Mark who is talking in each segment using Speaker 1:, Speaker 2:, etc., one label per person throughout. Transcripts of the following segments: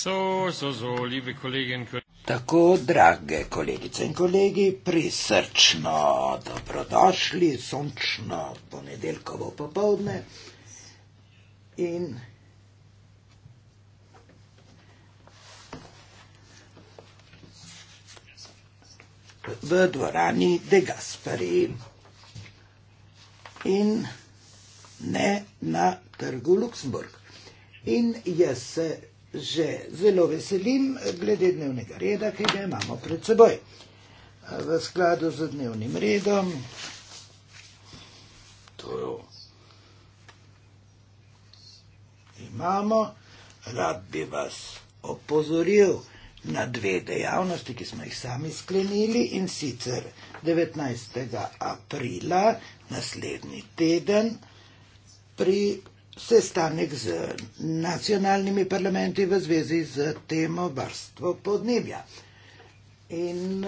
Speaker 1: So, so, so, kolegin, kol Tako, drage kolegice in kolegi, prisrčno dobrodošli, sončno ponedeljkovo popovdne in v dvorani De Gasperi in ne na trgu Luksemburg. In jaz se že zelo veselim, glede dnevnega reda, ki ga imamo pred seboj. V skladu z dnevnim redom. To imamo. Rad bi vas opozoril na dve dejavnosti, ki smo jih sami sklenili in sicer 19. aprila naslednji teden pri sestanek z nacionalnimi parlamenti v zvezi z temo varstvo podnebja. In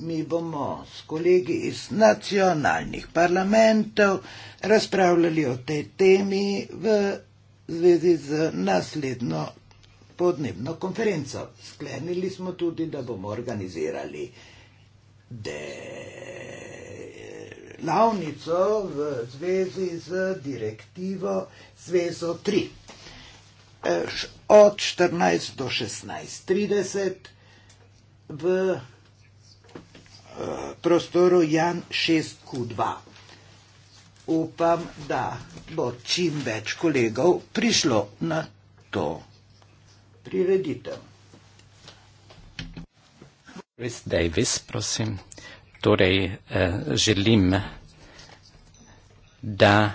Speaker 1: mi bomo s kolegi iz nacionalnih parlamentov razpravljali o tej temi v zvezi z naslednjo podnebno konferenco. Sklenili smo tudi, da bomo organizirali. De glavnico v zvezi z direktivo Zvezo 3. Eh, od 14 do 16.30 v eh, prostoru Jan 6Q2. Upam, da bo čim več kolegov prišlo na to prireditev.
Speaker 2: Davis, prosim torej eh, želim, da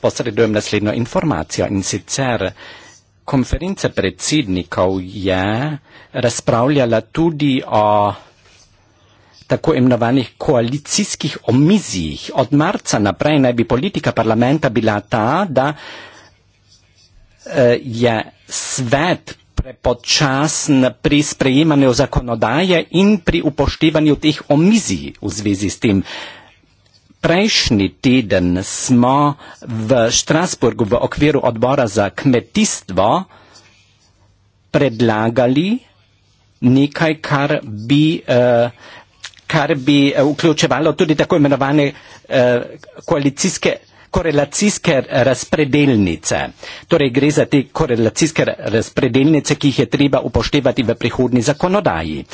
Speaker 2: posredujem naslednjo informacijo in sicer konferenca predsednikov je razpravljala tudi o tako imenovanih koalicijskih omizijih. Od marca naprej naj bi politika parlamenta bila ta, da eh, je svet prepočasen pri sprejemanju zakonodaje in pri upoštevanju teh omizij v zvezi s tem. Prejšnji teden smo v Štrasburgu v okviru odbora za kmetijstvo predlagali nekaj, kar bi, eh, kar bi eh, vključevalo tudi tako imenovane eh, koalicijske korelacijske razpredelnice. Torej gre za te korelacijske razpredelnice, ki jih je treba upoštevati v prihodni zakonodaji.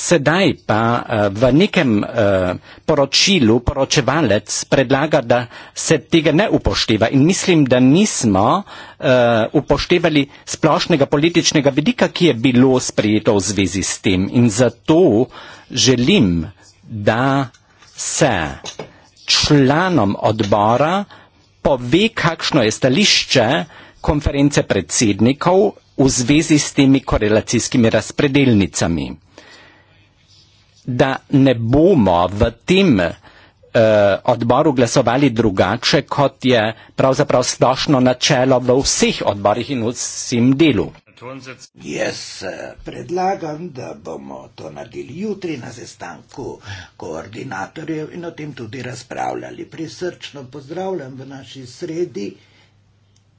Speaker 2: Sedaj pa eh, v nekem eh, poročilu poročevalec predlaga, da se tega ne upošteva in mislim, da nismo eh, upoštevali splošnega političnega vidika, ki je bilo sprejeto v zvezi s tem. In zato želim, da se članom odbora pove, kakšno je stališče konference predsednikov v zvezi s temi korelacijskimi razpredelnicami. Da ne bomo v tem uh, odboru glasovali drugače, kot je pravzaprav splošno načelo v vseh odborih in v vsem delu.
Speaker 1: Tonzec. Jaz eh, predlagam, da bomo to naredili jutri na zestanku koordinatorjev in o tem tudi razpravljali. Prisrčno pozdravljam v naši sredi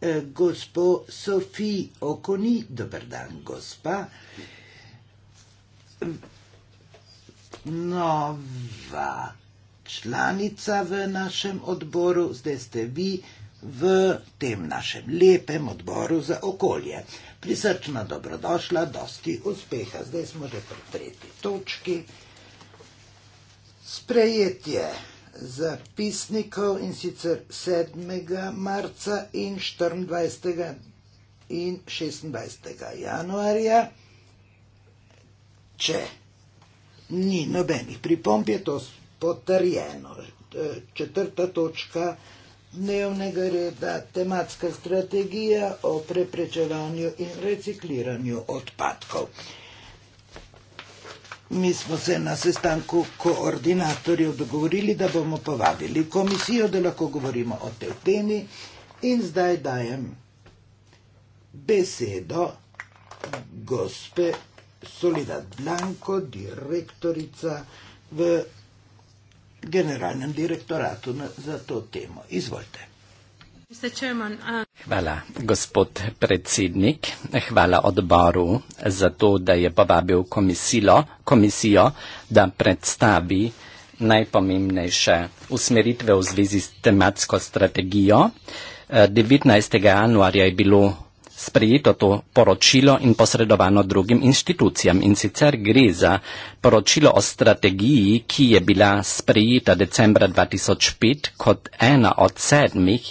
Speaker 1: eh, gospo Sofij Okoni. Dobr dan, gospa. Nova članica v našem odboru, zdaj ste vi v tem našem lepem odboru za okolje. Uh, prisrčno dobrodošla, dosti uspeha. Zdaj smo že pri tretji točki. Sprejetje zapisnikov in sicer 7. marca in 24. in 26. januarja. Če ni nobenih pripomb, je to potrjeno. Četrta točka dnevnega reda tematska strategija o preprečevanju in recikliranju odpadkov. Mi smo se na sestanku koordinatorjev dogovorili, da bomo povabili komisijo, da lahko govorimo o tej temi in zdaj dajem besedo gospe Solida Blanko, direktorica v generalnem direktoratu za to temo.
Speaker 2: Izvolite.
Speaker 3: Uh,
Speaker 2: Hvala, gospod predsednik. Hvala odboru za to, da je povabil komisilo, komisijo, da predstavi najpomembnejše usmeritve v zvezi s tematsko strategijo. 19. Eh, januarja je bilo sprejeto to poročilo in posredovano drugim institucijam. In sicer gre za poročilo o strategiji, ki je bila sprejeta decembra 2005 kot ena od sedmih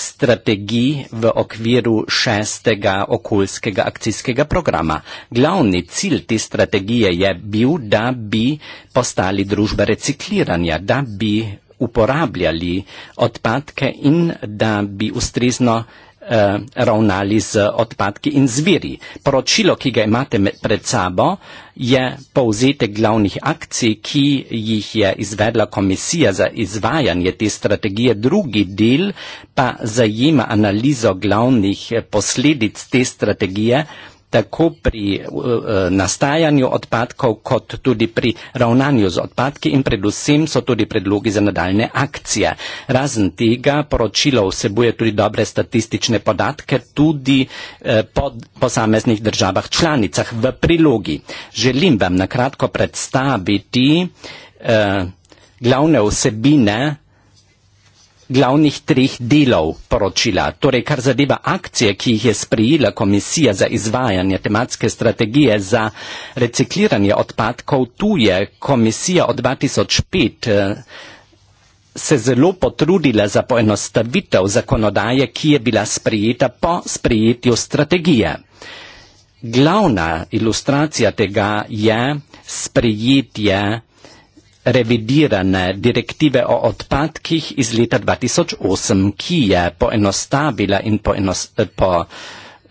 Speaker 2: strategij v okviru šestega okoljskega akcijskega programa. Glavni cilj te strategije je bil, da bi postali družba recikliranja, da bi uporabljali odpadke in da bi ustrezno eh, ravnali z odpadki in zviri. Poročilo, ki ga imate med, pred sabo, je povzetek glavnih akcij, ki jih je izvedla komisija za izvajanje te strategije. Drugi del pa zajema analizo glavnih eh, posledic te strategije tako pri eh, eh, nastajanju odpadkov, kot tudi pri ravnanju z odpadki in predvsem so tudi predlogi za nadaljne akcije. Razen tega poročilo vsebuje tudi dobre statistične podatke tudi eh, po posameznih državah članicah v prilogi. Želim vam nakratko predstaviti glavne vsebine glavnih treh delov poročila, torej kar zadeva akcije, ki jih je sprejela komisija za izvajanje tematske strategije za recikliranje odpadkov, tu je komisija od 2005 eh, se zelo potrudila za poenostavitev zakonodaje, ki je bila sprejeta po sprejetju strategije. Glavna ilustracija tega je sprejetje revidirane direktive o odpadkih iz leta 2008, ki je poenostavila in poenos, po,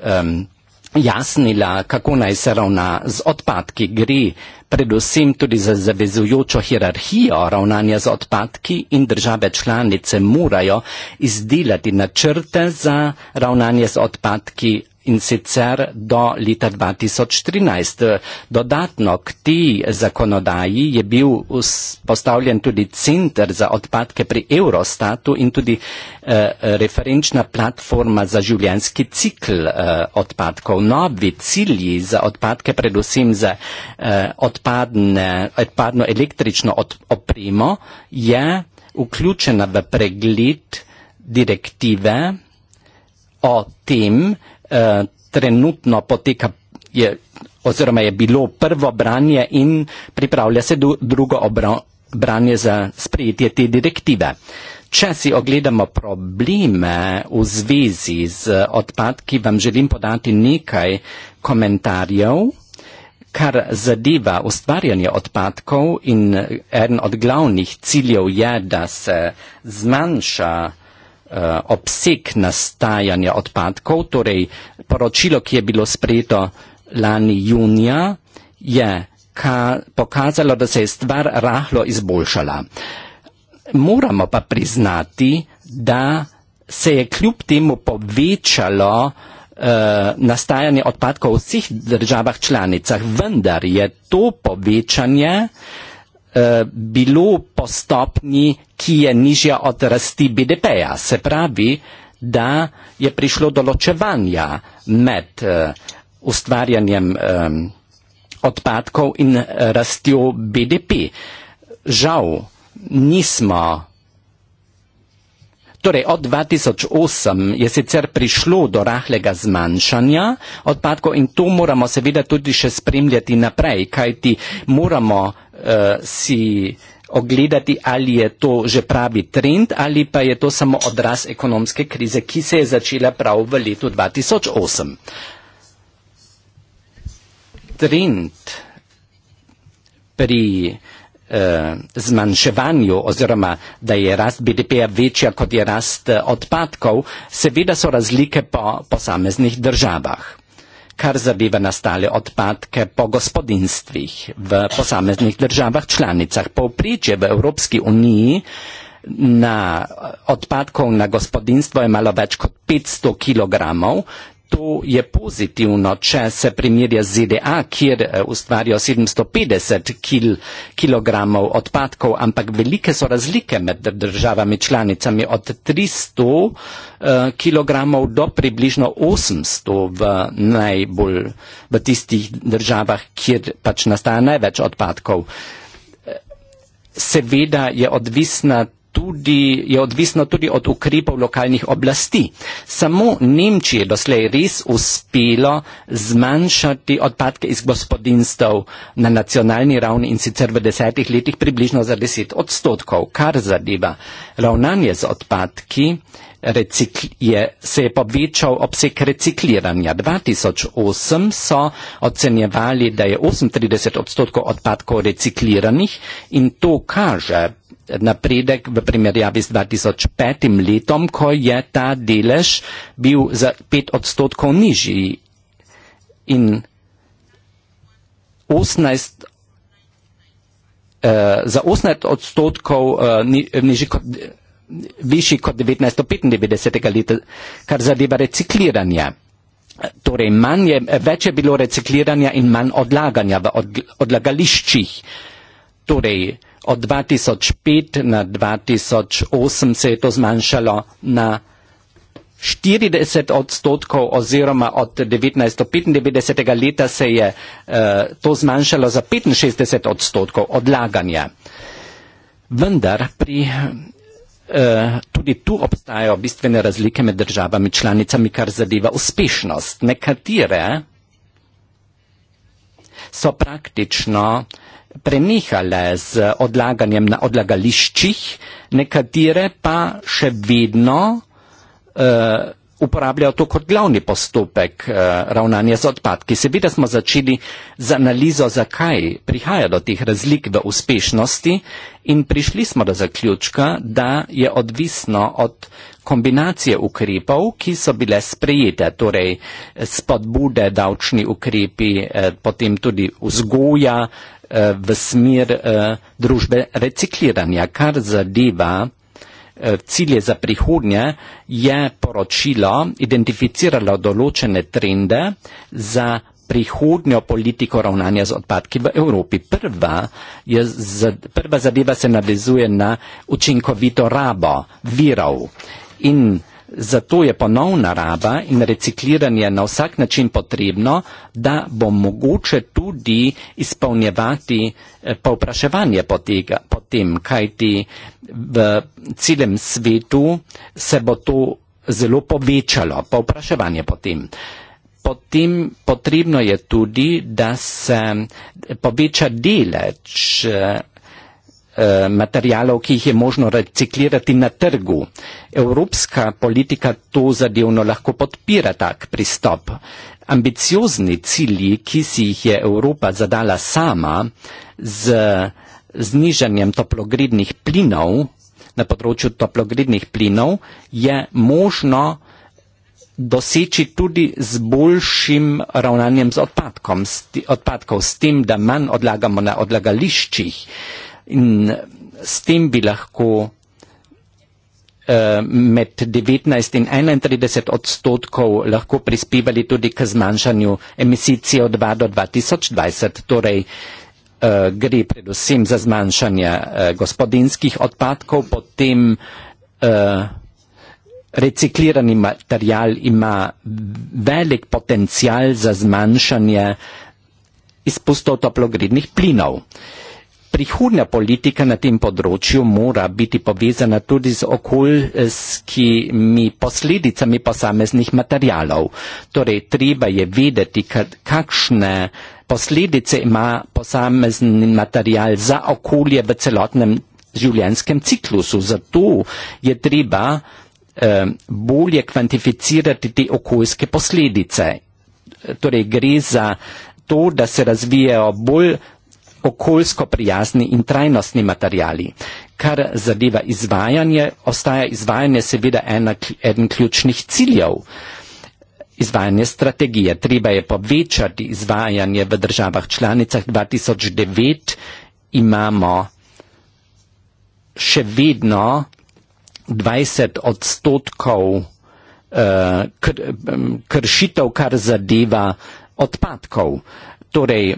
Speaker 2: um, jasnila, kako naj se ravna z odpadki gre, predvsem tudi za zavezujočo hierarhijo ravnanja z odpadki in države članice morajo izdelati načrte za ravnanje z odpadki in sicer do leta 2013. Dodatno k ti zakonodaji je bil postavljen tudi center za odpadke pri Eurostatu in tudi eh, referenčna platforma za življenski cikl eh, odpadkov. Novi cilji za odpadke, predvsem za eh, odpadne, odpadno električno od, opremo, je vključena v pregled direktive o tem, Eh, trenutno poteka je, oziroma je bilo prvo branje in pripravlja se drugo branje za sprejetje te direktive. Če si ogledamo probleme v zvezi z odpadki, vam želim podati nekaj komentarjev, kar zadeva ustvarjanje odpadkov in eh, eden od glavnih ciljev je, da se zmanjša uh, Eh, obseg nastajanja odpadkov, torej poročilo, ki je bilo sprejeto lani junija, je ka, pokazalo, da se je stvar rahlo izboljšala. Moramo pa priznati, da se je kljub temu povečalo eh, nastajanje odpadkov v vseh državah članicah, vendar je to povečanje eh, Eh, bilo po stopni, ki je nižja od rasti BDP-ja. Se pravi, da je prišlo do ločevanja med eh, ustvarjanjem eh, odpadkov in rastjo BDP. Žal nismo. Torej, od 2008 je sicer prišlo do rahlega zmanjšanja odpadkov in to moramo seveda tudi še spremljati naprej, kajti moramo Eh, si ogledati, ali je to že pravi trend ali pa je to samo odraz ekonomske krize, ki se je začela prav v letu 2008. Trend pri eh, zmanjševanju oziroma, da je rast BDP-ja večja kot je rast eh, odpadkov, seveda so razlike po posameznih državah kar zabiva nastale odpadke po gospodinstvih v posameznih državah članicah. Povprečje v Evropski uniji na odpadkov na gospodinstvo je malo več kot 500 kg, to je pozitivno, če se primerja z ZDA, kjer eh, ustvarjajo 750 kil, kg odpadkov, ampak velike so razlike med državami članicami od 300 eh, kg do približno 800 v najbolj v tistih državah, kjer pač nastaja največ odpadkov. Eh, seveda je odvisna tudi, je odvisno tudi od ukrepov lokalnih oblasti. Samo Nemčiji je doslej res uspelo zmanjšati odpadke iz gospodinstv na nacionalni ravni in sicer v desetih letih približno za deset odstotkov, kar zadeva ravnanje z odpadki. Je, se je povečal obseg recikliranja. 2008 so ocenjevali, da je 38 odstotkov odpadkov recikliranih in to kaže napredek v primerjavi z 2005 letom, ko je ta delež bil za 5 odstotkov nižji in 18, uh, eh, za 18 odstotkov uh, ni, nižji kot, višji kot 1995. leta, kar zadeva recikliranje. Torej, manj je, več je bilo recikliranja in manj odlaganja v odlagališčih. Torej, od 2005 na 2008 se je to zmanjšalo na 40 odstotkov oziroma od 1995. leta se je eh, to zmanjšalo za 65 odstotkov odlaganja. Vendar pri, eh, tudi tu obstajajo bistvene razlike med državami članicami, kar zadeva uspešnost. Nekatere so praktično eh, prenehale z odlaganjem na odlagališčih, nekatere pa še vedno uh, uporabljajo to kot glavni postopek uh, ravnanja z odpadki. Seveda smo začeli z analizo, zakaj prihaja do teh razlik v uspešnosti in prišli smo do zaključka, da je odvisno od kombinacije ukrepov, ki so bile sprejete, torej eh, spodbude, davčni ukrepi, eh, potem tudi vzgoja, Eh, v smer eh, družbe recikliranja, kar zadeva eh, cilje za prihodnje, je poročilo identificiralo določene trende za prihodnjo politiko ravnanja z odpadki v Evropi. Prva, je, prva zadeva se navezuje na učinkovito rabo virov in Zato je ponovna raba in recikliranje na vsak način potrebno, da bo mogoče tudi izpolnjevati eh, povpraševanje po tem, kajti v celem svetu se bo to zelo povečalo, povpraševanje po tem. Potem potrebno je tudi, da se poveča delež eh, Eh, materijalov, ki jih je možno reciklirati na trgu. Evropska politika to zadevno lahko podpira tak pristop. Ambiciozni cilji, ki si jih je Evropa zadala sama z znižanjem toplogrednih plinov, na področju toplogrednih plinov, je možno doseči tudi z boljšim ravnanjem z odpadkom, s odpadkov, s tem, da manj odlagamo na odlagališčih in s tem bi lahko eh, med 19 in 31 odstotkov lahko prispevali tudi k zmanjšanju emisij CO2 do 2020. Torej eh, gre predvsem za zmanjšanje eh, gospodinskih odpadkov, potem reciklirani material ima velik potencial za zmanjšanje izpustov toplogrednih plinov prihodnja politika na tem področju mora biti povezana tudi z okoljskimi posledicami posameznih materialov. Torej, treba je vedeti, kakšne posledice ima posamezni material za okolje v celotnem življenjskem ciklusu. Zato je treba eh, bolje kvantificirati te okoljske posledice. Torej, gre za to, da se razvijajo bolj okoljsko prijazni in trajnostni materijali. Kar zadeva izvajanje, ostaja izvajanje seveda ena, eden ključnih ciljev. Izvajanje strategije. Treba je povečati izvajanje v državah članicah. 2009 imamo še vedno 20 odstotkov uh, kr, kršitev, kar zadeva odpadkov. Uh, torej eh,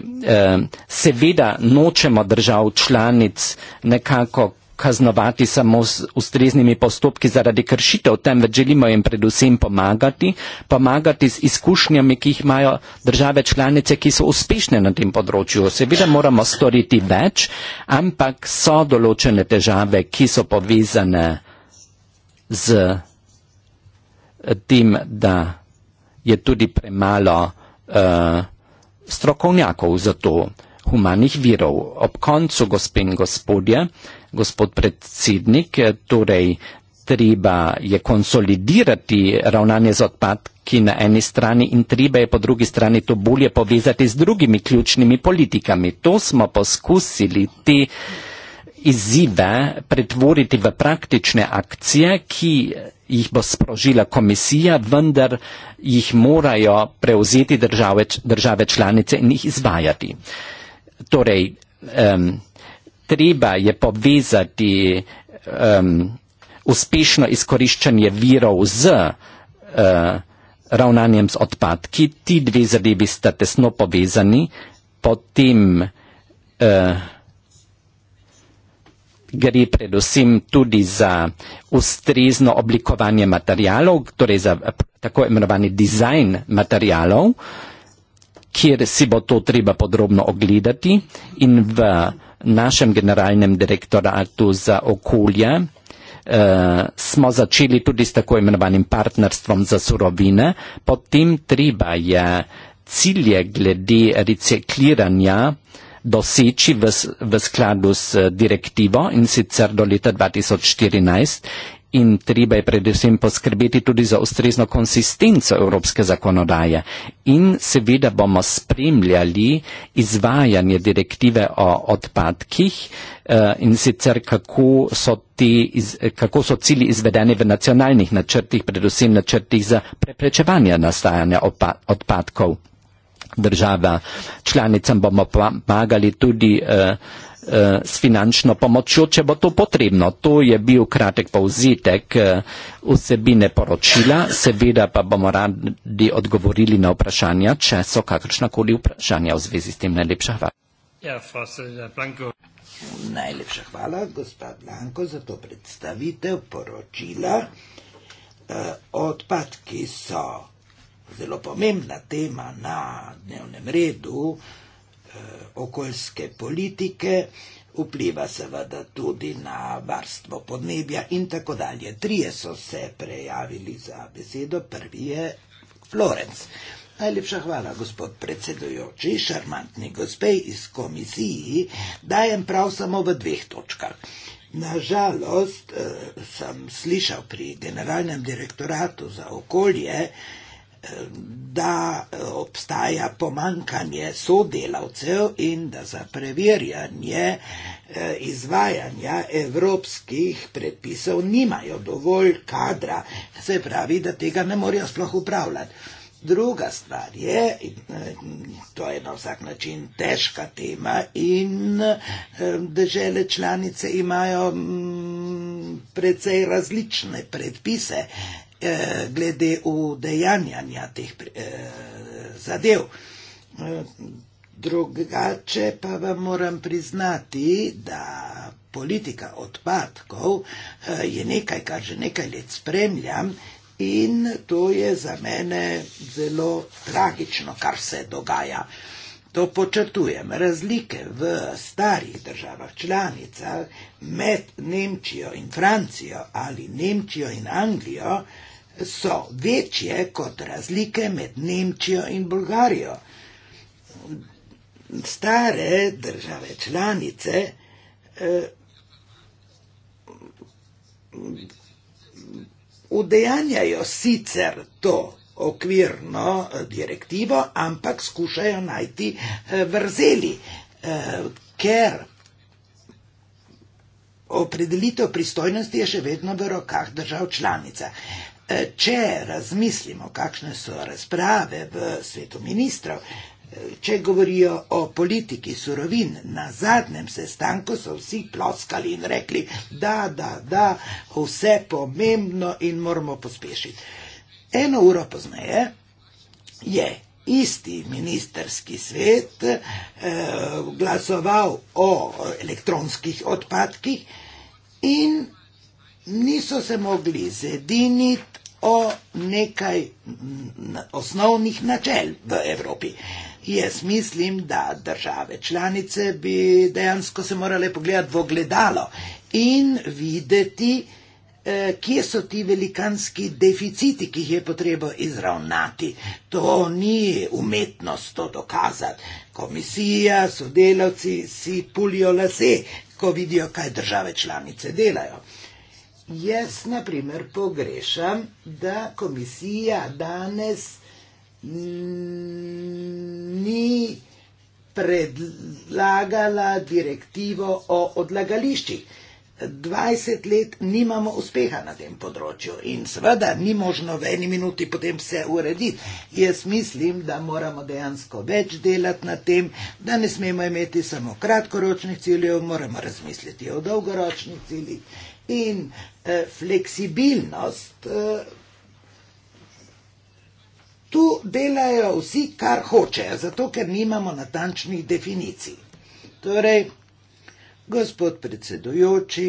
Speaker 2: seveda nočemo držav članic nekako kaznovati samo z ustreznimi postopki zaradi kršitev, temveč želimo jim predvsem pomagati, pomagati z izkušnjami, ki jih imajo države članice, ki so uspešne na tem področju. Seveda moramo storiti več, ampak so določene težave, ki so povezane z tem, da je tudi premalo uh, strokovnjakov za to humanih virov. Ob koncu, gospe in gospodje, gospod predsednik, torej treba je konsolidirati ravnanje z odpadki na eni strani in treba je po drugi strani to bolje povezati z drugimi ključnimi politikami. To smo poskusili te uh, izzive pretvoriti v praktične akcije, ki jih bo sprožila komisija, vendar jih morajo prevzeti države, države članice in jih izvajati. Torej, um, treba je povezati um, uspešno izkoriščanje virov z uh, ravnanjem z odpadki, ti dve zadevi sta tesno povezani, potem uh, gre predvsem tudi za ustrezno oblikovanje materijalov, torej za eh, tako imenovani dizajn materijalov, kjer si bo to treba podrobno ogledati in v našem generalnem direktoratu za okolje eh, smo začeli tudi s tako imenovanim partnerstvom za surovine, potem treba je cilje glede recikliranja eh, doseči v, v skladu s eh, direktivo in sicer do leta 2014 in treba je predvsem poskrbeti tudi za ustrezno konsistenco evropske zakonodaje in seveda bomo spremljali izvajanje direktive o odpadkih eh, in sicer kako so, te, kako so cili izvedeni v nacionalnih načrtih, predvsem načrtih za preprečevanje nastajanja odpadkov država. Članicam bomo pomagali tudi eh, eh, s finančno pomočjo, če bo to potrebno. To je bil kratek povzetek eh, vsebine poročila, seveda pa bomo radi odgovorili na vprašanja, če so kakršnakoli vprašanja v zvezi s tem. Najlepša hvala. Ja,
Speaker 1: Najlepša hvala, gospa Blanko, za to predstavitev poročila. Odpadki so zelo pomembna tema na dnevnem redu eh, okoljske politike, vpliva seveda tudi na varstvo podnebja in tako dalje. Trije so se prejavili za besedo, prvi je Florenc. Najlepša hvala, gospod predsedujoči, šarmantni gospej iz komisiji, dajem prav samo v dveh točkah. Nažalost, eh, sem slišal pri generalnem direktoratu za okolje, da eh, obstaja pomankanje sodelavcev in da za preverjanje eh, izvajanja evropskih predpisov nimajo dovolj kadra, se pravi, da tega ne morejo sploh upravljati. Druga stvar je, in eh, to je na vsak način težka tema, in države članice imajo mm, precej različne predpise, Eh, glede udejanjanja teh eh, zadev. Eh, drugače pa vam moram priznati, da politika odpadkov je nekaj, kar že nekaj let spremljam in to je za mene zelo tragično, kar se dogaja. To počrtujem. Razlike v starih državah članicah med Nemčijo in Francijo ali Nemčijo in Anglijo so večje kot razlike med Nemčijo in Bolgarijo. Stare države članice eh, udejanjajo sicer to okvirno eh, direktivo, ampak skušajo najti eh, vrzeli, eh, ker opredelitev pristojnosti je še vedno v rokah držav članica. Eh, E, če razmislimo, kakšne so razprave v svetu ministrov, e, če govorijo o politiki surovin, na zadnjem sestanku so vsi ploskali in rekli, da, da, da, vse pomembno in moramo pospešiti. Eno uro pozneje je isti ministerski svet eh, glasoval o elektronskih odpadkih in niso se mogli zediniti o nekaj osnovnih načel v Evropi. Jaz mislim, da države članice bi dejansko se morale pogledati v ogledalo in videti, eh, kje so ti velikanski deficiti, ki jih je potrebo izravnati. To ni umetnost to dokazati. Komisija, sodelavci si pulijo lase, ko vidijo, kaj države članice delajo. Jaz, na primer, pogrešam, da komisija danes ni predlagala direktivo o odlagališčih. 20 let nimamo uspeha na tem področju in seveda ni možno v eni minuti potem se urediti. Jaz mislim, da moramo dejansko več delati na tem, da ne smemo imeti samo kratkoročnih ciljev, moramo razmisliti o dolgoročnih ciljih in eh, fleksibilnost. Eh, tu delajo vsi, kar hočejo, zato ker nimamo natančnih definicij. Torej, gospod predsedujoči,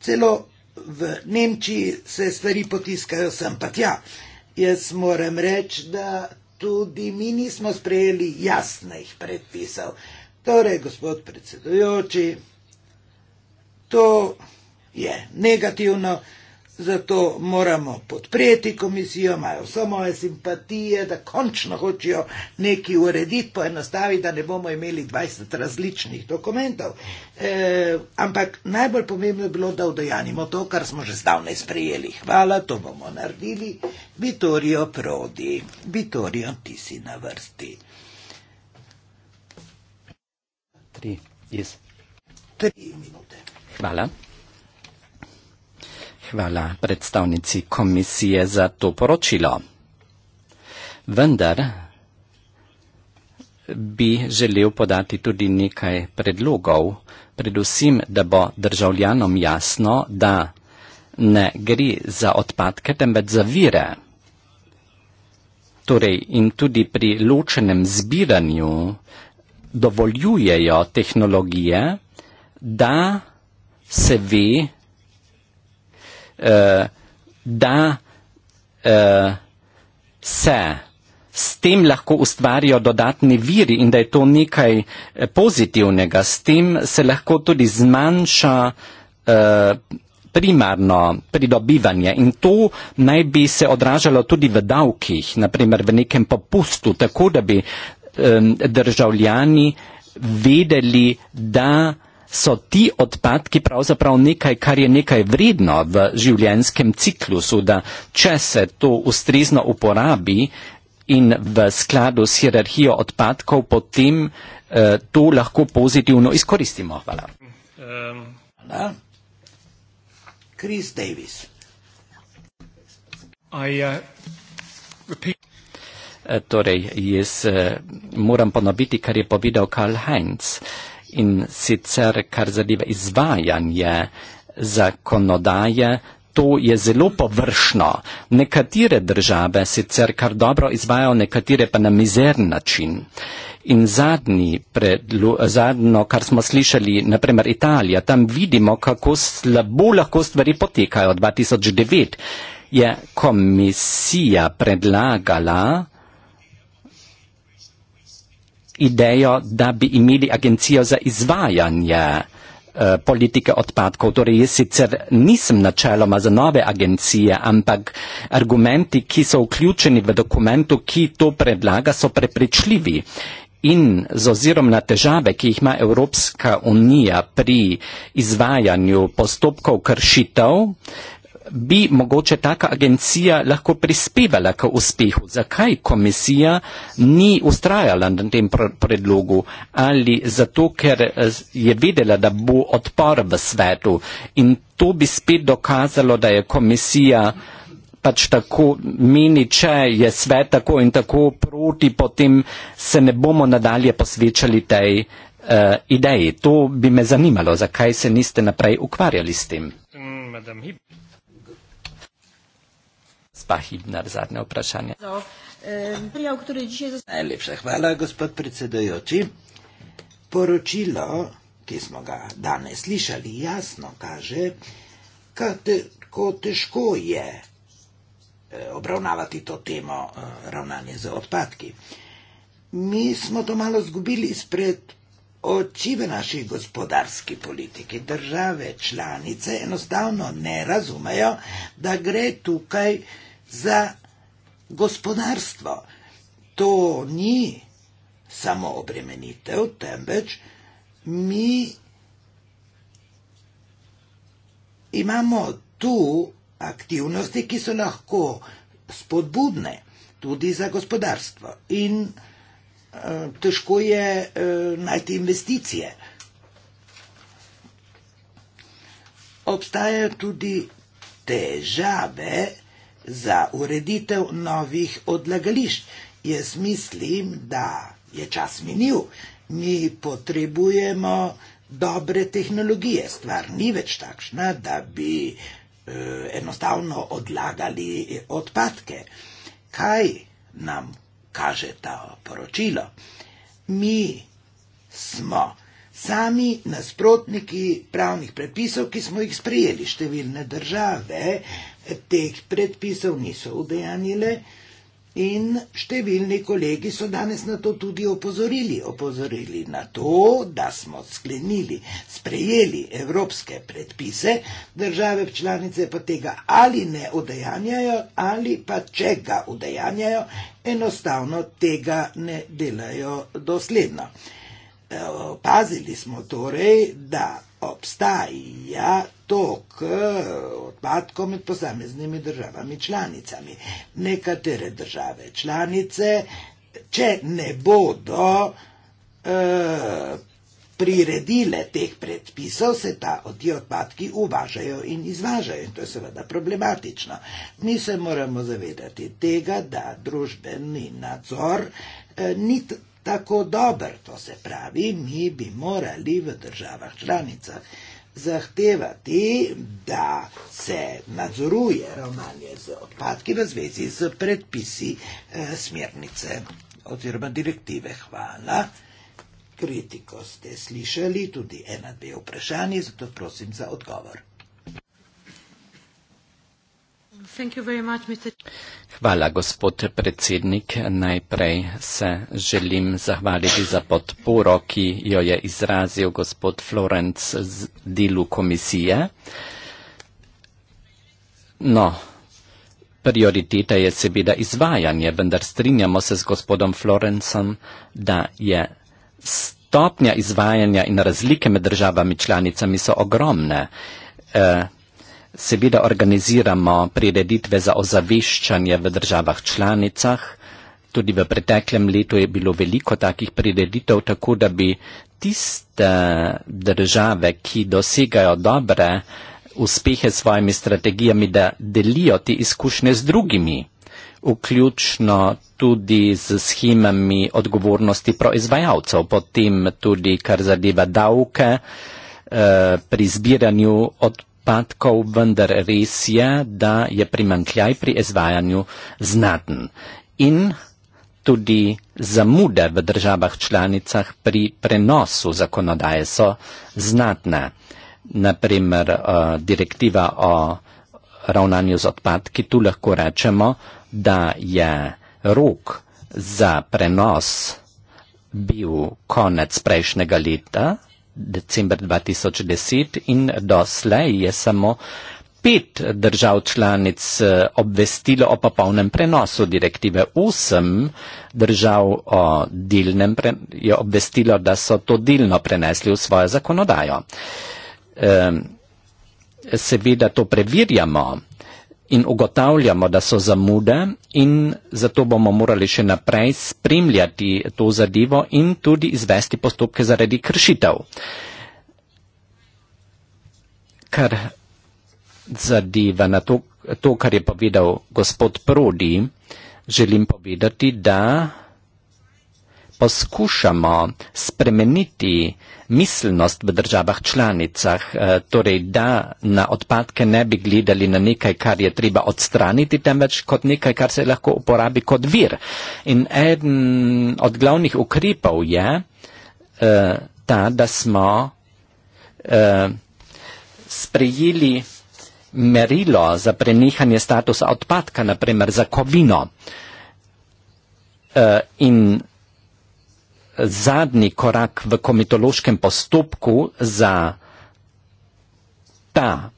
Speaker 1: celo v Nemčiji se stvari potiskajo sem pa tja. Jaz moram reči, da tudi mi nismo sprejeli jasnih predpisov. Torej, gospod predsedujoči, To je negativno, zato moramo podpreti komisijo, imajo vse moje simpatije, da končno hočejo nekaj urediti, poenostaviti, da ne bomo imeli 20 različnih dokumentov. E, ampak najbolj pomembno je bilo, da udejanimo to, kar smo že zdavnaj sprejeli. Hvala, to bomo naredili. Vitorijo Prodi, Vitorijo, ti si na vrsti. Tri, jaz. Yes. Tri minute.
Speaker 2: Hvala. Hvala predstavnici komisije za to poročilo. Vendar bi želel podati tudi nekaj predlogov, predvsem, da bo državljanom jasno, da ne gre za odpadke, temveč za vire. Torej, in tudi pri ločenem zbiranju dovoljujejo tehnologije, da se ve, uh, da uh, se s tem lahko ustvarijo dodatni viri in da je to nekaj eh, pozitivnega. S tem se lahko tudi zmanjša uh, primarno pridobivanje in to naj bi se odražalo tudi v davkih, naprimer v nekem popustu, tako da bi um, državljani vedeli, da uh, so ti odpadki pravzaprav nekaj, kar je nekaj vredno v življenjskem ciklusu, da če se to ustrezno uporabi in v skladu s hierarhijo odpadkov, potem eh, to lahko pozitivno izkoristimo. Hvala.
Speaker 1: Ehm. Hvala. Chris Davis.
Speaker 2: I, uh, eh, Torej, jaz eh, moram ponoviti, kar je povedal Karl Heinz. Eh, in sicer kar zadeva izvajanje zakonodaje, to je zelo površno. Nekatere države sicer kar dobro izvajo, nekatere pa na mizern način. In zadnji, predlu, zadnjo, kar smo slišali, naprimer Italija, tam vidimo, kako slabo lahko stvari potekajo. 2009 je komisija predlagala, idejo, da bi imeli agencijo za izvajanje eh, politike odpadkov. Torej, jaz sicer nisem načeloma za nove agencije, ampak argumenti, ki so vključeni v dokumentu, ki to predlaga, so prepričljivi. In z ozirom na težave, ki jih ima Evropska unija pri izvajanju postopkov kršitev, bi mogoče taka agencija lahko prispevala k uspehu? Zakaj komisija ni ustrajala na tem predlogu? Ali zato, ker eh, je vedela, da bo odpor v svetu in to bi spet dokazalo, da je komisija pač tako meni, če je svet tako in tako proti, potem se ne bomo nadalje posvečali tej uh, ideji. To bi me zanimalo, zakaj se niste naprej ukvarjali s tem. Mm, Hibner, zadnje vprašanje. Do, eh, prijav, dzisiaj... Torej Najlepša hvala, gospod predsedojoči.
Speaker 1: Poročilo, ki smo ga danes slišali, jasno kaže, kako težko je eh, obravnavati to temo eh, ravnanje z odpadki. Mi smo to malo zgubili izpred oči v naši gospodarski politiki. Države članice enostavno ne razumejo, da gre tukaj za gospodarstvo. To ni samo obremenitev, temveč mi imamo tu aktivnosti, ki so lahko spodbudne tudi za gospodarstvo. In uh, težko je uh, najti investicije. Obstajajo tudi težave, za ureditev novih odlagališč. Jaz mislim, da je čas minil. Mi potrebujemo dobre tehnologije. Stvar ni več takšna, da bi e, enostavno odlagali odpadke. Kaj nam kaže ta poročilo? Mi smo sami nasprotniki pravnih predpisov, ki smo jih sprijeli. Številne države teh predpisov niso udejanjile in številni kolegi so danes na to tudi opozorili. Opozorili na to, da smo sklenili, sprejeli evropske predpise, države članice pa tega ali ne udejanjajo ali pa če ga udejanjajo, enostavno tega ne delajo dosledno. E, opazili smo torej, da obstaja tok odpadkov med posameznimi državami članicami. Nekatere države članice, če ne bodo eh, priredile teh predpisov, se ta, ti odpadki uvažajo in izvažajo. In to je seveda problematično. Mi se moramo zavedati tega, da družbeni nadzor eh, ni tako dober. To se pravi, mi bi morali v državah članicah zahtevati, da se nadzoruje ravnanje z odpadki v zvezi z predpisi eh, smernice oziroma direktive. Hvala. Kritiko ste slišali, tudi ena, dve vprašanje, zato prosim za odgovor.
Speaker 2: Hvala, gospod predsednik. Najprej se želim zahvaliti za podporo, ki jo je izrazil gospod Florenc z delu komisije. No, prioriteta je seveda izvajanje, vendar strinjamo se z gospodom Florencem, da je stopnja izvajanja in razlike med državami članicami so ogromne. Eh, seveda organiziramo prireditve za ozaveščanje v državah članicah. Tudi v preteklem letu je bilo veliko takih prireditev, tako da bi tiste države, ki dosegajo dobre uspehe s svojimi strategijami, da delijo te izkušnje z drugimi, vključno tudi z schemami odgovornosti proizvajalcev, potem tudi kar zadeva davke eh, pri zbiranju odpovedi odpadkov, vendar res je, da je primankljaj pri izvajanju znaten in tudi zamude v državah članicah pri prenosu zakonodaje so znatne. Naprimer, eh, direktiva o ravnanju z odpadki, tu lahko rečemo, da je rok za prenos bil konec prejšnjega leta, decembr 2010 in doslej je samo pet držav članic eh, obvestilo o popolnem prenosu direktive. Osem držav o delnem pre, je obvestilo, da so to delno prenesli v svojo zakonodajo. Ehm, seveda to preverjamo in ugotavljamo, da so zamude in zato bomo morali še naprej spremljati to zadevo in tudi izvesti postopke zaradi kršitev. Kar zadeva na to, to kar je povedal gospod Prodi, želim povedati, da poskušamo spremeniti miselnost v državah članicah, eh, torej da na odpadke ne bi gledali na nekaj, kar je treba odstraniti, temveč kot nekaj, kar se lahko uporabi kot vir. In eden od glavnih ukrepov je uh, ta, da smo uh, sprejeli merilo za prenehanje statusa odpadka, naprimer za kovino. Uh, in zadnji korak v komitološkem postopku za ta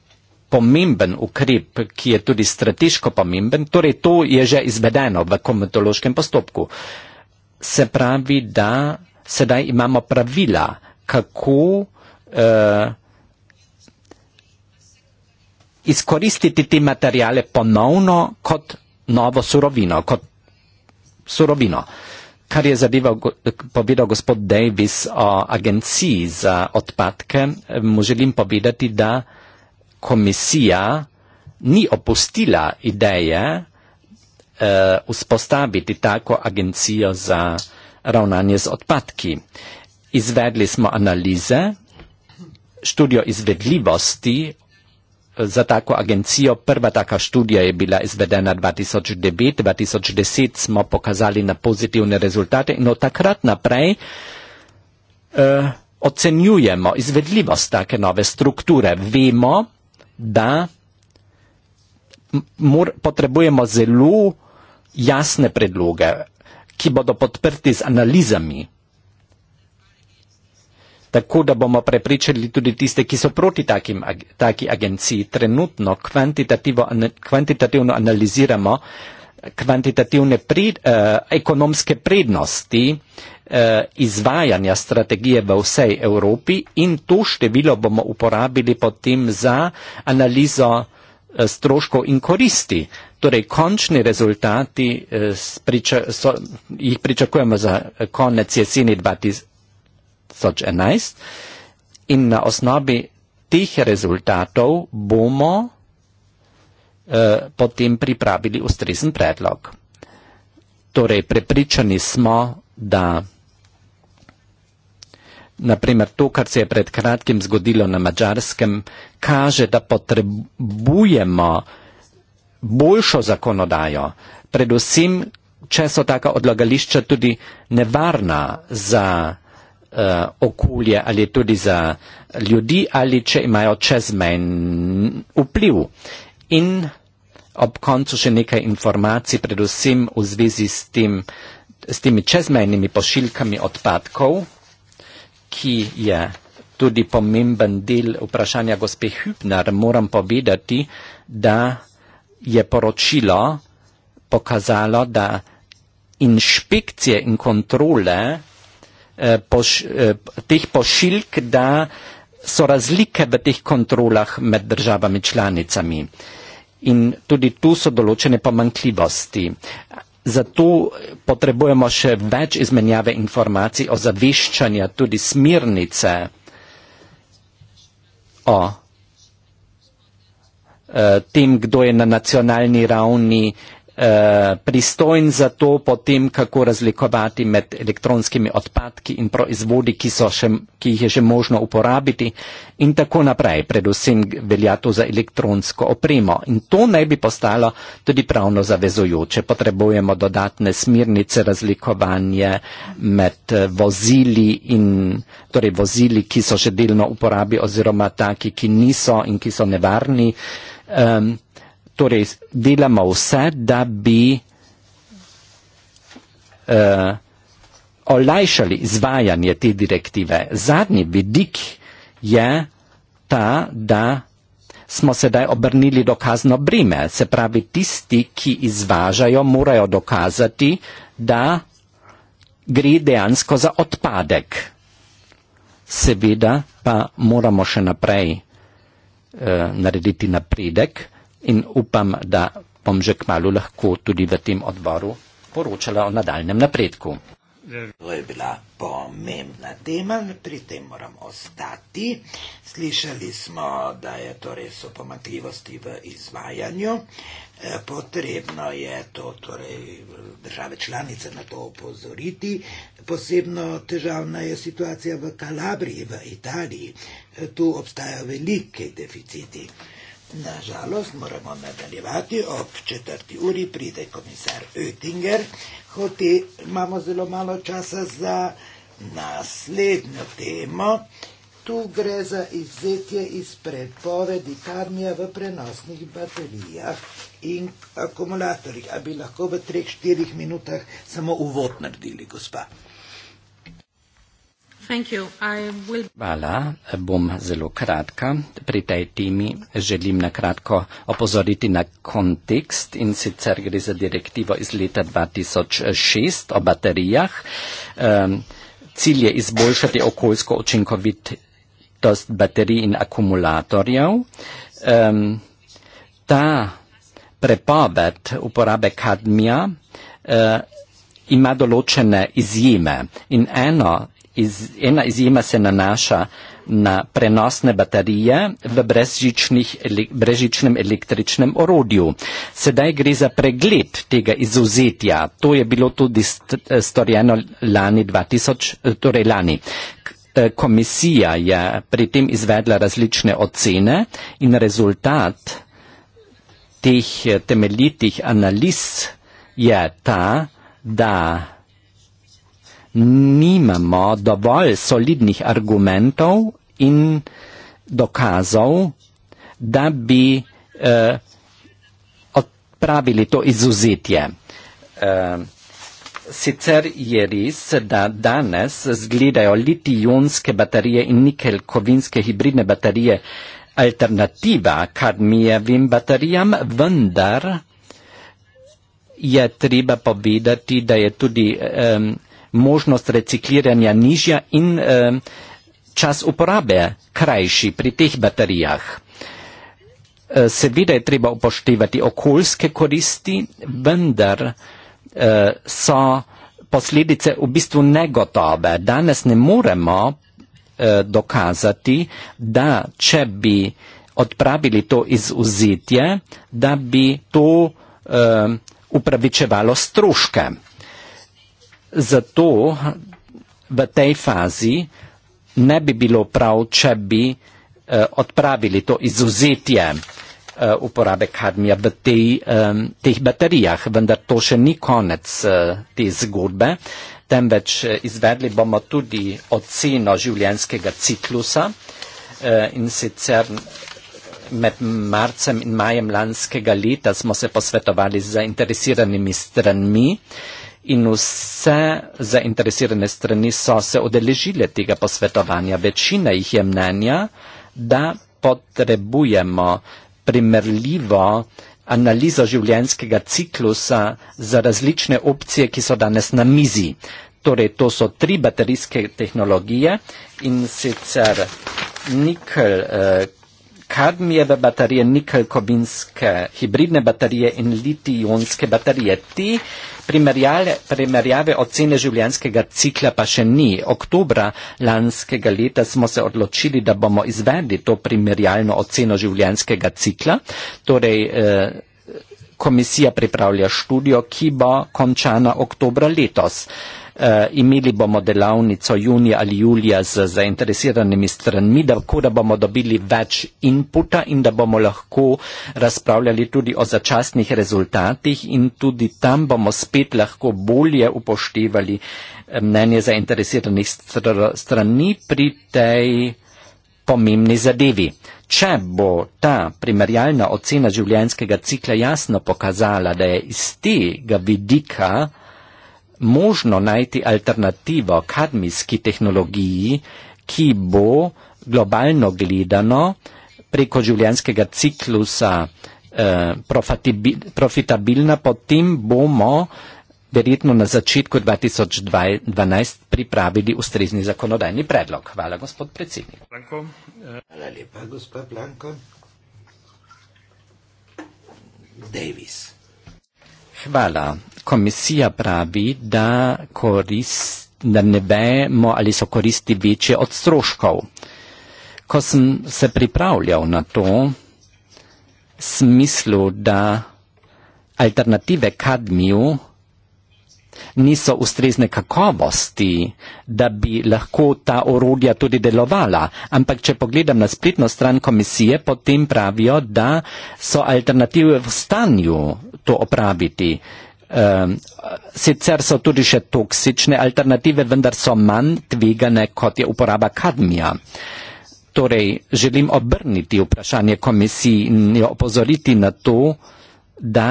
Speaker 2: pomemben ukrep, ki je tudi strateško pomemben, torej to je že izvedeno v komitološkem postopku. Se pravi, da sedaj imamo pravila, kako uh, izkoristiti te materijale ponovno kot novo surovino. Kot surovino. Uh, kar je zadeval, povedal gospod Davis o agenciji za odpadke, mu želim povedati, da komisija ni opustila ideje eh, vzpostaviti tako agencijo za ravnanje z odpadki. Izvedli smo analize, študijo izvedljivosti za tako agencijo. Prva taka študija je bila izvedena 2009-2010, smo pokazali na pozitivne rezultate in od takrat naprej eh, ocenjujemo izvedljivost take nove strukture. Vemo, da mor, potrebujemo zelo jasne predloge, ki bodo podprti z analizami tako da bomo prepričali tudi tiste, ki so proti takim, ag taki agenciji. Trenutno kvantitativno, an kvantitativno analiziramo eh, kvantitativne pred, eh, ekonomske prednosti eh, izvajanja strategije v vsej Evropi in to število bomo uporabili potem za analizo eh, stroškov in koristi. Torej, končni rezultati eh, priča, so, jih pričakujemo za eh, konec jeseni 2020. 2011. In na osnovi teh rezultatov bomo eh, potem pripravili ustrezen predlog. Torej, prepričani smo, da naprimer to, kar se je pred kratkim zgodilo na Mačarskem, kaže, da potrebujemo boljšo zakonodajo, predvsem, če so taka odlagališča tudi nevarna za uh, okolje ali tudi za ljudi ali če imajo čezmen vpliv. In ob koncu še nekaj informacij, predvsem v zvezi s, tem, s temi čezmenimi pošiljkami odpadkov, ki je tudi pomemben del vprašanja gospe Hübner, moram povedati, da je poročilo pokazalo, da inšpekcije in kontrole Eh, poš, eh, teh pošiljk, da so razlike v teh kontrolah med državami članicami. In tudi tu so določene pomankljivosti. Zato potrebujemo še več izmenjave informacij o zaviščanju, tudi smirnice o eh, tem, kdo je na nacionalni ravni eh, Eh, pristojn za to, potem kako razlikovati med elektronskimi odpadki in proizvodi, ki, še, ki jih je še možno uporabiti in tako naprej. Predvsem velja to za elektronsko opremo in to naj bi postalo tudi pravno zavezujoče. Potrebujemo dodatne smirnice razlikovanja med eh, vozili, in, torej vozili, ki so še delno uporabi oziroma taki, ki niso in ki so nevarni. Um, torej delamo vse, da bi uh, olajšali izvajanje te direktive. Zadnji vidik je ta, da smo sedaj obrnili dokazno breme, se pravi tisti, ki izvažajo, morajo dokazati, da gre dejansko za odpadek. Seveda pa moramo še naprej uh, narediti napredek in upam, da bom že kmalo lahko tudi v tem odboru poročala o nadaljem napredku.
Speaker 1: To je bila pomembna tema, pri tem moram ostati. Slišali smo, da je torej so pomakljivosti v izvajanju. E, potrebno je to torej države članice na to opozoriti. Posebno težavna je situacija v Kalabriji, v Italiji. E, tu obstajajo velike deficiti. Nažalost, moramo nadaljevati. Ob četrti uri pride komisar Oettinger, hoti imamo zelo malo časa za naslednjo temo. Tu gre za izzetje iz predpovedi karmija v prenosnih baterijah in akumulatorjih. A bi lahko v treh, štirih minutah samo uvod naredili, gospa?
Speaker 3: Hvala,
Speaker 2: bom zelo kratka. Pri tej temi želim nakratko opozoriti na kontekst in sicer gre za direktivo iz leta 2006 o baterijah. Ehm, cilj je izboljšati okoljsko učinkovitost baterij in akumulatorjev. Ehm, ta prepoved uporabe kadmija eh, ima določene izjeme in eno iz, ena izjema se nanaša na prenosne baterije v brezžičnem električnem orodju. Sedaj gre za pregled tega izuzetja. To je bilo tudi storjeno lani 2000, torej lani. E, komisija je pri tem izvedla različne ocene in rezultat teh temeljitih analiz je ta, da nimamo dovolj solidnih argumentov in dokazov, da bi eh, odpravili to izuzetje. Eh, sicer je res, da danes zgledajo litijonske baterije in nikel kovinske hibridne baterije alternativa kadmijevim baterijam, vendar je treba povedati, da je tudi eh, možnost recikliranja nižja in eh, čas uporabe krajši pri teh baterijah. Eh, seveda je treba upoštevati okoljske koristi, vendar eh, so posledice v bistvu negotove. Danes ne moremo eh, dokazati, da če bi odpravili to izuzetje, da bi to eh, upravičevalo stroške zato v tej fazi ne bi bilo prav, če bi eh, odpravili to izuzetje eh, uporabe kadmija v tej, eh, teh baterijah, vendar to še ni konec eh, te zgodbe, temveč eh, izvedli bomo tudi oceno življenjskega ciklusa eh, in sicer med marcem in majem lanskega leta smo se posvetovali z zainteresiranimi stranmi. Eh, in vse zainteresirane strani so se odeležile tega posvetovanja. Večina jih je mnenja, da potrebujemo primerljivo analizo življenjskega ciklusa za različne opcije, ki so danes na mizi. Torej, to so tri baterijske tehnologije in sicer nikl, eh, kadmijeve baterije, nikelkovinske hibridne baterije in litijonske baterije. Ti primerjale, primerjave ocene življenskega cikla pa še ni. Oktobra lanskega leta smo se odločili, da bomo izvedli to primerjalno oceno življenskega cikla. Torej, eh, Komisija pripravlja študijo, ki bo končana oktobra letos uh, imeli bomo delavnico junija ali julija z zainteresiranimi stranmi, da, tako da bomo dobili več inputa in da bomo lahko razpravljali tudi o začasnih rezultatih in tudi tam bomo spet lahko bolje upoštevali eh, mnenje zainteresiranih str strani pri tej pomembni zadevi. Če bo ta primerjalna ocena življenjskega cikla jasno pokazala, da je iz tega vidika uh, možno najti alternativo kadmijski tehnologiji, ki bo globalno gledano preko življenjskega ciklusa eh, profitabilna, potem bomo verjetno na začetku 2012 pripravili ustrezni zakonodajni predlog. Hvala, gospod predsednik.
Speaker 1: Eh. Hvala lepa, gospod Blanko. Davis.
Speaker 2: Hvala. Komisija pravi, da, korist, da ne vemo, ali so koristi večje od stroškov. Ko sem se pripravljal na to, smislu, da alternative kadmiju niso ustrezne kakovosti, da bi lahko ta orodja tudi delovala. Ampak, če pogledam na spletno stran komisije, potem pravijo, da so alternative v stanju to opraviti. Um, sicer so tudi še toksične alternative, vendar so manj tvegane, kot je uporaba kadmija. Torej, želim obrniti vprašanje komisiji in jo opozoriti na to, da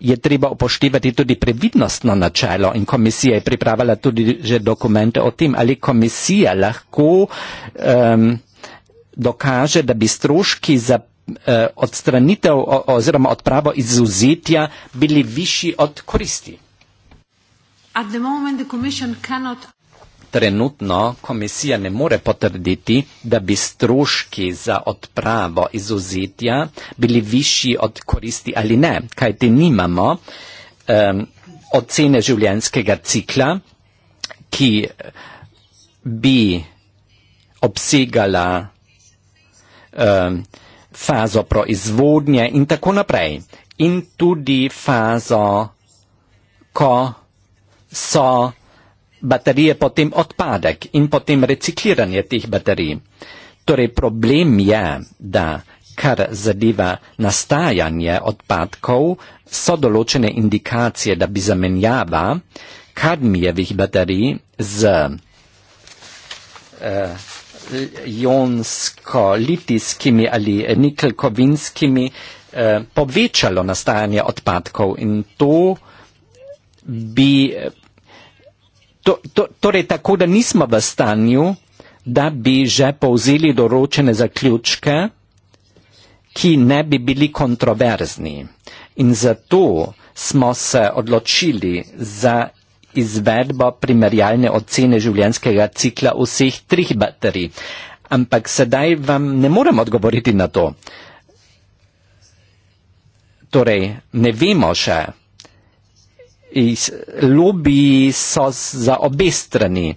Speaker 2: je treba upoštevati tudi previdnostno načelo in komisija je pripravila tudi že dokumente o tem, ali komisija lahko um, dokaže, da bi stroški za uh, odstranitev oziroma odpravo izuzetja bili višji od koristi.
Speaker 3: At the moment, the commission cannot
Speaker 2: trenutno komisija ne more potrditi, da bi stroški za odpravo izuzetja bili višji od koristi ali ne, kajti nimamo um, ocene življenjskega cikla, ki bi obsegala um, fazo proizvodnje in tako naprej. In tudi fazo, ko so baterije potem odpadek in potem recikliranje teh baterij. Torej problem je, da kar zadeva nastajanje odpadkov, so določene indikacije, da bi zamenjava kadmijevih baterij z eh, jonsko-litijskimi ali nikelkovinskimi eh, povečalo nastajanje odpadkov in to bi To, to, torej, tako da nismo v stanju, da bi že povzeli določene zaključke, ki ne bi bili kontroverzni. In zato smo se odločili za izvedbo primerjalne ocene življenjskega cikla vseh trih baterij. Ampak sedaj vam ne morem odgovoriti na to. Torej, ne vemo še lobiji so za obe strani,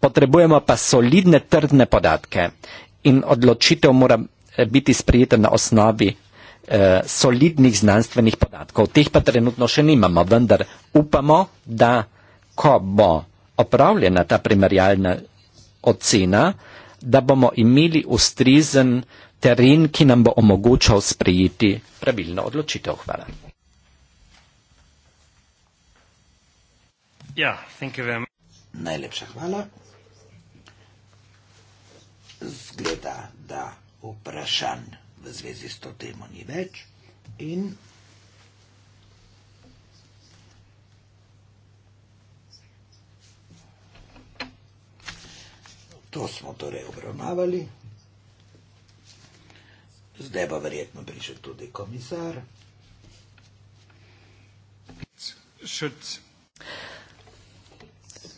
Speaker 2: potrebujemo pa solidne, trdne podatke in odločitev mora biti sprejeta na osnovi eh, solidnih znanstvenih podatkov. Teh pa trenutno še nimamo, vendar upamo, da ko bo opravljena ta primerjalna ocena, da bomo imeli ustrezen teren, ki nam bo omogočal sprejeti pravilno odločitev. Hvala.
Speaker 1: Ja, thank you very much. Najlepša hvala. Zgleda, da vprašanj v zvezi s to temo ni več in to smo torej obravnavali. Zdaj bo verjetno prišel tudi komisar. Should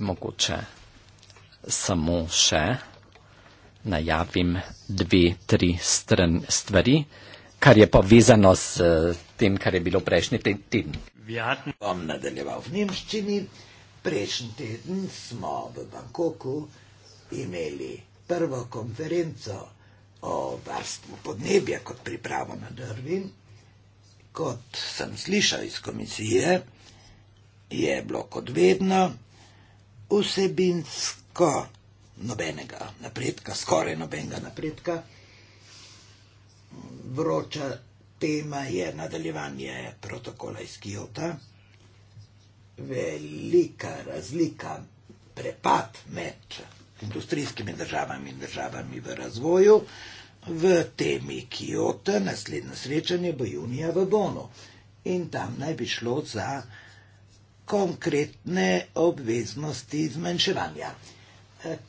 Speaker 2: mogoče samo še najavim dve, tri stren, stvari, kar je povezano s eh, tem, kar je bilo prejšnji teden.
Speaker 1: Vjatn. Bom nadaljeval v Nemščini. Prejšnji teden smo v Bankoku imeli prvo konferenco o varstvu podnebja kot pripravo na Drvin. Kot sem slišal iz komisije, je bilo kot vedno vsebinsko nobenega napredka, skoraj nobenega napredka. Vroča tema je nadaljevanje protokola iz Kijota. Velika razlika, prepad med industrijskimi državami in državami v razvoju v temi Kijota. Naslednje srečanje bo junija v Bonu in tam naj bi šlo za konkretne obveznosti zmanjševanja.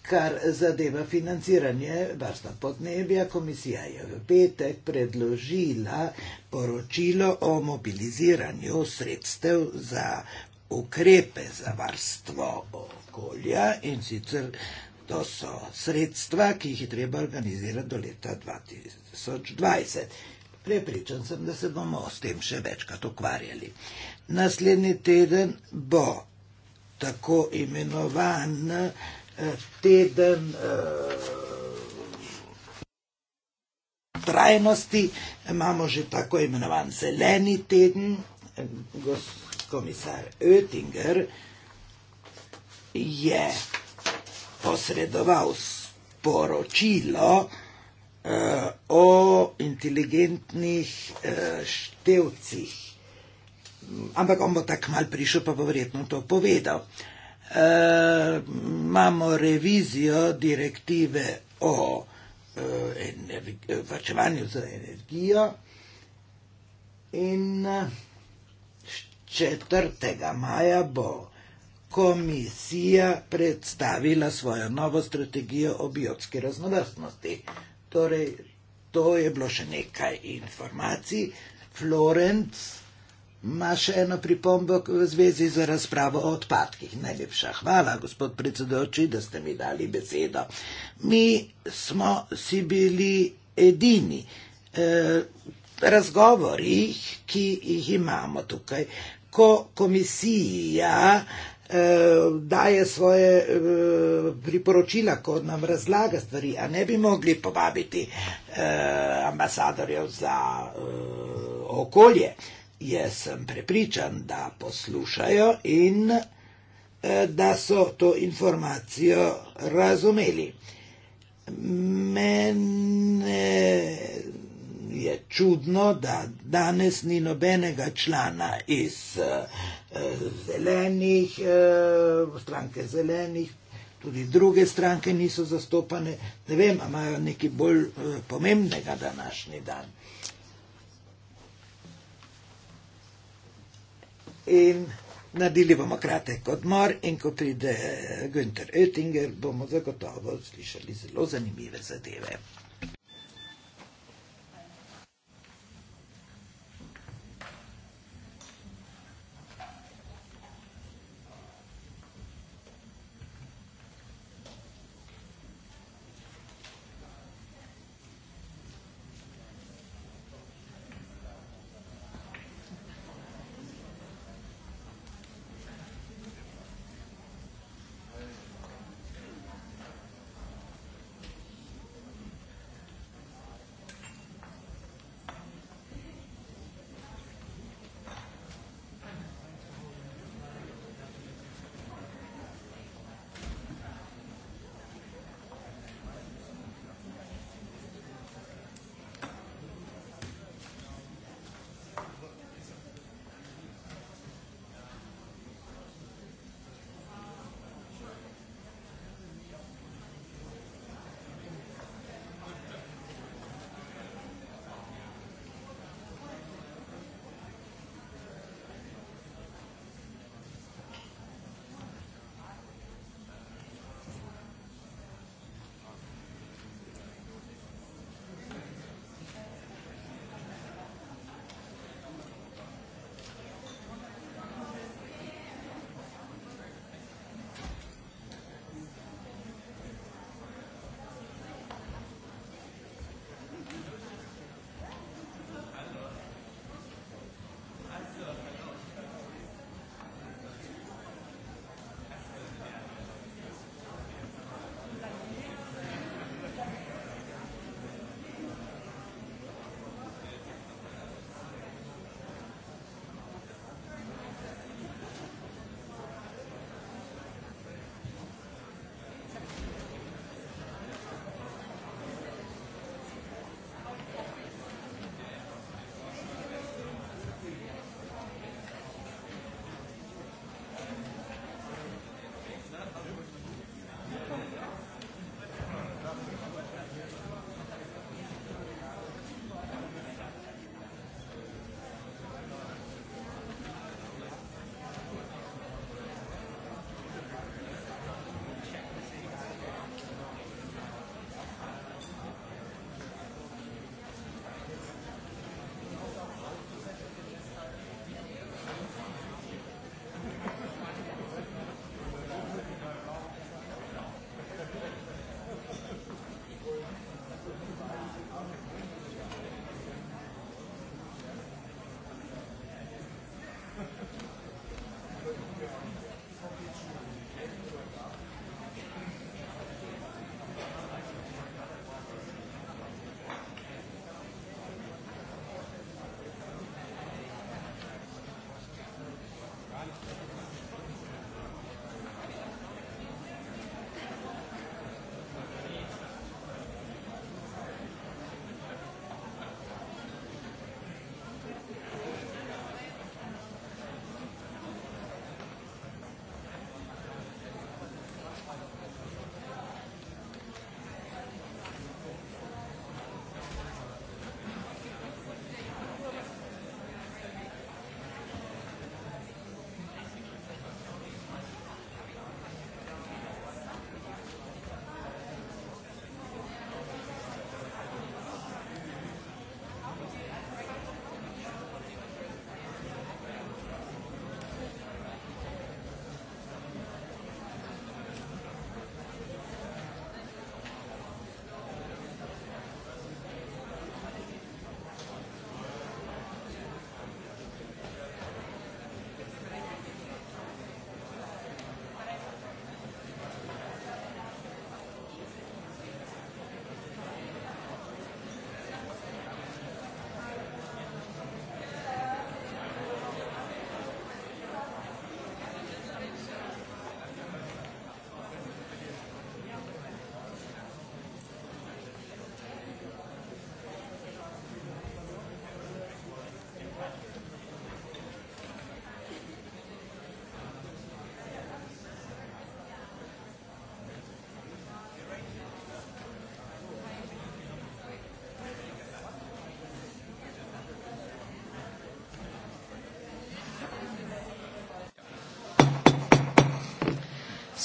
Speaker 1: Kar zadeva financiranje varstva podnebja, komisija je v petek predložila poročilo o mobiliziranju sredstev za ukrepe za varstvo okolja in sicer to so sredstva, ki jih je treba organizirati do leta 2020. Prepričan sem, da se bomo s tem še večkrat ukvarjali. Naslednji teden bo tako imenovan eh, teden eh, trajnosti, imamo že tako imenovan zeleni teden, gospodar Oettinger je posredoval sporočilo, uh, o inteligentnih uh, števcih. Ampak on bo tak mal prišel, pa bo verjetno to povedal. E, imamo revizijo direktive o e, vrčevanju za energijo in 4. maja bo komisija predstavila svojo novo strategijo o biotski raznovrstnosti. Torej, to je bilo še nekaj informacij. Florenc ima še eno pripombo v zvezi z razpravo o odpadkih. Najlepša hvala, gospod predsedoči, da ste mi dali besedo. Mi smo si bili edini. E, razgovori, ki jih imamo tukaj, ko komisija eh, daje svoje eh, priporočila, ko nam razlaga stvari, a ne bi mogli povabiti eh, ambasadorjev za okolje. Jaz sem prepričan, da poslušajo in da so to informacijo razumeli. Mene je čudno, da danes ni nobenega člana iz uh, zelenih, uh, stranke zelenih, tudi druge stranke niso zastopane. Ne vem, imajo nekaj bolj uh, pomembnega današnji dan. In nadili bomo kratek odmor in ko pride Günter Oettinger, bomo zagotovo slišali zelo zanimive zadeve.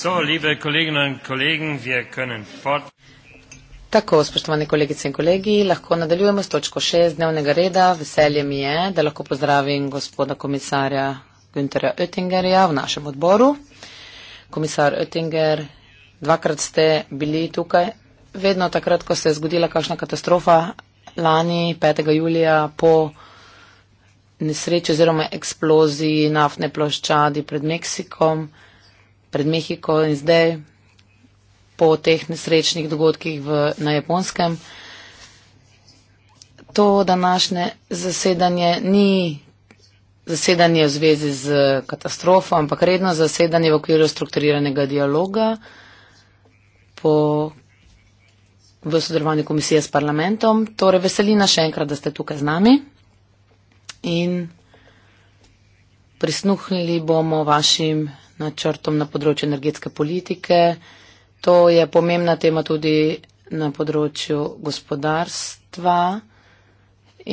Speaker 2: So, liebe Kolleginnen und Kollegen, wir können fort.
Speaker 3: Tako, spoštovani kolegice in kolegi, lahko nadaljujemo s točko 6 dnevnega reda. Veselje mi je, da lahko pozdravim gospoda komisarja Günterja Oettingerja v našem odboru. Komisar Oettinger, dvakrat ste bili tukaj, vedno takrat, ko se je zgodila kakšna katastrofa lani 5. julija po nesreči oziroma eksploziji naftne ploščadi pred Meksikom pred Mehiko in zdaj po teh nesrečnih dogodkih v, na Japonskem. To današnje zasedanje ni zasedanje v zvezi z katastrofo, ampak redno zasedanje v okviru strukturiranega dialoga po, v sodelovanju komisije s parlamentom. Torej veseli nas še enkrat, da ste tukaj z nami. In Prisluhnili bomo vašim načrtom na področju energetske politike. To je pomembna tema tudi na področju gospodarstva.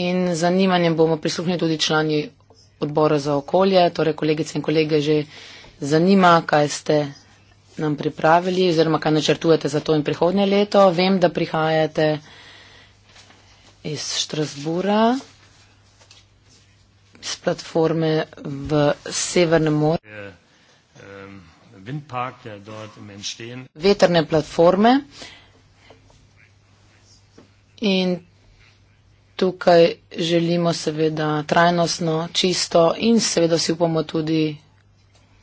Speaker 3: In zanimanjem bomo prisluhnili tudi člani odbora za okolje. Torej, kolegice in kolege, že zanima, kaj ste nam pripravili oziroma kaj načrtujete za to in prihodnje leto. Vem, da prihajate iz Štrasbura s platforme v Severnem morju.
Speaker 2: Ähm,
Speaker 1: Windpark, der dort im Entstehen Veterne
Speaker 3: platforme in tukaj želimo seveda trajnostno, čisto in seveda si upamo tudi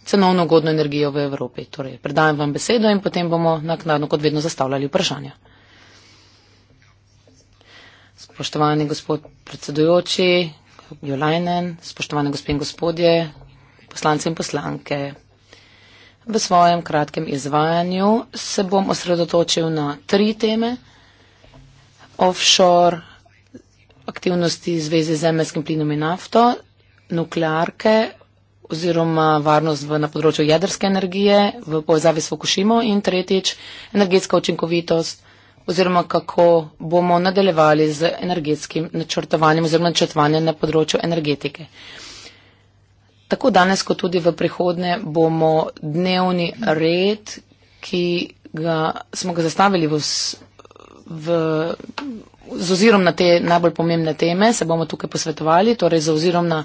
Speaker 3: cenovno ugodno energijo v Evropi. Torej, predajam vam besedo in potem bomo naknadno kot vedno zastavljali vprašanja. Spoštovani gospod predsedujoči, Julajnen, spoštovane gospe in gospodje, poslanci in poslanke. V svojem kratkem izvajanju se bom osredotočil na tri teme. Offshore, aktivnosti zveze z zemljskim plinom in nafto, nuklearke oziroma varnost v, na področju jedrske energije v povezavi s Fukushimo in tretjič energetska učinkovitost oziroma kako bomo nadaljevali z energetskim načrtovanjem oziroma načrtovanjem na področju energetike. Tako danes, kot tudi v prihodnje, bomo dnevni red, ki ga, smo ga zastavili v, v, z ozirom na te najbolj pomembne teme, se bomo tukaj posvetovali, torej z ozirom na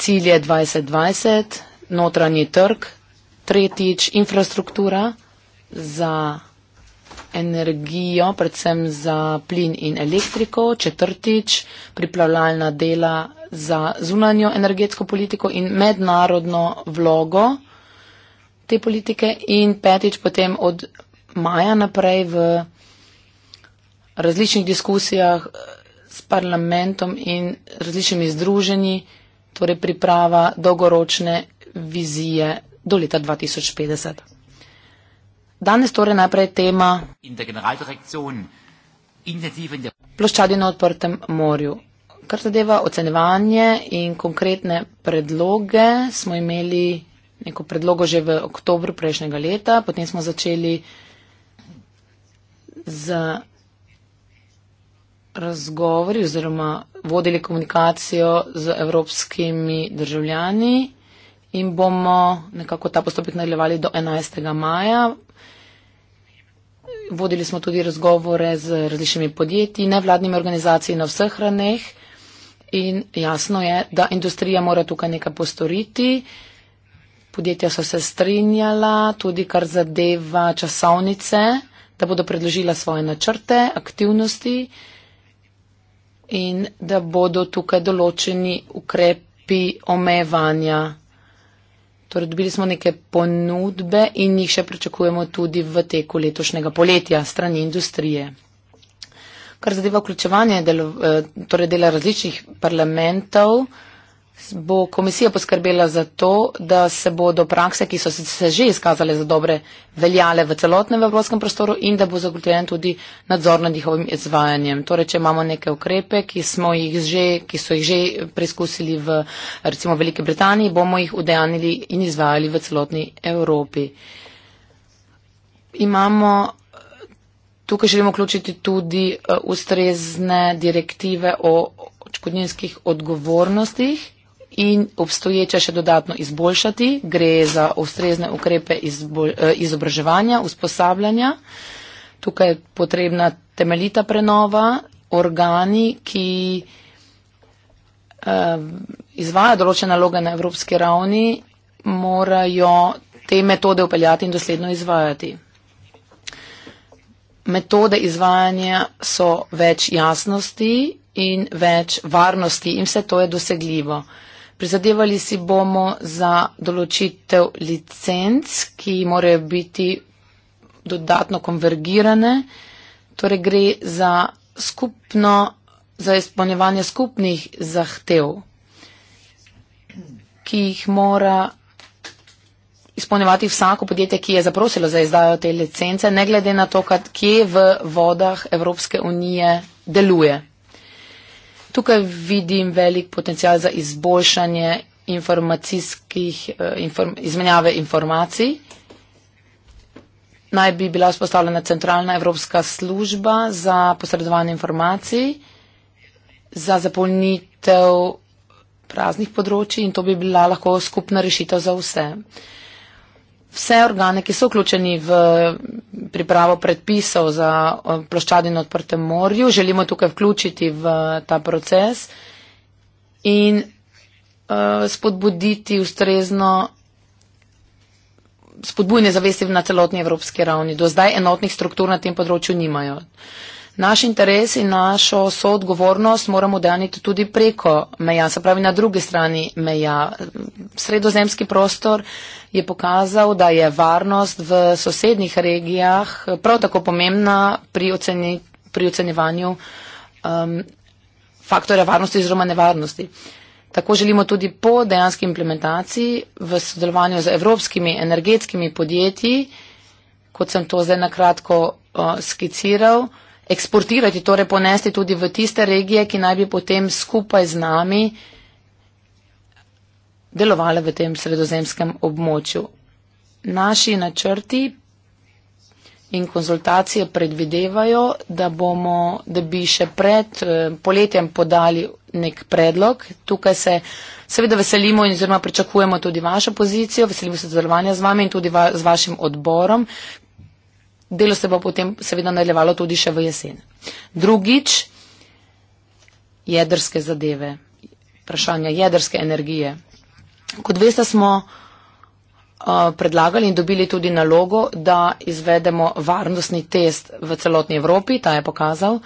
Speaker 3: cilje 2020, notranji trg, tretjič infrastruktura za energijo, predvsem za plin in elektriko, četrtič pripravljalna dela za zunanjo energetsko politiko in mednarodno vlogo te politike in petič potem od maja naprej v različnih diskusijah s parlamentom in različnimi združenji, torej priprava dolgoročne vizije do leta 2050. Danes torej najprej tema ploščadi na odprtem morju. Kar zadeva ocenevanje in konkretne predloge, smo imeli neko predlogo že v oktobru prejšnjega leta, potem smo začeli z razgovori oziroma vodili komunikacijo z evropskimi državljani in bomo nekako ta postopek nadaljevali do 11. maja, vodili smo tudi razgovore z različnimi podjetji, nevladnimi organizacijami na vseh raneh in jasno je, da industrija mora tukaj nekaj postoriti. Podjetja so se strinjala tudi kar zadeva časovnice, da bodo predložila svoje načrte, aktivnosti in da bodo tukaj določeni ukrepi omejevanja. Torej, dobili smo neke ponudbe in jih še pričakujemo tudi v teku letošnjega poletja strani industrije. Kar zadeva vključevanje delo, eh, torej dela različnih parlamentov, Bo komisija poskrbela za to, da se bodo prakse, ki so se, se že izkazale za dobre, veljale v celotnem evropskem prostoru in da bo zagotovljen tudi nadzor nad njihovim izvajanjem. Torej, če imamo neke ukrepe, ki, že, ki so jih že preizkusili v recimo Veliki Britaniji, bomo jih udejanili in izvajali v celotni Evropi. Imamo tukaj želimo vključiti tudi eh, ustrezne direktive o odškodninskih odgovornostih in obstoječe še dodatno izboljšati. Gre za ustrezne ukrepe eh, izobraževanja, usposabljanja. Tukaj je potrebna temeljita prenova. Organi, ki eh, izvaja določene naloge na evropski ravni, morajo te metode upeljati in dosledno izvajati. Metode izvajanja so več jasnosti in več varnosti in vse to je dosegljivo. Prizadevali si bomo za določitev licenc, ki morajo biti dodatno konvergirane. Torej gre za skupno, za izpolnjevanje skupnih zahtev, ki jih mora izpolnjevati vsako podjetje, ki je zaprosilo za izdajo te licence, ne glede na to, kje v vodah Evropske unije deluje. Tukaj vidim velik potencial za izboljšanje informacijskih, eh, inform, izmenjave informacij. Naj bi bila vzpostavljena centralna evropska služba za posredovanje informacij, za zapolnitev praznih področji in to bi bila lahko skupna rešitev za vse vse organe, ki so vključeni v pripravo predpisov za eh, ploščadi na odprtem morju, želimo tukaj vključiti v ta proces in eh, spodbuditi ustrezno spodbujne zavesti na celotni evropski ravni. Do zdaj enotnih struktur na tem področju nimajo naš interes in našo soodgovornost moramo udejaniti tudi preko meja, se pravi na drugi strani meja. Sredozemski prostor je pokazal, da je varnost v sosednjih regijah prav tako pomembna pri, oceni, pri ocenjevanju um, faktorja varnosti oziroma nevarnosti. Tako želimo tudi po dejanski implementaciji v sodelovanju z evropskimi energetskimi podjetji, kot sem to zdaj na kratko uh, skiciral, eksportirati, torej ponesti tudi v tiste regije, ki naj bi potem skupaj z nami delovale v tem sredozemskem območju. Naši načrti in konzultacije predvidevajo, da, bomo, da bi še pred eh, poletjem podali nek predlog. Tukaj se seveda veselimo in oziroma pričakujemo tudi vašo pozicijo, veselimo se sodelovanja z vami in tudi va, z vašim odborom, Delo se bo potem seveda nadaljevalo tudi še v jesen. Drugič, jedrske zadeve, vprašanja jedrske energije. Kot veste, smo uh, predlagali in dobili tudi nalogo, da izvedemo varnostni test v celotni Evropi. Ta je pokazal,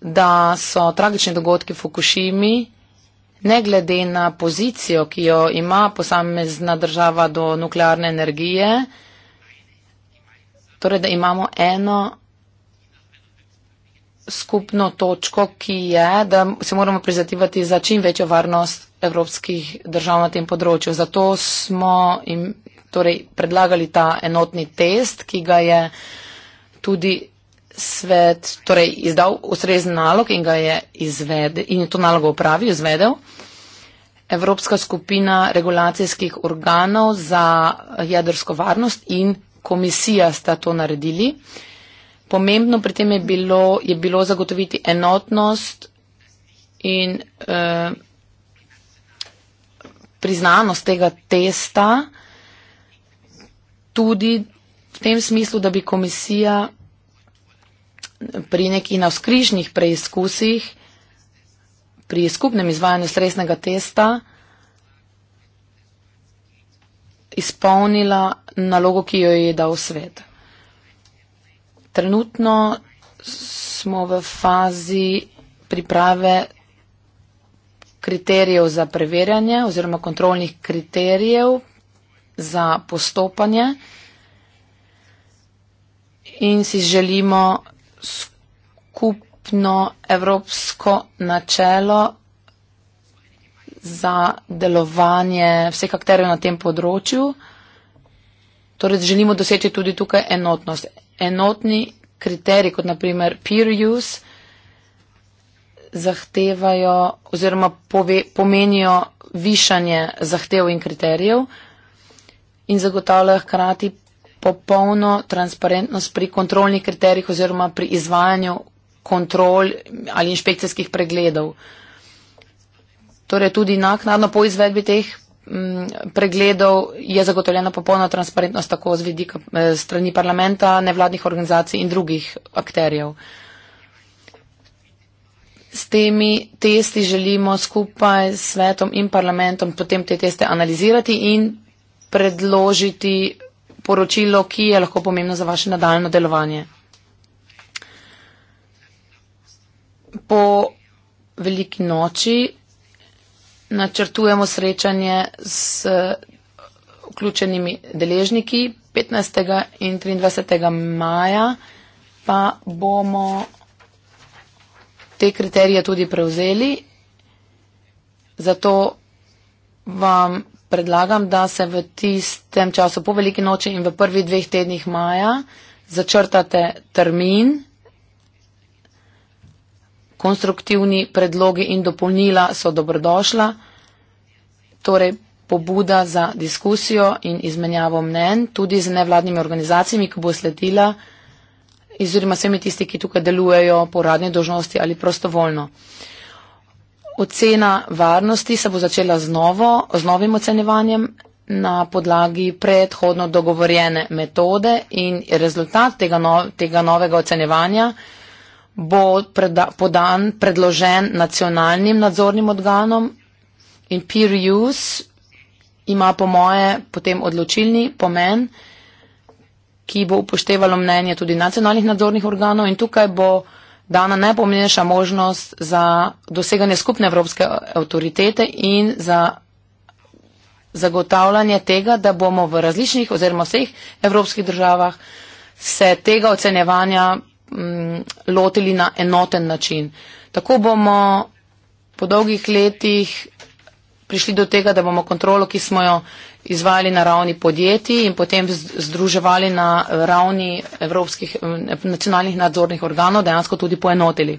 Speaker 3: da so tragični dogodki v Fukushimi, ne glede na pozicijo, ki jo ima posamezna država do nuklearne energije, uh, Torej, da imamo eno skupno točko, ki je, da se moramo prizativati za čim večjo varnost evropskih držav na tem področju. Zato smo jim torej, predlagali ta enotni test, ki ga je tudi svet torej, izdal ustrezen nalog in ga je izvedel in je to nalogo upravil, izvedel. Evropska skupina regulacijskih organov za jedrsko varnost in komisija sta to naredili. Pomembno pri tem je bilo, je bilo zagotoviti enotnost in eh, priznanost tega testa tudi v tem smislu, da bi komisija pri nekih navskrižnih preizkusih, pri skupnem izvajanju stresnega testa, izpolnila nalogo, ki jo je dal svet. Trenutno smo v fazi priprave kriterijev za preverjanje oziroma kontrolnih kriterijev za postopanje in si želimo skupno evropsko načelo za delovanje vseh akterjev na tem področju. Torej, želimo doseči tudi tukaj enotnost. Enotni kriteriji, kot naprimer peer use, zahtevajo oziroma pove, pomenijo višanje zahtev in kriterijev in zagotavljajo hkrati popolno transparentnost pri kontrolnih kriterijih oziroma pri izvajanju kontrol ali inšpekcijskih pregledov. Uh, Torej tudi naknadno po izvedbi teh m, mm, pregledov je zagotovljena popolna transparentnost tako z vidika eh, strani parlamenta, nevladnih organizacij in drugih akterjev. S temi testi želimo skupaj s svetom in parlamentom potem te teste analizirati in predložiti poročilo, ki je lahko pomembno za vaše nadaljno delovanje. Po veliki noči načrtujemo srečanje z eh, vključenimi deležniki 15. in 23. maja, pa bomo te kriterije tudi prevzeli. Zato vam predlagam, da se v tistem času po veliki noči in v prvih dveh tednih maja začrtate termin konstruktivni predlogi in dopolnila so dobrodošla. Torej, pobuda za diskusijo in izmenjavo mnen tudi z nevladnimi organizacijami, ki bo sledila izurima vsemi tisti, ki tukaj delujejo po radni dožnosti ali prostovoljno. Ocena varnosti se bo začela z, novo, z novim ocenjevanjem na podlagi predhodno dogovorjene metode in rezultat tega, no, tega novega ocenjevanja bo preda, podan, predložen nacionalnim nadzornim organom in peer use ima po moje potem odločilni pomen, ki bo upoštevalo mnenje tudi nacionalnih nadzornih organov in tukaj bo dana najpomenjša možnost za doseganje skupne evropske avtoritete in za zagotavljanje tega, da bomo v različnih oziroma vseh evropskih državah se tega ocenjevanja Mm, lotili na enoten način. Tako bomo po dolgih letih prišli do tega, da bomo kontrolo, ki smo jo izvajali na ravni podjetij in potem združevali na ravni evropskih eh, nacionalnih nadzornih organov, dejansko tudi poenotili.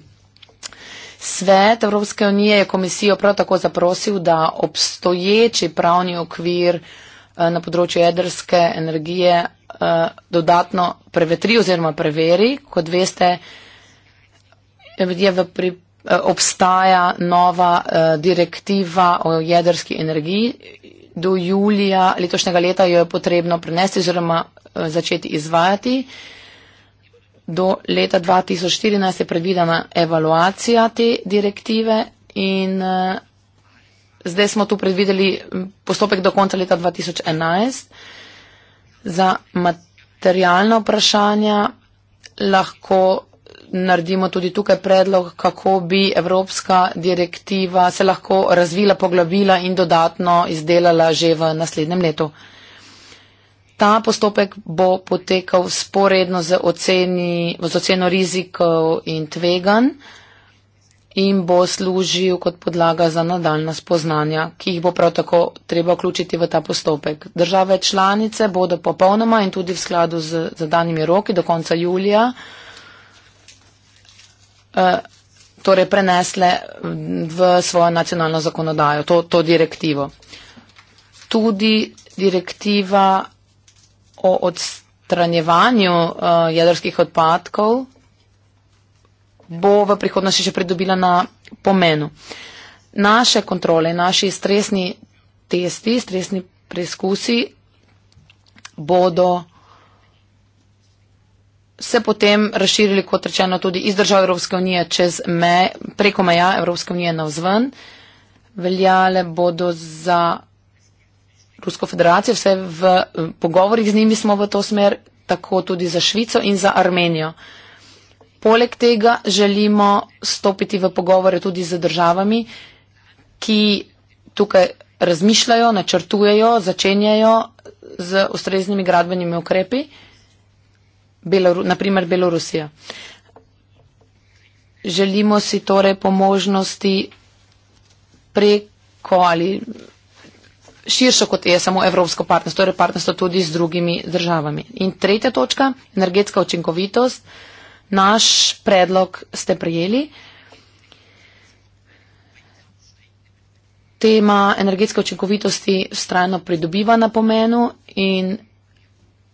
Speaker 3: Svet Evropske unije je komisijo prav tako zaprosil, da obstoječi pravni okvir eh, na področju jedrske energije Eh, dodatno prevetri oziroma preveri. Kot veste, pri, eh, obstaja nova uh, direktiva o jedrski energiji. Do julija letošnjega leta jo je potrebno prenesti oziroma uh, začeti izvajati. Do leta 2014 je predvidena evaluacija te direktive in uh, zdaj smo tu predvideli postopek do konca leta 2011 za materialna vprašanja lahko naredimo tudi tukaj predlog, kako bi evropska direktiva se lahko razvila, poglobila in dodatno izdelala že v naslednjem letu. Ta postopek bo potekal sporedno z, oceni, z oceno rizikov in tveganj in bo služil kot podlaga za nadaljna spoznanja, ki jih bo prav tako treba vključiti v ta postopek. Države članice bodo popolnoma in tudi v skladu z zadanimi roki do konca julija eh, torej prenesle v svojo nacionalno zakonodajo to, to direktivo. Tudi direktiva o odstranjevanju eh, jedrskih odpadkov bo v prihodnosti še pridobila na pomenu. Naše kontrole, naši stresni testi, stresni preizkusi bodo se potem razširili, kot rečeno, tudi iz držav Evropske unije čez me, preko meja Evropske unije navzven. Veljale bodo za Rusko federacijo, vse v eh, pogovorih z njimi smo v to smer, tako tudi za Švico in za Armenijo. Uh, Poleg tega želimo stopiti v pogovore tudi z državami, ki tukaj razmišljajo, načrtujejo, začenjajo z ustreznimi gradbenimi ukrepi, Belor naprimer Belorusija. Želimo si torej po možnosti preko ali širšo kot je samo evropsko partnerstvo, torej partnerstvo tudi z drugimi državami. In tretja točka, energetska učinkovitost naš predlog ste prijeli. Tema energetske očinkovitosti strajno pridobiva na pomenu in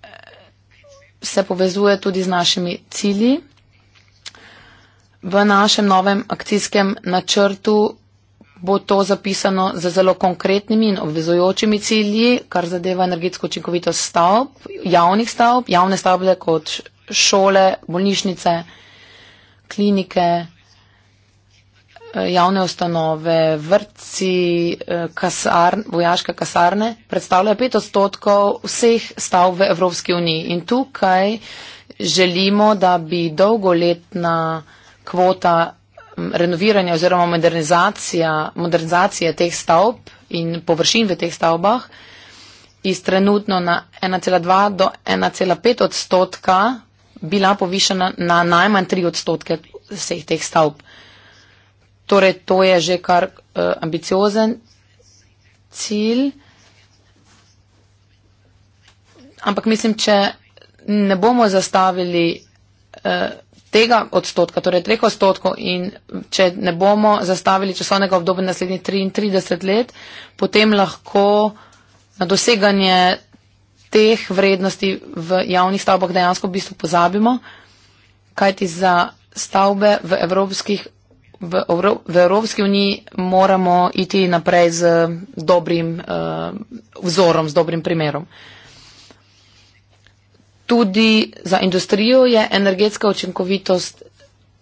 Speaker 3: eh, se povezuje tudi z našimi cilji. V našem novem akcijskem načrtu bo to zapisano z zelo konkretnimi in obvezujočimi cilji, kar zadeva energetsko očinkovitost stavb, javnih stavb, javne stavbe kot šole, bolnišnice, klinike, eh, javne ustanove, vrtci, eh, kasarn, vojaške kasarne, predstavljajo pet odstotkov vseh stav v Evropski uniji. In tukaj želimo, da bi dolgoletna kvota renoviranja oziroma modernizacije teh stavb in površin v teh stavbah iz trenutno na 1,2 do 1,5 odstotka bila povišena na najmanj tri odstotke vseh teh stavb. Torej, to je že kar uh, ambiciozen cilj. Ampak mislim, če ne bomo zastavili uh, tega odstotka, torej treh odstotkov in če ne bomo zastavili časovnega obdobja naslednjih 33 let, potem lahko na doseganje teh vrednosti v javnih stavbah dejansko v bistvu pozabimo, kajti za stavbe v, evropskih, v, Evro, v Evropski uniji moramo iti naprej z dobrim uh, vzorom, z dobrim primerom. Tudi za industrijo je energetska učinkovitost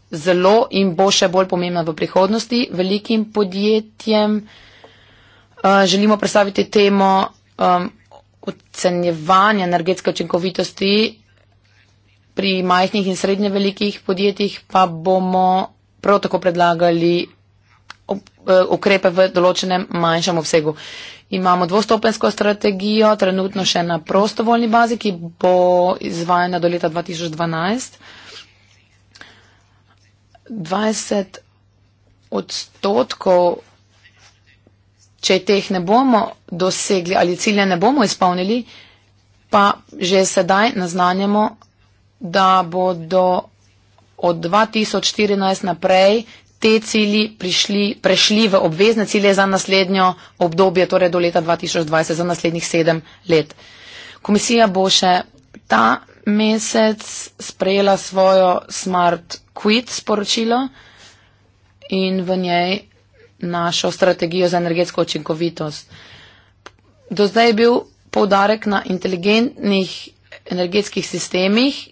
Speaker 3: zelo in bo še bolj pomembna v prihodnosti. Velikim podjetjem uh, želimo predstaviti temo um, ocenjevanje energetske učinkovitosti pri majhnih in srednje velikih podjetjih pa bomo prav tako predlagali eh, ukrepe v določenem manjšem obsegu. Imamo dvostopensko strategijo, trenutno še na prostovoljni bazi, ki bo izvajena do leta 2012. 20 odstotkov če teh ne bomo dosegli ali cilje ne bomo izpolnili, pa že sedaj naznanjamo, da bodo od 2014 naprej te cilji prišli, prešli v obvezne cilje za naslednjo obdobje, torej do leta 2020, za naslednjih sedem let. Komisija bo še ta mesec sprejela svojo smart quit sporočilo in v njej našo strategijo za energetsko učinkovitost. Do zdaj je bil poudarek na inteligentnih energetskih sistemih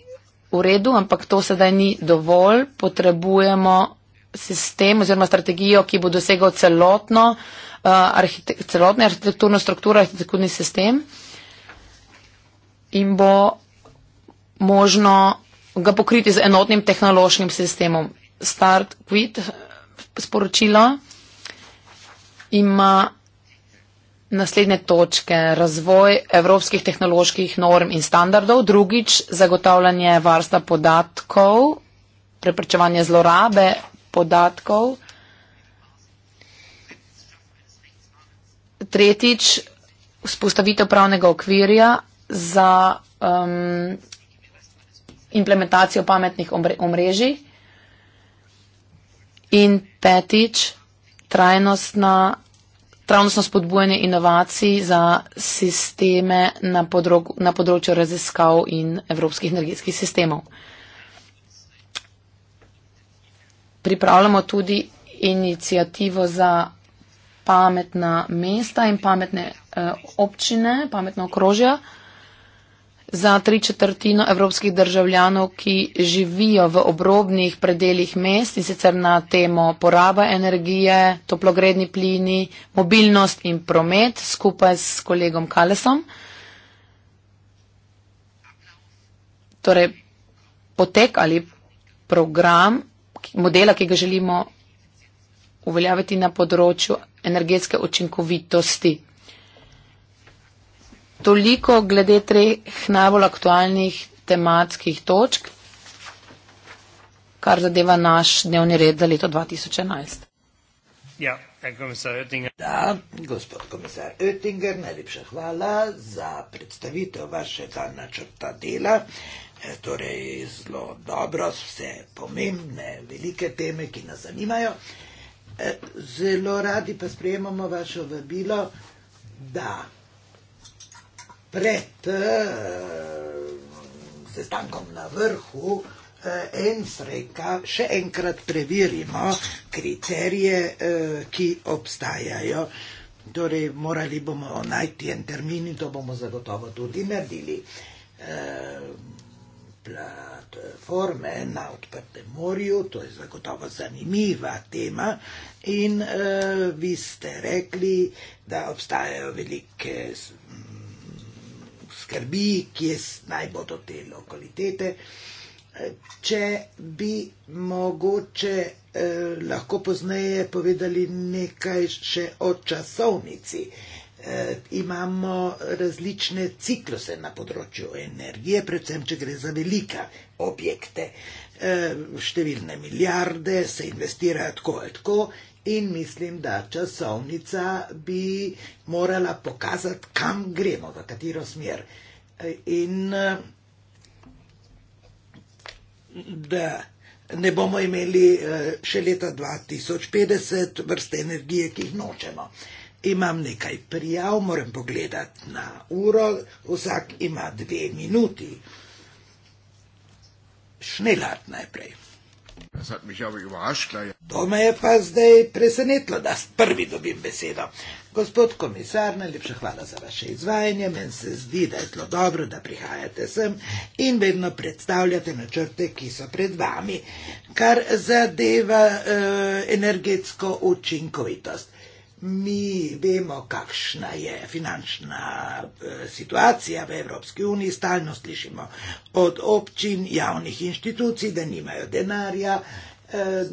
Speaker 3: v redu, ampak to sedaj ni dovolj. Potrebujemo sistem oziroma strategijo, ki bo dosegal celotno, uh, arhite celotno arhitekturno strukturo, arhitekturni sistem in bo možno ga pokriti z enotnim tehnološkim sistemom. Start, quit, sporočilo ima naslednje točke razvoj evropskih tehnoloških norm in standardov, drugič zagotavljanje varsta podatkov, preprečevanje zlorabe podatkov, tretjič spostavitev pravnega okvirja za um, implementacijo pametnih omrežij in petič trajnostna, trajnostno spodbujanje inovacij za sisteme na, podrog, na področju raziskav in evropskih energetskih sistemov. Pripravljamo tudi inicijativo za pametna mesta in pametne eh, občine, pametno okrožje za tri četrtino evropskih državljanov, ki živijo v obrobnih predeljih mest in sicer na temo poraba energije, toplogredni plini, mobilnost in promet skupaj s kolegom Kalesom. Torej, potek ali program modela, ki ga želimo uveljaviti na področju energetske učinkovitosti. Toliko glede treh najbolj aktualnih tematskih točk, kar zadeva naš dnevni red za leto 2011.
Speaker 1: Ja, eh, da, gospod komisar Oettinger, najlepša hvala za predstavitev vašega načrta dela. E, torej, zelo dobro, vse pomembne, velike teme, ki nas zanimajo. E, zelo radi pa sprejemamo vašo vabilo, da pred uh, sestankom na vrhu uh, en sreka še enkrat preverimo kriterije, uh, ki obstajajo. Torej, morali bomo najti en termin in to bomo zagotovo tudi naredili. E, platforme na odprtem morju, to je zagotovo zanimiva tema in e, vi ste rekli, da obstajajo velike skrbi, kje naj bodo te lokalitete. Eh, če bi mogoče eh, lahko pozneje povedali nekaj še o časovnici. Eh, imamo različne cikluse na področju energije, predvsem, če gre za velike objekte. Eh, številne milijarde se investirajo tako in tako in mislim, da časovnica bi morala pokazati, kam gremo, v katero smer. In eh, da ne bomo imeli eh, še leta 2050 vrste energije, ki jih nočemo. Imam nekaj prijav, moram pogledati na uro, vsak ima dve minuti. Šnelat najprej. Das hat mich aber überrascht, klar. To me je pa zdaj presenetilo, da prvi dobim besedo. Gospod komisar, najlepša hvala za vaše izvajanje. Meni se zdi, da je zelo dobro, da prihajate sem in vedno predstavljate načrte, ki so pred vami, kar zadeva eh, energetsko učinkovitost. Mi vemo, kakšna je finančna eh, situacija v Evropski uniji, stalno slišimo od občin, javnih inštitucij, da nimajo denarja, eh,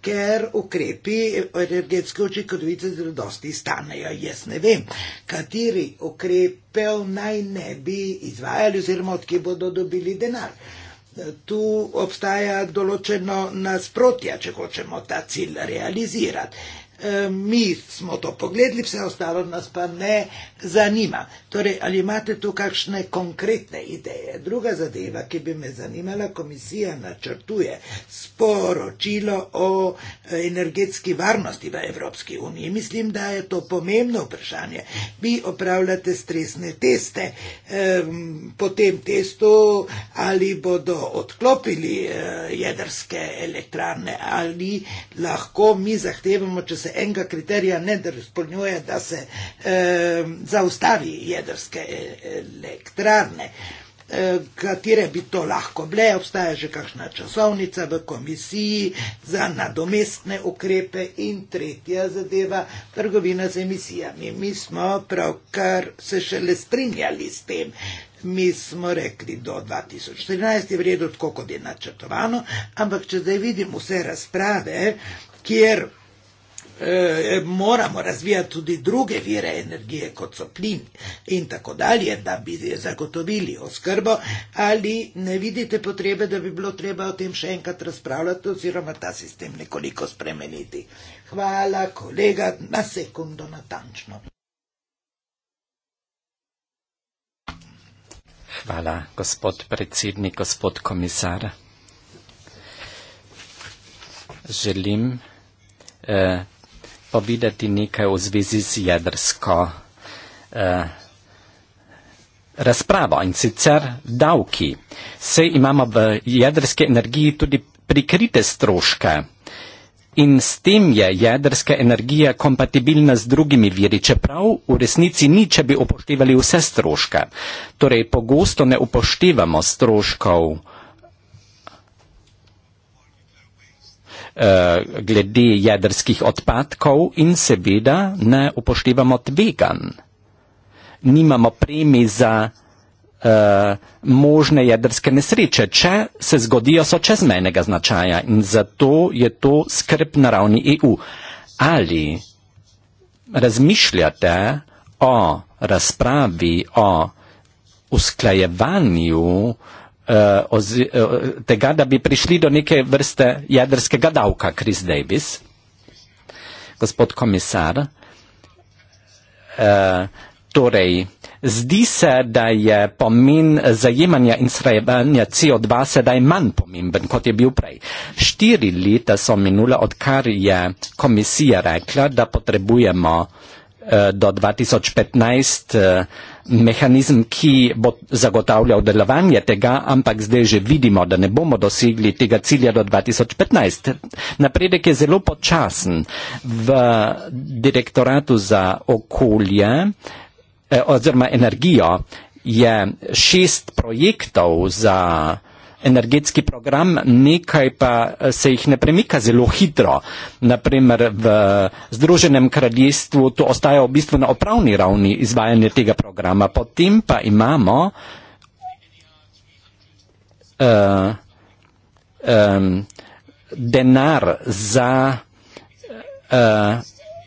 Speaker 1: ker ukrepi energetske učinkovitosti zelo dosti stanejo. Jaz ne vem, kateri ukrepev naj ne bi izvajali oziroma od kje bodo dobili denar. Eh, tu obstaja določeno nasprotje, če hočemo ta cilj realizirati. E, mi smo to pogledali, vse ostalo nas pa ne zanima. Torej, ali imate tu kakšne konkretne ideje? Druga zadeva, ki bi me zanimala, komisija načrtuje sporočilo o energetski varnosti v Evropski uniji. Mislim, da je to pomembno vprašanje. Vi opravljate stresne teste. Po tem testu, ali bodo odklopili e, jedrske elektrane, ali lahko mi zahtevamo, če se se enega kriterija ne izpolnjuje, da se eh, zaustavi jedrske e, elektrarne. E, katere bi to lahko bile, obstaja že kakšna časovnica v komisiji za nadomestne ukrepe in tretja zadeva, trgovina z emisijami. Mi smo pravkar se šele strinjali s tem. Mi smo rekli, do 2014 je vredno tako, kot je načrtovano, ampak če zdaj vidim vse razprave, kjer e, moramo razvijati tudi druge vire energije, kot so plin in tako dalje, da bi zagotovili oskrbo, ali ne vidite potrebe, da bi bilo treba o tem še enkrat razpravljati oziroma ta sistem nekoliko spremeniti. Hvala, kolega, na sekundo natančno.
Speaker 2: Hvala, gospod predsednik, gospod komisar. Želim eh, povedati nekaj v zvezi z jedrsko eh, razpravo in sicer davki. Se imamo v jedrske energiji tudi prikrite stroške in s tem je jedrska energija kompatibilna z drugimi viri, čeprav v resnici ni, če bi upoštevali vse stroške. Torej, pogosto ne upoštevamo stroškov. Eh, glede jedrskih odpadkov in seveda ne upoštevamo tvegan. Nimamo premi za uh, možne jedrske nesreče, če se zgodijo so čezmenega značaja in zato je to skrb na ravni EU. Ali razmišljate o razpravi o usklajevanju uh, uh, oz, uh, tega, da bi prišli do neke vrste jedrskega davka, Chris Davis. Gospod komisar, uh, torej, zdi se, da je pomen zajemanja in srebanja CO2 sedaj manj pomemben, kot je bil prej. Štiri leta so minula, odkar je komisija rekla, da potrebujemo uh, do 2015. Uh, mehanizem, ki bo zagotavljal delovanje tega, ampak zdaj že vidimo, da ne bomo dosegli tega cilja do 2015. Napredek je zelo počasen. V direktoratu za okolje eh, oziroma energijo je šest projektov za energetski program, nekaj pa eh, se jih ne premika zelo hitro. Naprimer v eh, Združenem kraljestvu to ostaja v bistvu na opravni ravni izvajanje tega programa. Potem pa imamo uh, um, denar za uh,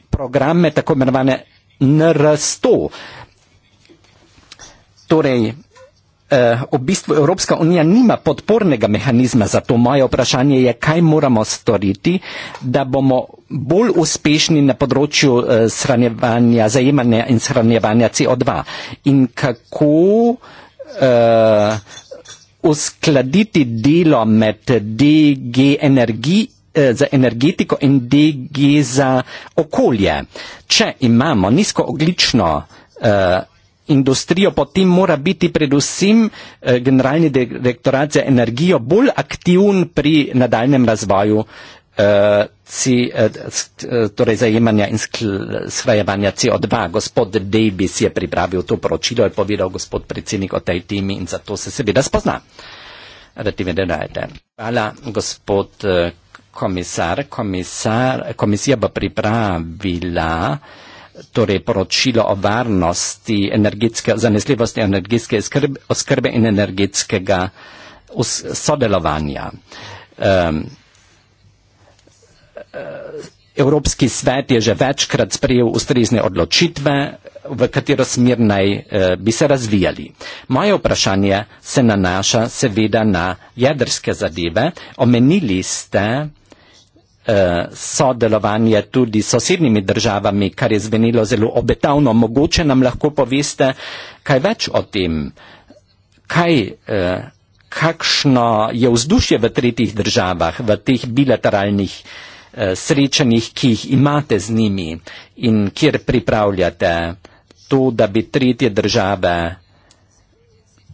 Speaker 2: programe tako imenovane NR100. Torej, Eh, v bistvu Evropska unija nima podpornega mehanizma, zato moje vprašanje je, kaj moramo storiti, da bomo bolj uspešni na področju eh, shranjevanja, zajemanja in shranjevanja CO2 in kako uh, uskladiti delo med DG energi, eh, za energetiko in DG za okolje. Če imamo nizkooglično eh, industrijo, potem mora biti predvsem eh, generalni direktorat za energijo bolj aktiven pri nadaljem razvoju eh, ci, eh, eh torej zajemanja in shrajevanja CO2. Gospod Davis je pripravil to poročilo, je povedal gospod predsednik o tej temi in zato se seveda spozna. Hvala, gospod eh, komisar. komisar komisija bo pripravila torej poročilo o varnosti, zanesljivosti energetske skrbe, oskrbe in energetskega sodelovanja. Um, Evropski svet je že večkrat sprejel ustrezne odločitve, v katero smer naj uh, bi se razvijali. Moje vprašanje se nanaša seveda na jedrske zadeve. Omenili ste, Eh, sodelovanje tudi s sosednjimi državami, kar je zvenilo zelo obetavno. Mogoče nam lahko poveste kaj več o tem, kaj, eh, kakšno je vzdušje v tretjih državah, v teh bilateralnih eh, srečanjih, ki jih imate z njimi in kjer pripravljate to, da bi tretje države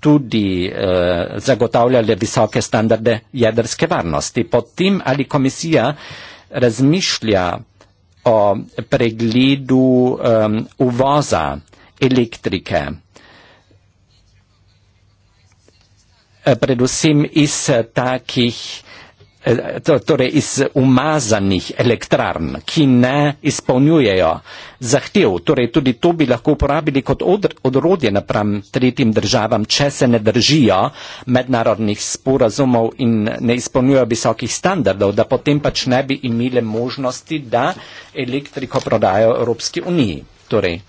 Speaker 2: tudi eh, zagotavljale visoke standarde jedrske varnosti. Potem ali komisija razmišlja o pregledu eh, uvoza elektrike, eh, predvsem iz eh, takih eh, Eh, torej iz umazanih elektrarn, ki ne izpolnjujejo zahtev. Torej tudi to bi lahko uporabili kot odrodje napram tretjim državam, če se ne držijo mednarodnih sporazumov in ne izpolnjujejo visokih standardov, da potem pač ne bi imeli možnosti, da elektriko prodajo Evropski uniji. Torej,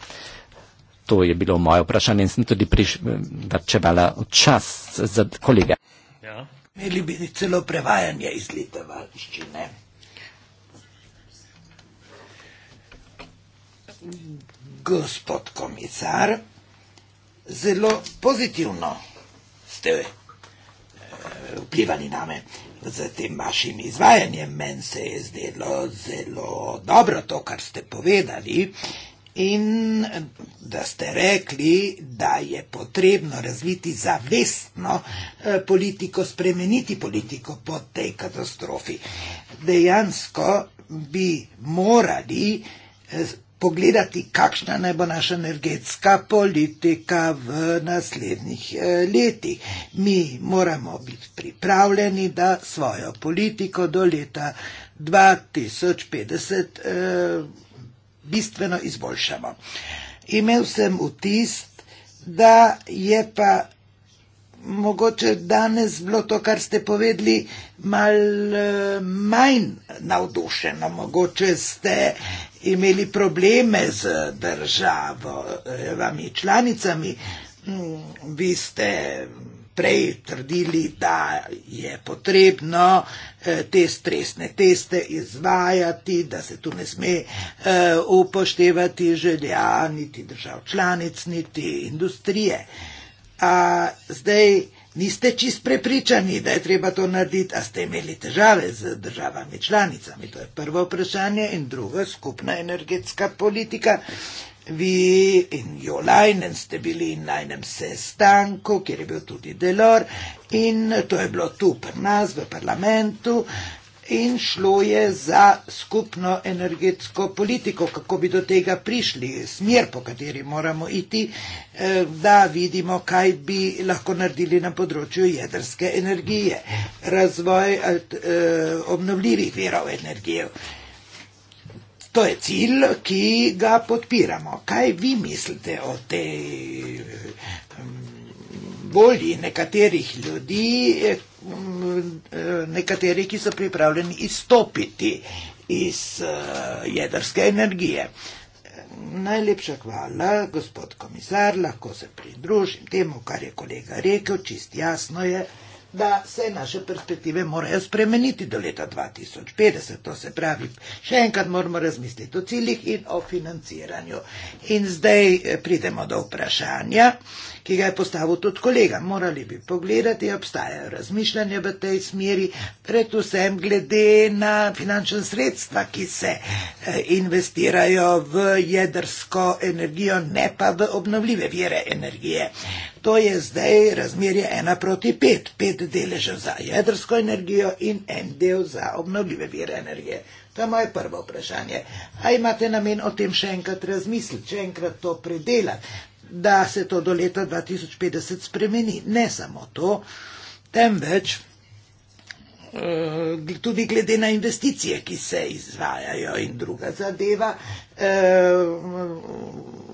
Speaker 2: to je bilo moje vprašanje in sem tudi prišvrčevala eh, čas za kolege.
Speaker 1: Imeli bi celo prevajanje iz litevalščine. Gospod komisar, zelo pozitivno ste eh, vplivali name. Z tem vašim izvajanjem meni se je zdelo zelo dobro to, kar ste povedali in da ste rekli, da je potrebno razviti zavestno eh, politiko, spremeniti politiko po tej katastrofi. Dejansko bi morali eh, pogledati, kakšna naj bo naša energetska politika v naslednjih eh, letih. Mi moramo biti pripravljeni, da svojo politiko do leta 2050 bistveno izboljšamo. Imel sem vtis, da je pa mogoče danes bilo to, kar ste povedali, mal eh, manj navdušeno. Mogoče ste imeli probleme z državo, eh, vami članicami, mm, vi ste prej trdili, da je potrebno eh, te stresne teste izvajati, da se tu ne sme eh, upoštevati želja niti držav članic, niti industrije. A zdaj niste čist prepričani, da je treba to narediti, a ste imeli težave z državami članicami. To je prvo vprašanje in drugo skupna energetska politika. Vi in Jolajnen ste bili na enem sestanku, kjer je bil tudi Delor in to je bilo tu pri nas v parlamentu in šlo je za skupno energetsko politiko, kako bi do tega prišli, smer, po kateri moramo iti, eh, da vidimo, kaj bi lahko naredili na področju jedrske energije, razvoj eh, obnovljivih verov energije. To je cilj, ki ga podpiramo. Kaj vi mislite o tej volji nekaterih ljudi, nekateri, ki so pripravljeni izstopiti iz eh, jedrske energije? Najlepša hvala, gospod komisar, lahko se pridružim temu, kar je kolega rekel, čist jasno je da se naše perspektive morajo spremeniti do leta 2050. To se pravi, še enkrat moramo razmisliti o ciljih in o financiranju. In zdaj eh, pridemo do vprašanja ki ga je postavil tudi kolega. Morali bi pogledati, obstajajo razmišljanje v tej smeri, predvsem glede na finančne sredstva, ki se eh, investirajo v jedrsko energijo, ne pa v obnovljive vire energije. To je zdaj razmerje ena proti pet, pet deležev za jedrsko energijo in en del za obnovljive vire energije. To je moje prvo vprašanje. A imate namen o tem še enkrat razmisliti, še enkrat to predelati? da se to do leta 2050 spremeni. Ne samo to, temveč eh, tudi glede na investicije, ki se izvajajo in druga zadeva, eh,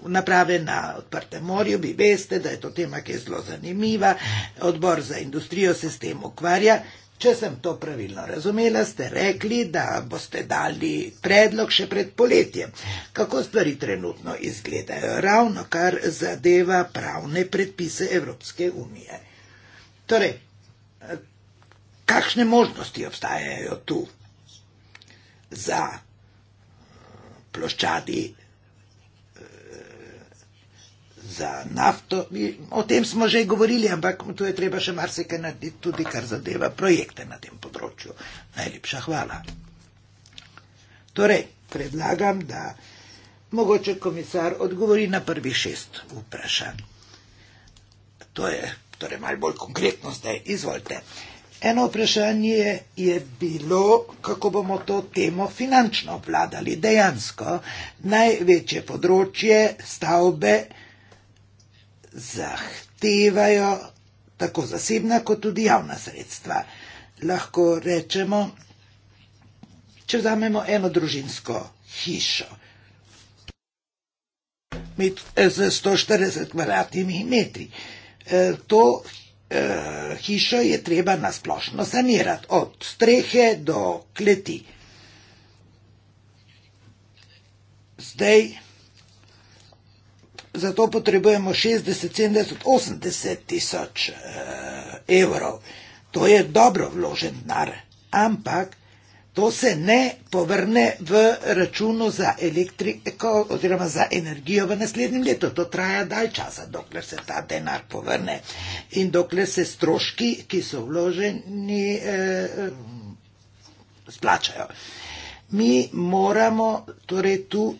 Speaker 1: naprave na odprtem morju, vi veste, da je to tema, ki je zelo zanimiva, odbor za industrijo se s tem ukvarja, Če sem to pravilno razumela, ste rekli, da boste dali predlog še pred poletjem. Kako stvari trenutno izgledajo, ravno kar zadeva pravne predpise Evropske unije? Torej, kakšne možnosti obstajajo tu za ploščadi za nafto. O tem smo že govorili, ampak tu je treba še marsikaj narediti, tudi kar zadeva projekte na tem področju. Najlepša hvala. Torej, predlagam, da mogoče komisar odgovori na prvi šest vprašanj. To je torej malo bolj konkretno zdaj. Izvolite. Eno vprašanje je bilo, kako bomo to temo finančno obvladali. Dejansko največje področje stavbe zahtevajo tako zasebna kot tudi javna sredstva. Lahko rečemo, če vzamemo eno družinsko hišo med, z eh, 140 kvadratnimi metri. E, to e, hišo je treba nasplošno sanirati od strehe do kleti. Zdaj, za to potrebujemo 60, 70, 80 tisoč eh, evrov. To je dobro vložen denar, ampak to se ne povrne v računu za elektriko oziroma za energijo v naslednjem letu. To traja dalj časa, dokler se ta denar povrne in dokler se stroški, ki so vloženi, eh, splačajo. Mi moramo torej tu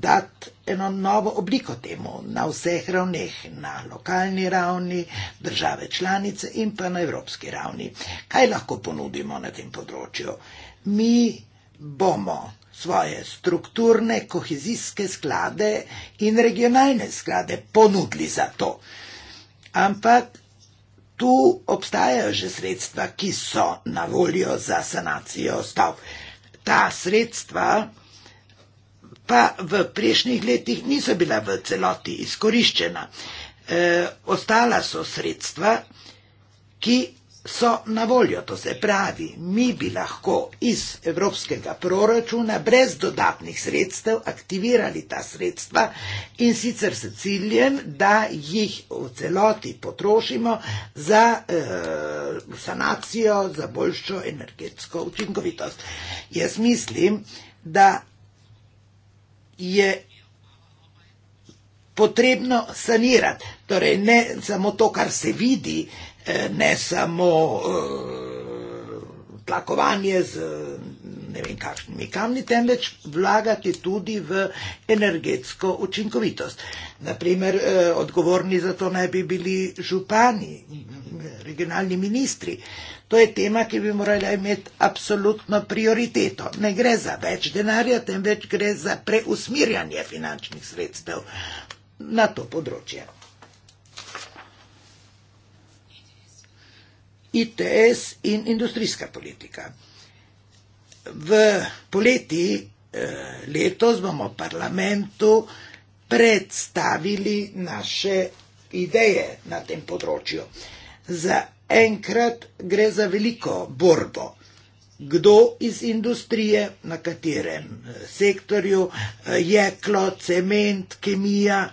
Speaker 1: dati eno novo obliko temu na vseh ravneh, na lokalni ravni, države članice in pa na evropski ravni. Kaj lahko ponudimo na tem področju? Mi bomo svoje strukturne, kohezijske sklade in regionalne sklade ponudili za to. Ampak tu obstajajo že sredstva, ki so na voljo za sanacijo stav. Ta sredstva pa v prejšnjih letih niso bila v celoti izkoriščena. E, ostala so sredstva, ki so na voljo, to se pravi, mi bi lahko iz evropskega proračuna brez dodatnih sredstev aktivirali ta sredstva in sicer s ciljem, da jih v celoti potrošimo za eh, sanacijo, za boljšo energetsko učinkovitost. Jaz mislim, da je potrebno sanirati. Torej, ne samo to, kar se vidi, eh, ne samo eh, tlakovanje z ne vem kakšnimi kamni, temveč vlagati tudi v energetsko učinkovitost. Naprimer, eh, odgovorni za to naj bi bili župani, regionalni ministri. To je tema, ki bi morala imeti absolutno prioriteto. Ne gre za več denarja, temveč gre za preusmirjanje finančnih sredstev na to področje. ITS in industrijska politika v poleti eh, letos bomo parlamentu predstavili naše ideje na tem področju. Za enkrat gre za veliko borbo. Kdo iz industrije, na katerem eh, sektorju, eh, jeklo, cement, kemija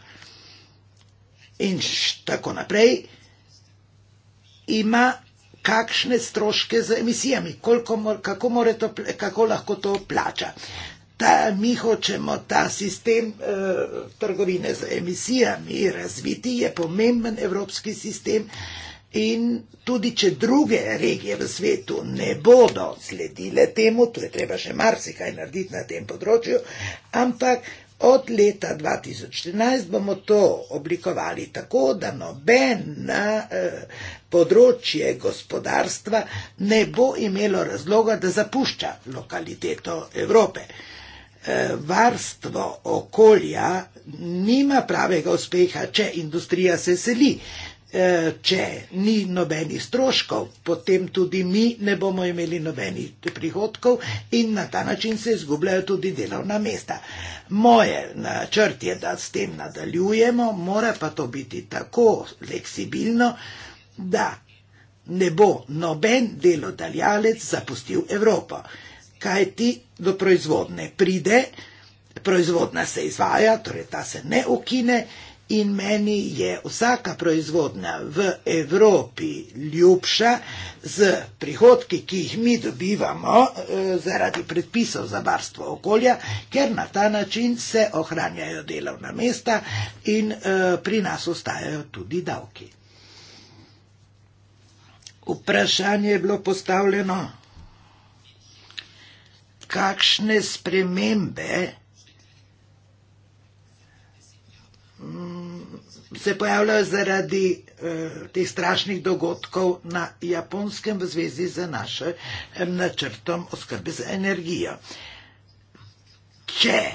Speaker 1: in tako naprej, ima kakšne stroške z emisijami, mor, kako, more to, kako lahko to plača. Ta, mi hočemo ta sistem eh, trgovine z emisijami razviti, je pomemben evropski sistem in tudi, če druge regije v svetu ne bodo sledile temu, tu je treba še marsikaj narediti na tem področju, ampak Od leta 2014 bomo to oblikovali tako, da nobeno eh, področje gospodarstva ne bo imelo razloga, da zapušča lokaliteto Evrope. Eh, varstvo okolja nima pravega uspeha, če industrija se seli, E, če ni nobenih stroškov, potem tudi mi ne bomo imeli nobenih prihodkov in na ta način se izgubljajo tudi delovna mesta. Moje načrt je, da s tem nadaljujemo, mora pa to biti tako fleksibilno, da ne bo noben delodajalec zapustil Evropo, kaj ti do proizvodne pride, proizvodna se izvaja, torej ta se ne ukine. In meni je vsaka proizvodnja v Evropi ljubša z prihodki, ki jih mi dobivamo eh, zaradi predpisov za varstvo okolja, ker na ta način se ohranjajo delovna mesta in eh, pri nas ostajajo tudi davki. Vprašanje je bilo postavljeno, kakšne spremembe. Hmm se pojavljajo zaradi uh, teh strašnih dogodkov na japonskem v zvezi z našim eh, načrtom oskrbe z energijo. Če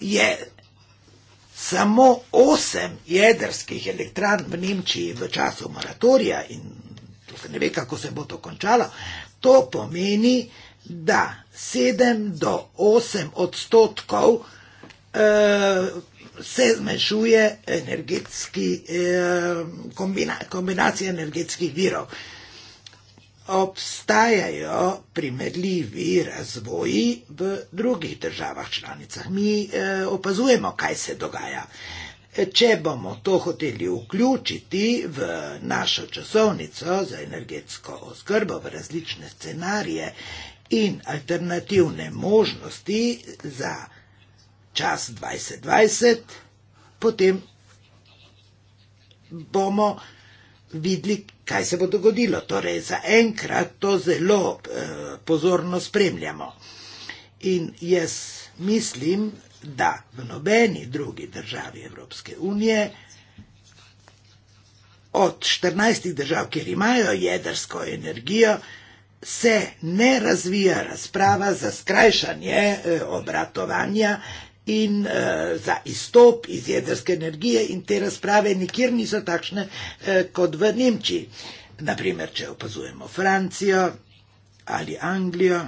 Speaker 1: je samo osem jedrskih elektran v Nemčiji v času moratorija in to se ne ve, kako se bo to končalo, to pomeni, da sedem do osem odstotkov uh, Eh, se zmešuje energetski, eh, kombina, kombinacija energetskih virov. Obstajajo primerljivi razvoji v drugih državah članicah. Mi eh, opazujemo, kaj se dogaja. Če bomo to hoteli vključiti v našo časovnico za energetsko oskrbo, v različne scenarije in alternativne možnosti za čas 2020, potem bomo videli, kaj se bo dogodilo. Torej, za enkrat to zelo eh, pozorno spremljamo. In jaz mislim, da v nobeni drugi državi Evropske unije, od 14 držav, kjer imajo jedrsko energijo, se ne razvija razprava za skrajšanje eh, obratovanja in uh, za izstop iz jedrske energije in te razprave nikjer niso takšne uh, kot v Nemčiji. Naprimer, če opazujemo Francijo ali Anglijo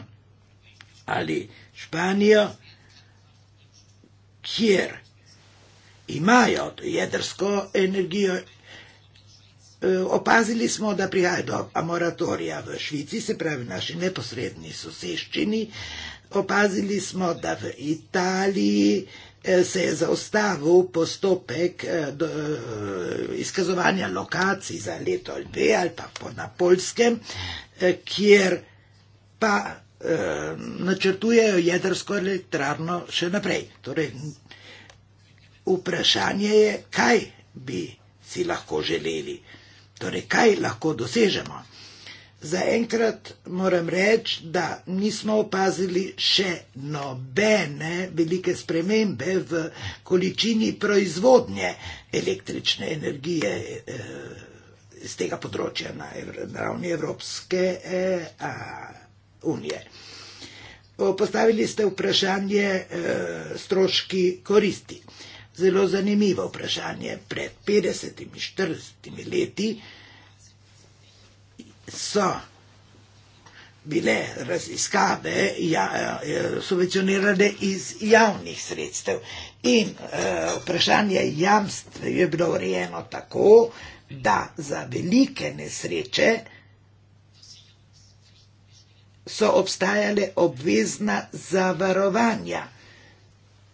Speaker 1: ali Španijo, kjer imajo jedrsko energijo. Eh, opazili smo, da prihaja do moratorija v Švici, se pravi naši neposredni soseščini, opazili smo, da v Italiji eh, se je zaustavil postopek eh, do, eh, izkazovanja lokacij za leto ali dve ali pa po na polskem, kjer pa načrtujejo jedrsko elektrarno še naprej. Torej, vprašanje je, kaj bi si lahko želeli, torej, kaj lahko dosežemo. Zaenkrat moram reči, da nismo opazili še nobene velike spremembe v količini proizvodnje električne energije eh, iz tega področja na ravni Evropske eh, unije. Postavili ste vprašanje eh, stroški koristi. Zelo zanimivo vprašanje. Pred 50-40 leti so bile raziskave ja, eh, subvencionirane iz javnih sredstev. In uh, vprašanje jamstv je bilo urejeno tako, da za velike nesreče so obstajale obvezna zavarovanja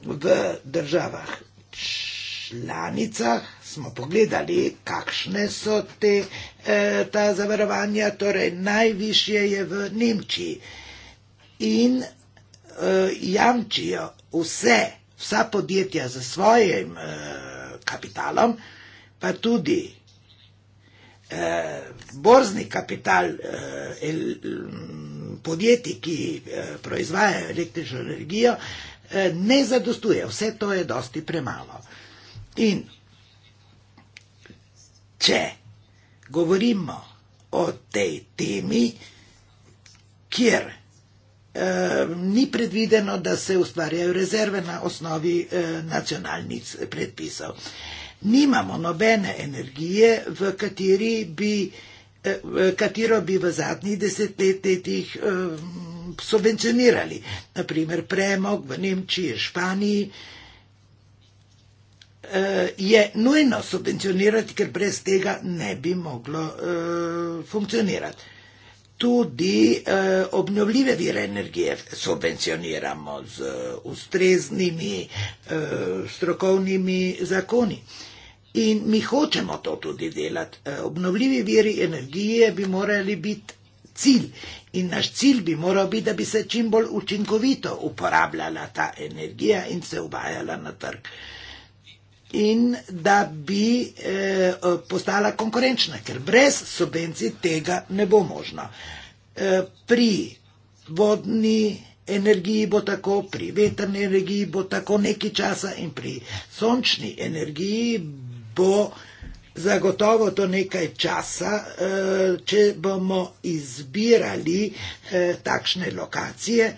Speaker 1: v državah članicah smo pogledali, kakšne so te, eh, ta zavarovanja, torej najvišje je v Nemčiji in eh, jamčijo vse, vsa podjetja za svojim eh, kapitalom, pa tudi borzni kapital mm, podjetij, ki proizvajajo električno energijo, ne zadostuje. Vse to je dosti premalo. In če govorimo o tej temi, kjer e, ni predvideno, da se ustvarjajo rezerve na osnovi e, nacionalnih predpisov. Nimamo nobene energije, v kateri bi eh, katero bi v zadnjih desetletjih um, subvencionirali. Naprimer, premog v Nemčiji, Španiji, uh, uh, je nujno subvencionirati, ker brez tega ne bi moglo uh, funkcionirati. Tudi uh, obnovljive vire energije subvencioniramo z uh, ustreznimi uh, strokovnimi zakoni. In mi hočemo to tudi delati. Uh, obnovljivi viri energije bi morali biti cilj in naš cilj bi moral biti, da bi se čim bolj učinkovito uporabljala ta energija in se uvajala na trg. Uh, in da bi eh, postala konkurenčna, ker brez subvencij tega ne bo možno. Eh, pri vodni energiji bo tako, pri veterni energiji bo tako nekaj časa in pri sončni energiji bo zagotovo to nekaj časa, eh, če bomo izbirali eh, takšne lokacije. Eh,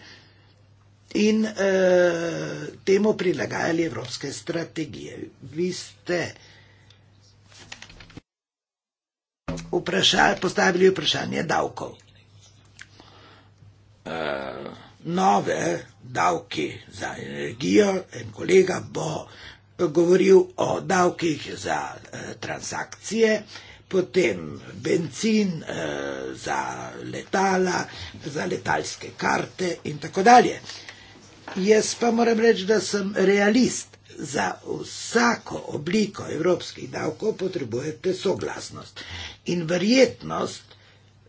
Speaker 1: in uh, temu prilagajali evropske strategije. Vi ste vprašali, postavili vprašanje davkov. Uh. Nove davki za energijo. En kolega bo govoril o davkih za uh, transakcije. Potem benzin eh, za letala, za letalske karte in tako dalje. Jaz pa moram reči, da sem realist. Za vsako obliko evropskih davkov potrebujete soglasnost. In verjetnost,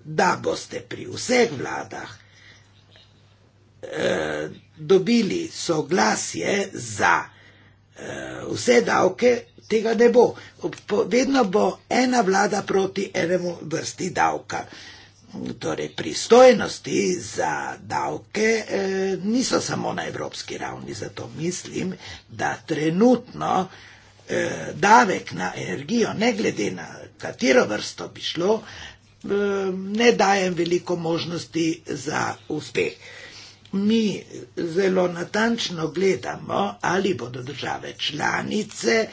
Speaker 1: da boste pri vseh vladah eh, dobili soglasje za eh, vse davke, tega ne bo. Vedno bo ena vlada proti enemu vrsti davka. Eh, Torej, pristojnosti za davke eh, niso samo na evropski ravni, zato mislim, da trenutno eh, davek na energijo, ne glede na katero vrsto bi šlo, eh, ne dajem veliko možnosti za uspeh. Mi zelo natančno gledamo, ali bodo države članice eh,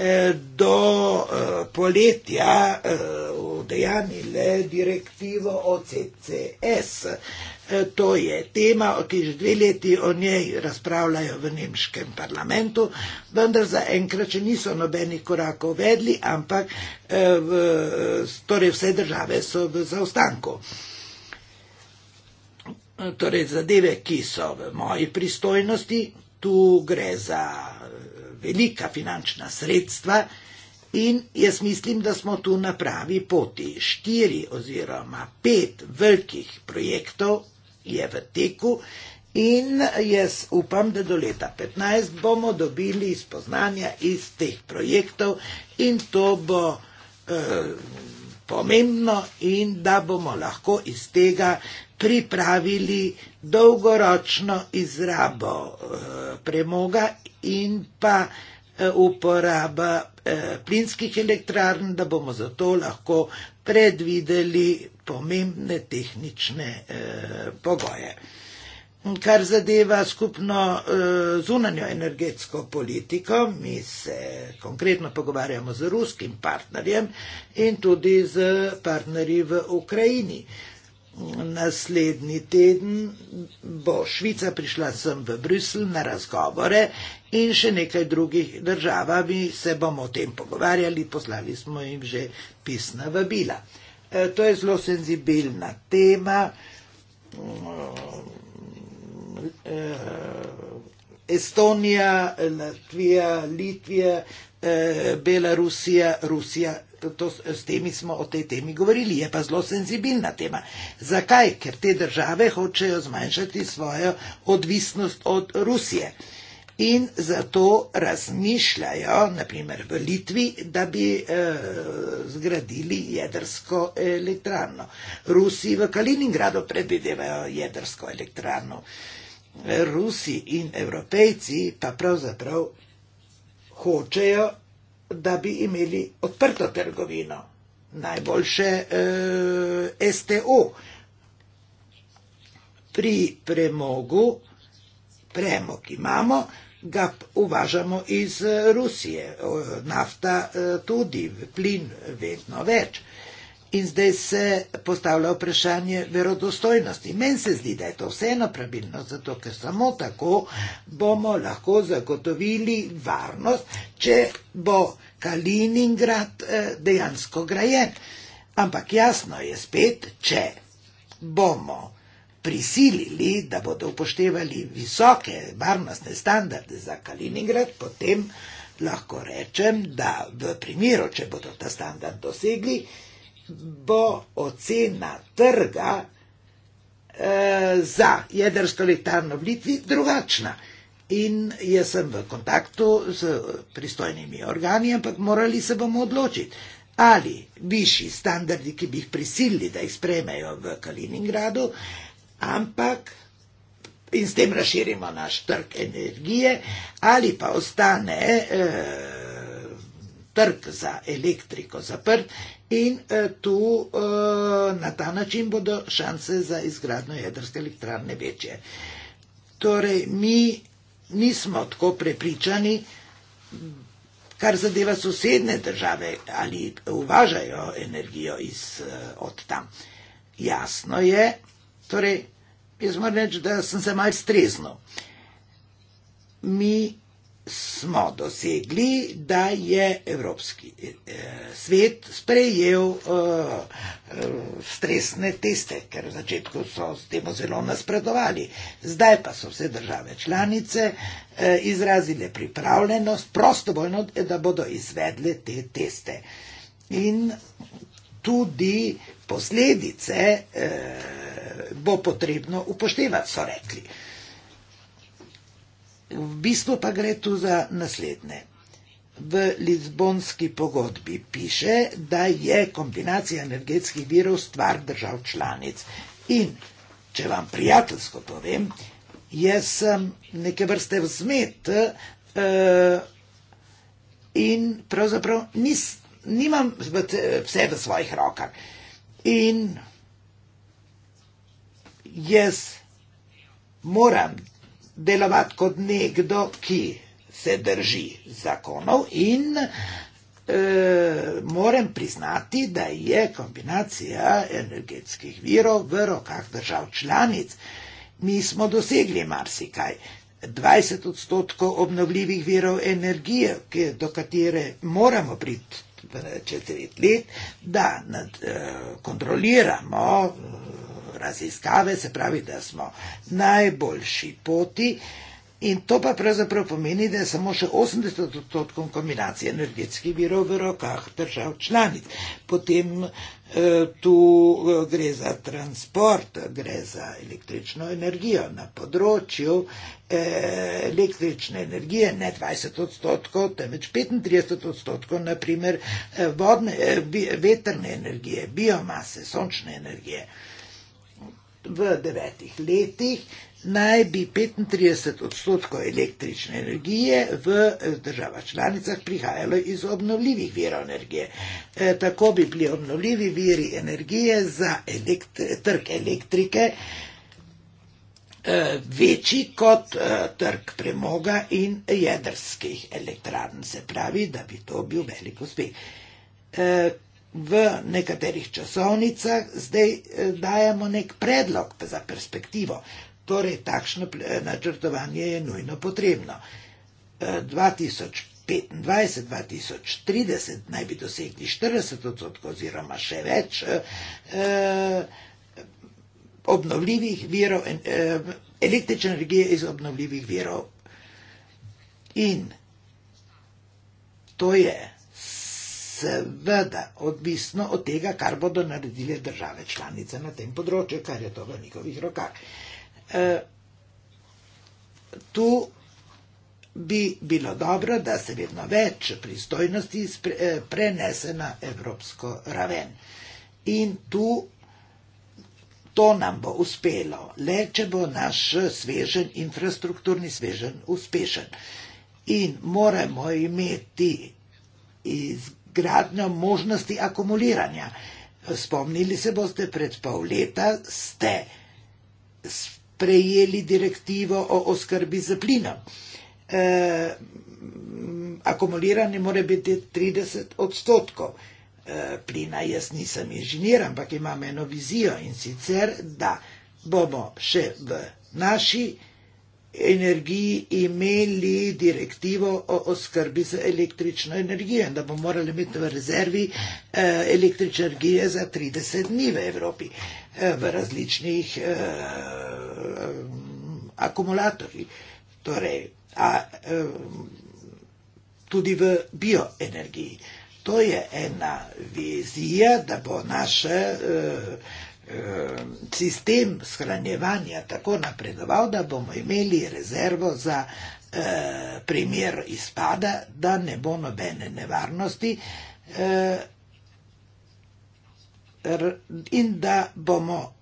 Speaker 1: Eh, do eh, poletja eh, udejanile direktivo o CCS. To je tema, ki že dve leti o njej razpravljajo v nemškem parlamentu, vendar zaenkrat še niso nobenih korakov vedli, ampak v, torej vse države so v zaostanku. Torej zadeve, ki so v moji pristojnosti, tu gre za velika finančna sredstva in jaz mislim, da smo tu na pravi poti. Štiri oziroma pet velikih projektov je v teku in jaz upam, da do leta 2015 bomo dobili spoznanja iz teh projektov in to bo eh, pomembno in da bomo lahko iz tega pripravili dolgoročno izrabo eh, premoga in pa eh, uporaba eh, plinskih elektrarn, da bomo zato lahko predvideli pomembne tehnične pogoje. Kar zadeva skupno zunanjo energetsko politiko, mi se konkretno pogovarjamo z ruskim partnerjem in tudi z partnerji v Ukrajini naslednji teden bo Švica prišla sem v Bruselj na razgovore in še nekaj drugih državami se bomo o tem pogovarjali, poslali smo jim že pisna vabila. E, to je zelo senzibilna tema. E, Estonija, Latvija, Litvija, Eh, Belorusija, Rusija, to, s temi smo o tej temi govorili, je pa zelo senzibilna tema. Zakaj? Ker te države hočejo zmanjšati svojo odvisnost od Rusije. In zato razmišljajo, naprimer v Litvi, da bi eh, zgradili jedrsko elektrarno. Rusi v Kaliningradu predvidevajo jedrsko elektrarno. Rusi in evropejci pa pravzaprav hočejo, da bi imeli odprto trgovino, najboljše e, eh, STO. Pri premogu, premog imamo, ga uvažamo iz Rusije, eh, nafta eh, tudi, plin vedno več in zdaj se postavlja vprašanje verodostojnosti. Meni se zdi, da je to vseeno pravilno, zato ker samo tako bomo lahko zagotovili varnost, če bo Kaliningrad eh, dejansko grajen. Ampak jasno je spet, če bomo prisilili, da bodo upoštevali visoke varnostne standarde za Kaliningrad, potem lahko rečem, da v primeru, če bodo ta standard dosegli, bo ocena trga eh, za jedrsko elektrarno v Litvi drugačna. In jaz sem v kontaktu z pristojnimi organi, ampak morali se bomo odločiti, ali višji standardi, ki bi jih prisilili, da jih spremejo v Kaliningradu, ampak in s tem raširimo naš trg energije, ali pa ostane eh, trg za elektriko zaprt In eh, tu eh, na ta način bodo šanse za izgradno jedrske elektrarne večje. Torej, mi nismo tako prepričani, kar zadeva sosedne države, ali uvažajo energijo iz, eh, od tam. Jasno je, torej, jaz moram reči, da sem se mal streznil. Mi smo dosegli, da je Evropski eh, svet sprejel eh, stresne teste, ker v začetku so s tem zelo nasprotovali. Zdaj pa so vse države članice eh, izrazile pripravljenost prostovoljno, eh, da bodo izvedle te teste. In tudi posledice eh, bo potrebno upoštevati, so rekli. Eh, V bistvu pa gre tu za naslednje. V Lizbonski pogodbi piše, da je kombinacija energetskih virov stvar držav članic. In če vam prijateljsko povem, jaz sem neke vrste vzmet uh, in pravzaprav nis, nimam vse v svojih rokah. In jaz moram delovati kot nekdo, ki se drži zakonov in e, moram priznati, da je kombinacija energetskih virov v rokah držav članic. Mi smo dosegli marsikaj. 20 odstotkov obnovljivih virov energije, do katere moramo priti čez 9 let, da nad, e, kontroliramo raziskave, se pravi, da smo najboljši poti. In to pa pravzaprav pomeni, da je samo še 80 odstotkov kombinacije energetskih virov v rokah držav članic. Potem eh, tu eh, gre za transport, gre za električno energijo na področju eh, električne energije, ne 20 odstotkov, temveč 35 odstotkov, naprimer vodne, vetrne energije, biomase, sončne energije v devetih letih naj bi 35 odstotkov električne energije v državah članicah prihajalo iz obnovljivih virov energije. E, tako bi bili obnovljivi viri energije za elektri, trg elektrike e, večji kot e, trg premoga in jedrskih elektrarn. Se pravi, da bi to bil velik uspeh. E, v nekaterih časovnicah zdaj eh, dajemo nek predlog za perspektivo. Torej, takšno eh, načrtovanje je nujno potrebno. 2025-2030 eh, naj bi dosegli 40 odstotkov oziroma še več obnovljivih virov, električne energije iz obnovljivih virov. In to je seveda odvisno od tega, kar bodo naredile države članice na tem področju, kar je to v njihovih rokah. E, tu bi bilo dobro, da se vedno več pristojnosti spre, e, prenese na evropsko raven. In tu to nam bo uspelo, le če bo naš svežen infrastrukturni svežen uspešen. In moramo imeti iz, gradnjo možnosti akumuliranja. Spomnili se boste, pred pol leta ste sprejeli direktivo o oskrbi z plinom. E, akumuliranje mora biti 30 odstotkov. E, plina jaz nisem inženir, ampak imam eno vizijo in sicer, da bomo še v naši energiji imeli direktivo o oskrbi z električno energijo in da bomo morali imeti v rezervi eh, električne energije za 30 dni v Evropi eh, v različnih eh, mm, akumulatorjih. Torej, a, eh, tudi v bioenergiji. To je ena vizija, da bo naše. Eh, Eh, sistem shranjevanja tako napredoval, da bomo imeli rezervo za eh, primer izpada, da ne bo nobene nevarnosti eh, in da bomo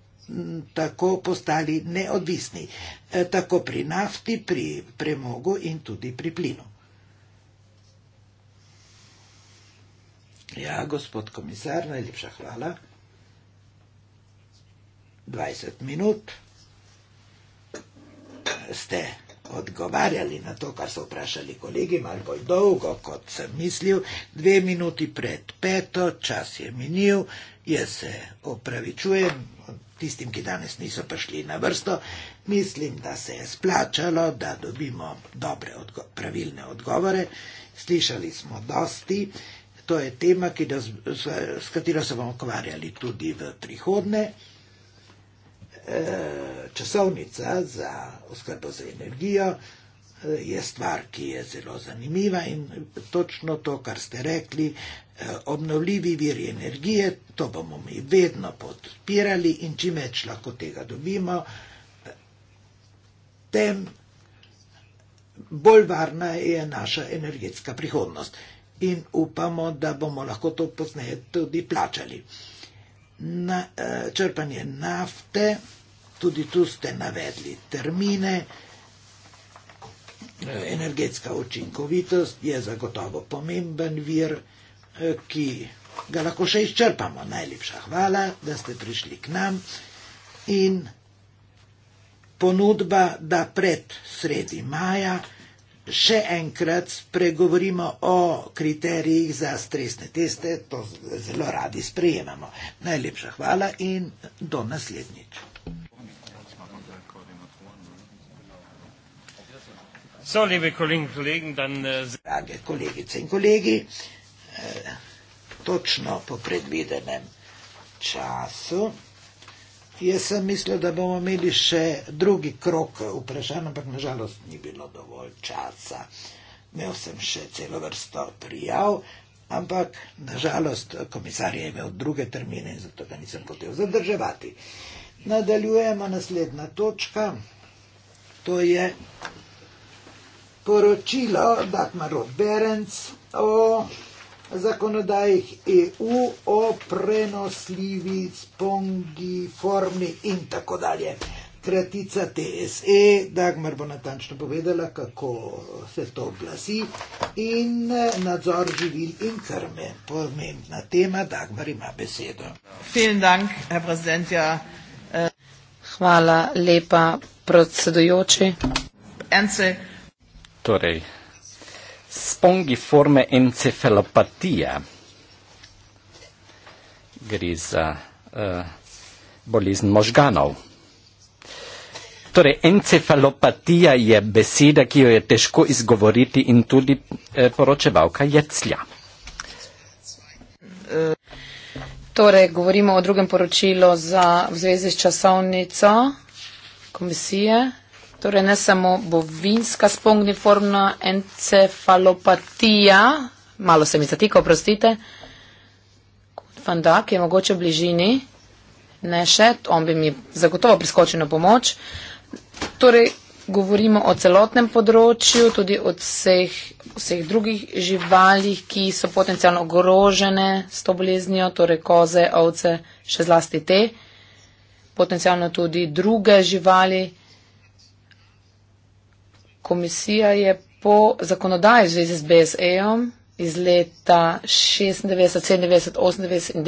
Speaker 1: tako postali neodvisni, tako pri nafti, pri premogu in tudi pri plinu. Ja, gospod komisar, najlepša hvala. 20 minut, ste odgovarjali na to, kar so vprašali kolegi, malo bolj dolgo, kot sem mislil, dve minuti pred peto, čas je minil, jaz se opravičujem tistim, ki danes niso prišli na vrsto, mislim, da se je splačalo, da dobimo dobre, odgo pravilne odgovore, slišali smo dosti, to je tema, s katero se bomo ukvarjali tudi v prihodnje. Eh, časovnica za oskrbo z energijo eh, je stvar, ki je zelo zanimiva in točno to, kar ste rekli, eh, obnovljivi viri energije, to bomo mi vedno podpirali in čim več lahko tega dobimo, tem bolj varna je naša energetska prihodnost in upamo, da bomo lahko to pozneje tudi plačali na, eh, črpanje nafte, tudi tu ste navedli termine, eh, energetska učinkovitost je zagotovo pomemben vir, eh, ki ga lahko še izčrpamo. Najlepša hvala, da ste prišli k nam in ponudba, da pred sredi maja še enkrat pregovorimo o kriterijih za stresne teste, to zelo radi sprejemamo. Najlepša hvala in do naslednjič. So, kolegi, kolegi, dan, z... Äh, Drage kolegice in kolegi, eh, točno po predvidenem času. Jaz sem mislil, da bomo imeli še drugi krok vprašanj, ampak nažalost ni bilo dovolj časa. Imel sem še celo vrsto prijav, ampak nažalost komisar je imel druge termine in zato ga nisem hotel zadrževati. Nadaljujemo naslednja točka. To je poročilo Dagmar Berenc o zakonodajih EU o prenosljivi spongi, formi in tako dalje. Kratica TSE, Dagmar bo natančno povedala, kako se to oglasi, in eh, nadzor živil in krme. Pomembna tema, Dagmar ima besedo.
Speaker 3: Dank, ja, äh, Hvala lepa, predsedujoči. Äh,
Speaker 2: torej, spongiforme encefalopatija. Gre za uh, bolezen možganov. Torej, encefalopatija je beseda, ki jo je težko izgovoriti in tudi eh, poročevalka jeclja.
Speaker 3: Torej, govorimo o drugem poročilu za, v zvezi s časovnico komisije torej ne samo bovinska spongniformna encefalopatija, malo se mi zatika, oprostite, fandak je mogoče v bližini, ne še, on bi mi zagotovo priskočil na pomoč. Torej, govorimo o celotnem področju, tudi o vseh, vseh drugih živalih, ki so potencialno ogrožene s to boleznijo, torej koze, ovce, še zlasti te, potencialno tudi druge živali komisija je po zakonodaji v zvezi z BSE-om iz leta 96, 97, 98 in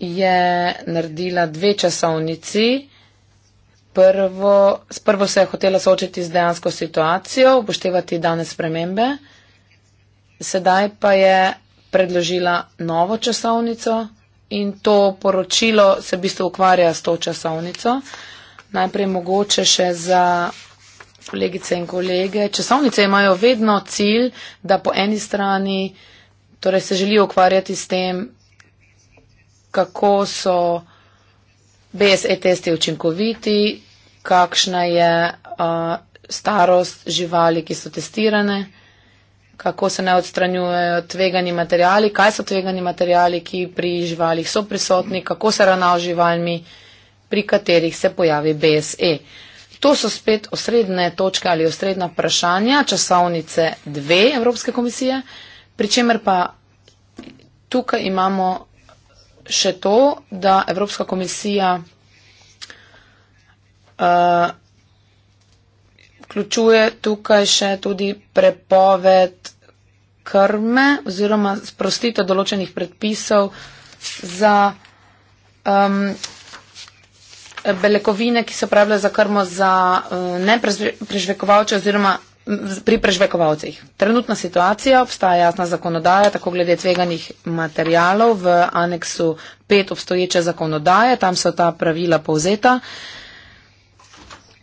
Speaker 3: 99 naredila dve časovnici. Prvo, prvo se je hotela soočiti z dejansko situacijo, upoštevati danes spremembe, sedaj pa je predložila novo časovnico in to poročilo se v bistvu ukvarja s to časovnico. Najprej mogoče še za kolegice in kolege. Časovnice imajo vedno cilj, da po eni strani torej se želijo ukvarjati s tem, kako so BSE testi učinkoviti, kakšna je uh, starost živali, ki so testirane, kako se ne odstranjujejo tvegani materijali, kaj so tvegani materijali, ki pri živalih so prisotni, kako se ravna z živalmi. Uh, pri katerih se pojavi BSE. To so spet osredne točke ali osredna vprašanja časovnice dve Evropske komisije, pri čemer pa tukaj imamo še to, da Evropska komisija uh, vključuje tukaj še tudi prepoved krme oziroma sprostitev določenih predpisov za um, beljakovine, ki se uporabljajo za krmo za eh, neprežvekovalce oziroma pri prežvekovalcih. Trenutna situacija, obstaja jasna zakonodaja, tako glede tveganih materijalov v aneksu 5 obstoječe zakonodaje, tam so ta pravila povzeta.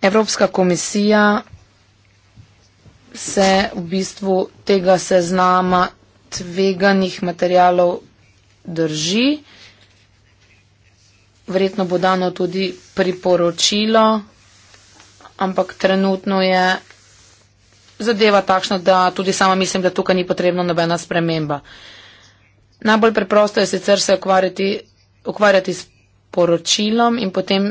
Speaker 3: Evropska komisija se v bistvu tega seznama tveganih materijalov drži verjetno bo dano tudi priporočilo, ampak trenutno je zadeva takšna, da tudi sama mislim, da tukaj ni potrebno nobena sprememba. Najbolj preprosto je sicer se ukvarjati, ukvarjati s poročilom in potem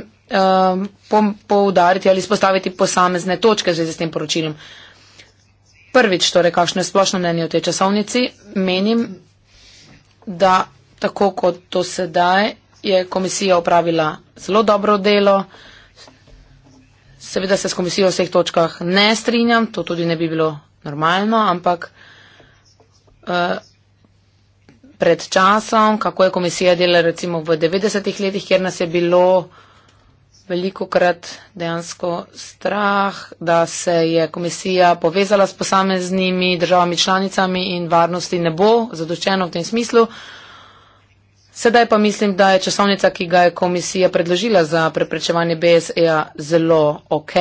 Speaker 3: uh, poudariti ali spostaviti posamezne točke zvezi s tem poročilom. Prvič, torej, kakšno je splošno mnenje o tej časovnici, menim, da tako kot to sedaj je komisija upravila zelo dobro delo. Seveda se s komisijo v vseh točkah ne strinjam, to tudi ne bi bilo normalno, ampak uh, pred časom, kako je komisija delala recimo v 90-ih letih, kjer nas je bilo veliko krat dejansko strah, da se je komisija povezala s posameznimi državami članicami in varnosti ne bo zadoščeno v tem smislu. Uh, Sedaj pa mislim, da je časovnica, ki ga je komisija predložila za preprečevanje BSE-ja, zelo ok,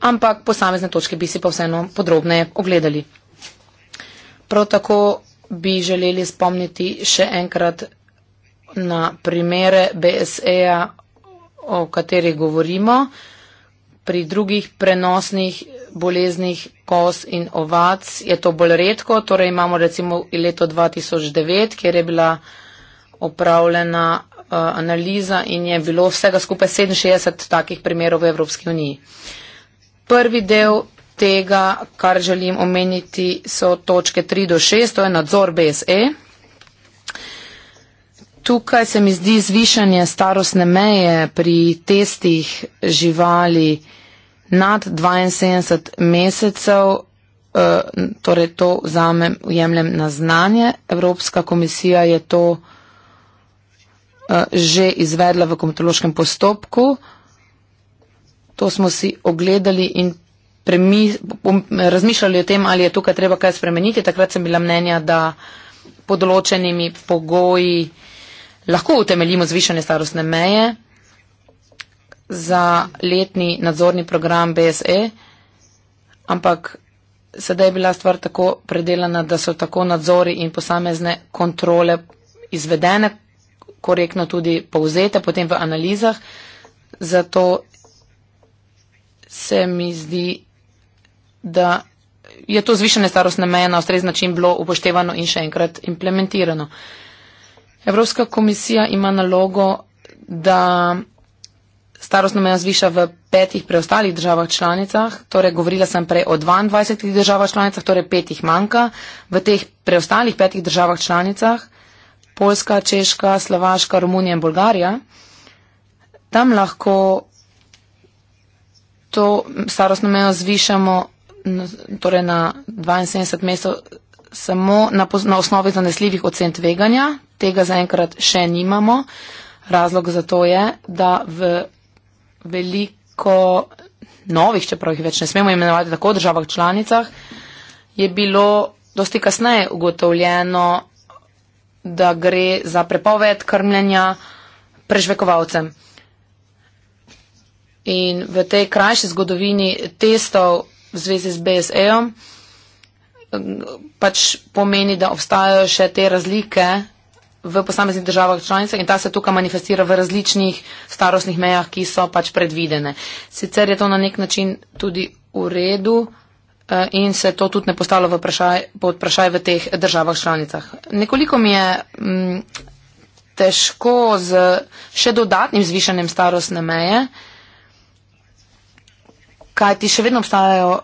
Speaker 3: ampak posamezne točke bi si pa vseeno podrobneje ogledali. Prav tako bi želeli spomniti še enkrat na primere BSE-ja, o katerih govorimo, pri drugih prenosnih boleznih koz in ovac je to bolj redko. Torej imamo recimo leto 2009, kjer je bila opravljena uh, analiza in je bilo vsega skupaj 67 takih primerov v Evropski uniji. Prvi del tega, kar želim omeniti, so točke 3 do 6, to je nadzor BSE. Tukaj se mi zdi zvišanje starostne meje pri testih živali. Uh, nad 72 mesecev, eh, torej to vzamem, ujemljem na znanje. Evropska komisija je to eh, že izvedla v komitološkem postopku. To smo si ogledali in razmišljali o tem, ali je tukaj treba kaj spremeniti. Takrat sem bila mnenja, da pod določenimi pogoji lahko utemeljimo zvišanje starostne meje za letni nadzorni program BSE, ampak sedaj je bila stvar tako predelana, da so tako nadzori in posamezne kontrole izvedene, korektno tudi povzete, potem v analizah. Zato se mi zdi, da je to zvišene starostne meje na ustrezni način bilo upoštevano in še enkrat implementirano. Evropska komisija ima nalogo, da starostno mejo zviša v petih preostalih državah članicah, torej govorila sem prej o 22 državah članicah, torej petih manjka, v teh preostalih petih državah članicah, Poljska, Češka, Slovaška, Romunija in Bolgarija, tam lahko to starostno mejo zvišamo torej na 72 mesto samo na, na osnovi zanesljivih ocen tveganja. Tega zaenkrat še nimamo. Razlog za to je, da v veliko novih, čeprav jih več ne smemo imenovati tako, državah članicah, je bilo dosti kasneje ugotovljeno, da gre za prepoved krmljenja prežvekovalcem. In v tej krajši zgodovini testov v zvezi z BSE-om eh, pač pomeni, da obstajajo še te razlike, v posameznih državah članicah in ta se tukaj manifestira v različnih starostnih mejah, ki so pač predvidene. Sicer je to na nek način tudi v redu eh, in se to tudi ne postalo v prašaj, pod vprašaj v teh državah članicah. Nekoliko mi je m, mm, težko z še dodatnim zvišanjem starostne meje, kaj ti še vedno obstajajo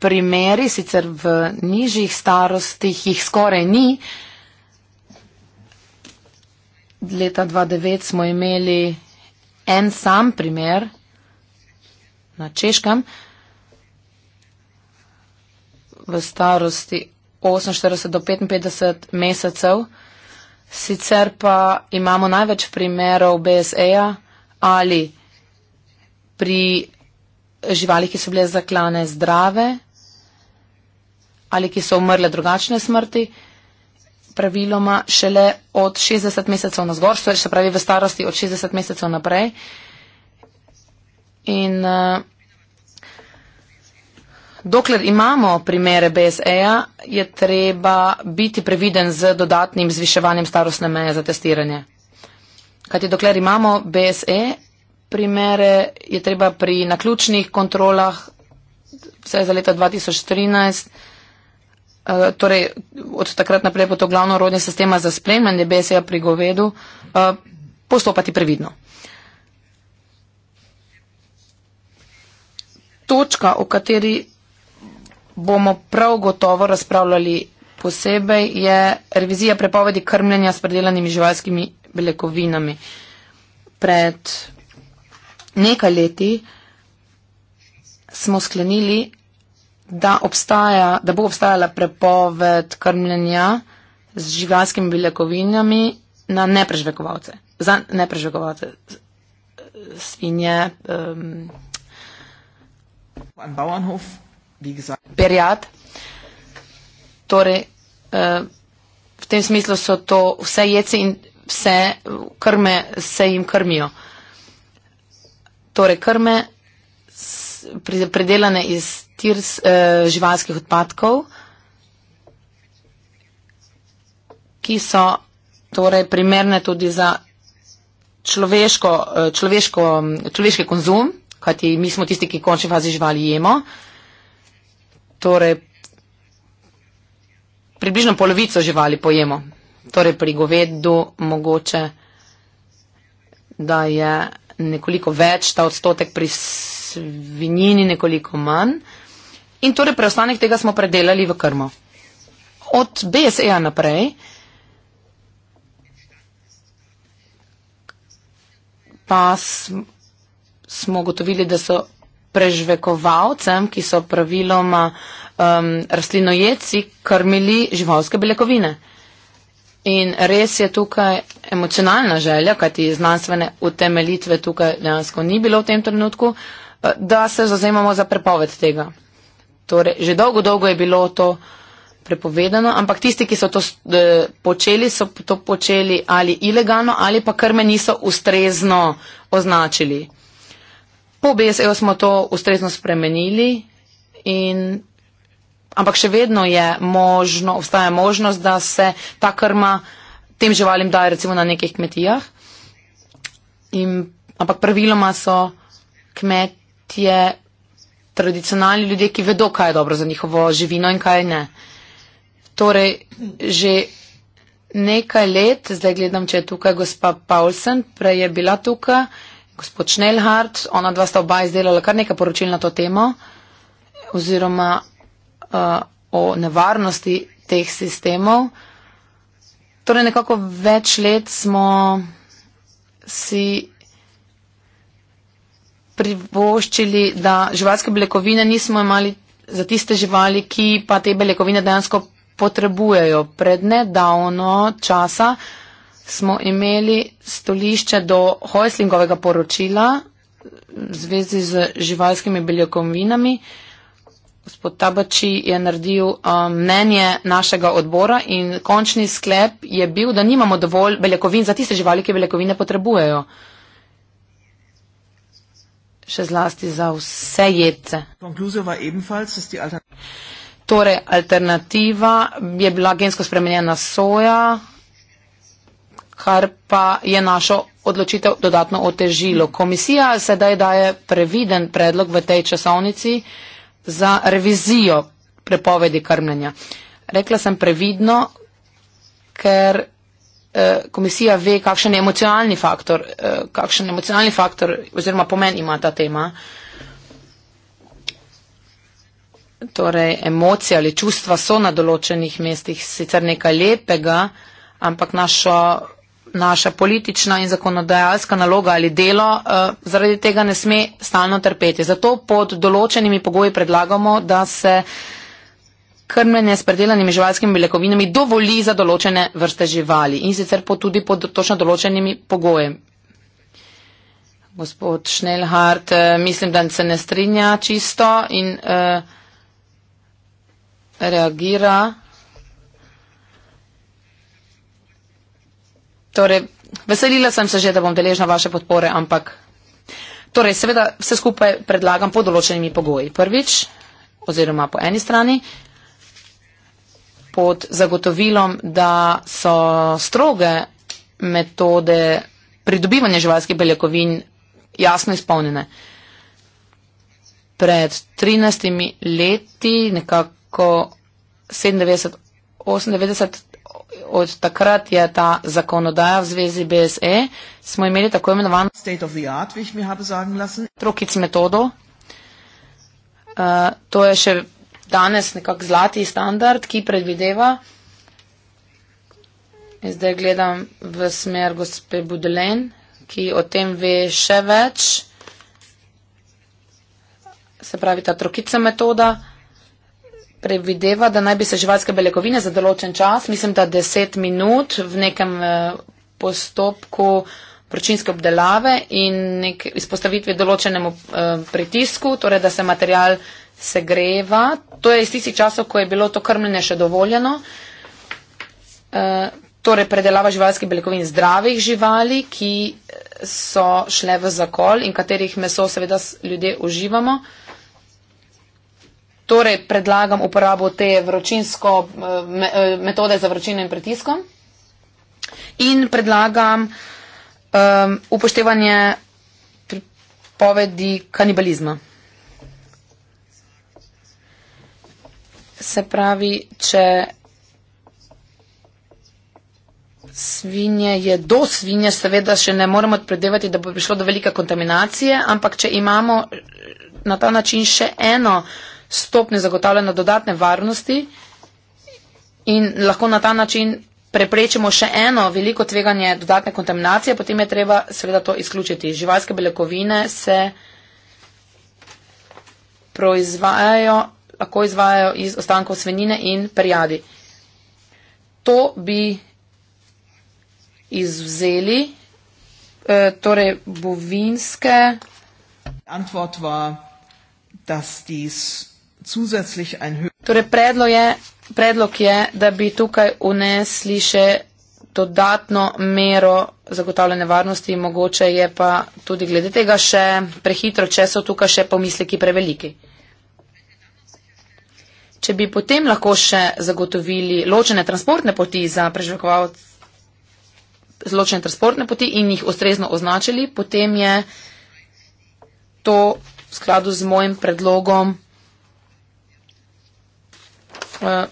Speaker 3: primeri, sicer v nižjih starostih jih skoraj ni, leta 2009 smo imeli en sam primer na Češkem v starosti 48 do 55 mesecev. Sicer pa imamo največ primerov BSE-ja ali pri živalih, ki so bile zaklane zdrave ali ki so umrle drugačne smrti praviloma šele od 60 mesecev na zgor, se pravi v starosti od 60 mesecev naprej. In uh, dokler imamo primere BSE-ja, je treba biti previden z dodatnim zviševanjem starostne meje za testiranje. Kajti dokler imamo BSE primere, je treba pri naključnih kontrolah, vse za leta 2013, Eh, torej, od takrat naprej bo to glavno orodje sistema za spremljanje BSE-ja pri govedu, uh, postopati previdno. Točka, o kateri bomo prav gotovo razpravljali posebej, je revizija prepovedi krmljenja s predelanimi živalskimi beljakovinami. Pred nekaj leti smo sklenili da, obstaja, da bo obstajala prepoved krmljenja z živalskimi beljakovinami na neprežvekovalce. Za neprežvekovalce. Svinje. Um, perjad. Torej, eh, v tem smislu so to vse jece in vse krme se jim krmijo. Torej, krme predelane iz tirs, eh, živalskih odpadkov, ki so torej primerne tudi za človeško, eh, človeško, človeški konzum, kajti mi smo tisti, ki končni fazi živali jemo. Torej, približno polovico živali pojemo. Torej, pri govedu mogoče, da je nekoliko več ta odstotek pri svinjini nekoliko manj. In torej preostanek tega smo predelali v krmo. Od BSE-a naprej pa smo gotovili, da so prežvekovalcem, ki so praviloma um, rastlinojeci, krmili živalske beljakovine. In res je tukaj emocionalna želja, kajti znanstvene utemelitve tukaj dejansko ni bilo v tem trenutku. Uh, da se zazemamo za prepoved tega. Torej, že dolgo, dolgo je bilo to prepovedano, ampak tisti, ki so to e, počeli, so to počeli ali ilegalno ali pa krme niso ustrezno označili. Po BSE-u smo to ustrezno spremenili, in, ampak še vedno je možno, obstaja možnost, da se ta krma tem živalim daje recimo na nekih kmetijah. In, ampak praviloma so kmet, je tradicionalni ljudje, ki vedo, kaj je dobro za njihovo živino in kaj ne. Torej, že nekaj let, zdaj gledam, če je tukaj gospa Paulsen, prej je bila tukaj, gospod Schnellhardt, ona dva sta oba izdelala kar nekaj poročil na to temo oziroma uh, o nevarnosti teh sistemov. Torej, nekako več let smo si privoščili, da živalske beljakovine nismo imeli za tiste živali, ki pa te beljakovine dejansko potrebujejo. Pred nedavno časa smo imeli stolišče do Hojslingovega poročila v zvezi z živalskimi beljakovinami. Gospod Tabači je naredil um, mnenje našega odbora in končni sklep je bil, da nimamo dovolj beljakovin za tiste živali, ki beljakovine potrebujejo. Uh, še zlasti za vse jedce. Torej, alternativa je bila gensko spremenjena soja, kar pa je našo odločitev dodatno otežilo. Komisija sedaj daje previden predlog v tej časovnici za revizijo prepovedi krmljenja. Rekla sem previdno, ker Eh, komisija ve, kakšen je emocionalni faktor, eh, kakšen emocionalni faktor oziroma pomen ima ta tema. Torej, emocije ali čustva so na določenih mestih sicer nekaj lepega, ampak našo, naša politična in zakonodajalska naloga ali delo uh, zaradi tega ne sme stalno trpeti. Zato pod določenimi pogoji predlagamo, da se uh, krmljenje s predelanimi živalskimi beljakovinami dovoli za določene vrste živali in sicer pod tudi pod točno določenimi pogoji. Gospod Šnelhart, eh, mislim, da se ne strinja čisto in uh, reagira. Torej, veselila sem se že, da bom deležna vaše podpore, ampak torej, seveda vse skupaj predlagam pod določenimi pogoji. Prvič, oziroma po eni strani, pod zagotovilom, da so stroge metode pridobivanja živalskih beljakovin jasno izpolnjene. Pred 13 leti, nekako 97, 98, od takrat je ta zakonodaja v zvezi BSE, smo imeli tako imenovano state of the art,
Speaker 1: vi jih mi habe sagen lassen,
Speaker 3: trokic metodo. Uh, to je še danes nekak zlati standard, ki predvideva. In zdaj gledam v smer gospe Budelen, ki o tem ve še več. Se pravi, ta trokica metoda predvideva, da naj bi se živalske beljakovine za določen čas, mislim, da 10 minut v nekem eh, postopku vročinske obdelave in nek izpostavitvi določenemu eh, pritisku, torej da se material se greva, to je iz tistih časov, ko je bilo to krmljenje še dovoljeno, e, torej predelava živalskih beljakovin zdravih živali, ki so šle v zakol in katerih meso seveda ljudje uživamo. Torej predlagam uporabo te vročinsko e, e, metode za vročino in pritiskom in predlagam um, upoštevanje povedi kanibalizma. se pravi, če svinje je do svinje, seveda še ne moremo predevati, da bo prišlo do velike kontaminacije, ampak če imamo eh, na ta način še eno stopnje zagotavljanja dodatne varnosti in lahko na ta način preprečimo še eno veliko tveganje dodatne kontaminacije, potem je treba seveda to izključiti. Živalske beljakovine se proizvajajo lahko izvajajo iz ostankov svinjine in prijadi. To bi izvzeli, eh, torej bovinske. Torej predlog, je, predlog je, da bi tukaj unesli še dodatno mero zagotavljanja varnosti, mogoče je pa tudi glede tega še prehitro, če so tukaj še pomisleki preveliki. Če bi potem lahko še zagotovili ločene transportne poti za preživljavce, ločene transportne poti in jih ustrezno označili, potem je to v skladu z mojim predlogom eh,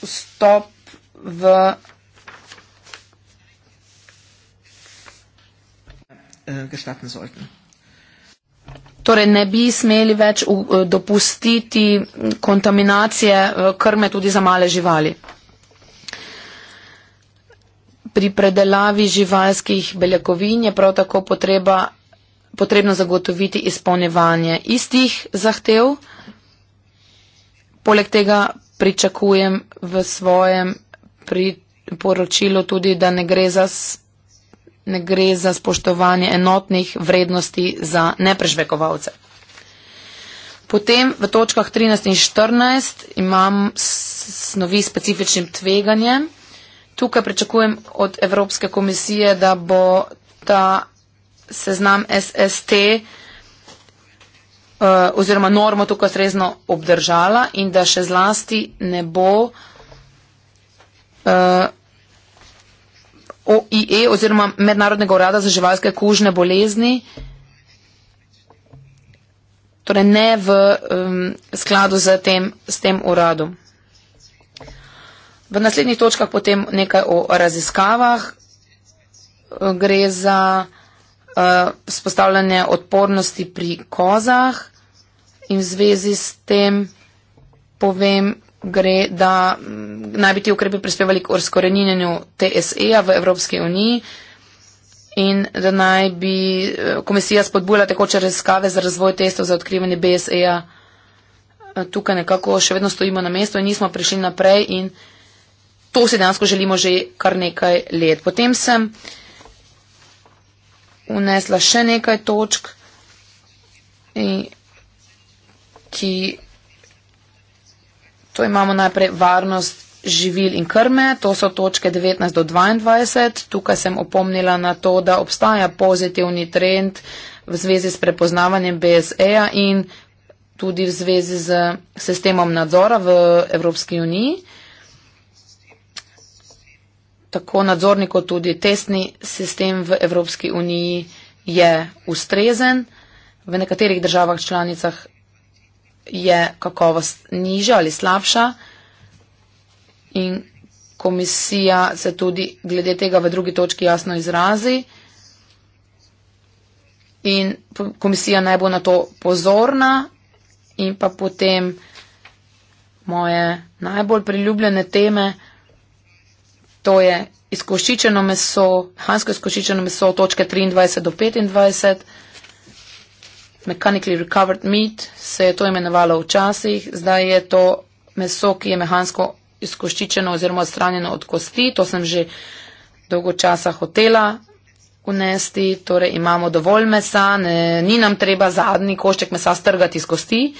Speaker 3: vstop v.
Speaker 1: gestatten sollten
Speaker 3: torej ne bi smeli več eh, dopustiti kontaminacije eh, krme tudi za male živali. Pri predelavi živalskih beljakovin je prav tako potreba, potrebno zagotoviti izpolnjevanje istih zahtev. Poleg tega pričakujem v svojem pri poročilu tudi, da ne gre za ne gre za spoštovanje enotnih vrednosti za neprežvekovalce. Potem v točkah 13 in 14 imam snovi specifičnim tveganjem. Tukaj pričakujem od Evropske komisije, da bo ta seznam SST eh, oziroma normo tukaj srezno obdržala in da še zlasti ne bo eh, OIE oziroma Mednarodnega urada za živalske kužne bolezni, torej ne v um, skladu z tem, s tem uradom. V naslednjih točkah potem nekaj o raziskavah. Gre za uh, spostavljanje odpornosti pri kozah in v zvezi s tem povem, gre, da mm, naj bi ti ukrepi prispevali k razkoreninjenju TSE-ja v Evropski uniji in da naj bi eh, komisija spodbujala tekoče raziskave za razvoj testov za odkrivanje BSE-ja. Eh, tukaj nekako še vedno stojimo na mestu in nismo prišli naprej in to si dejansko želimo že kar nekaj let. Potem sem unesla še nekaj točk, eh, ki To imamo najprej varnost živil in krme, to so točke 19 do 22. Tukaj sem opomnila na to, da obstaja pozitivni trend v zvezi s prepoznavanjem BSE-ja in tudi v zvezi z sistemom nadzora v Evropski uniji. Tako nadzorni kot tudi testni sistem v Evropski uniji je ustrezen. V nekaterih državah članicah je kakovost nižja ali slabša in komisija se tudi glede tega v drugi točki jasno izrazi in komisija naj bo na to pozorna in pa potem moje najbolj priljubljene teme, to je izkošičeno meso, hansko izkošičeno meso, točke 23 do 25 mechanically recovered meat se je to imenovalo včasih, zdaj je to meso, ki je mehansko izkoščičeno oziroma odstranjeno od kosti, to sem že dolgo časa hotela unesti, torej imamo dovolj mesa, ne, ni nam treba zadnji košček mesa strgati iz kosti,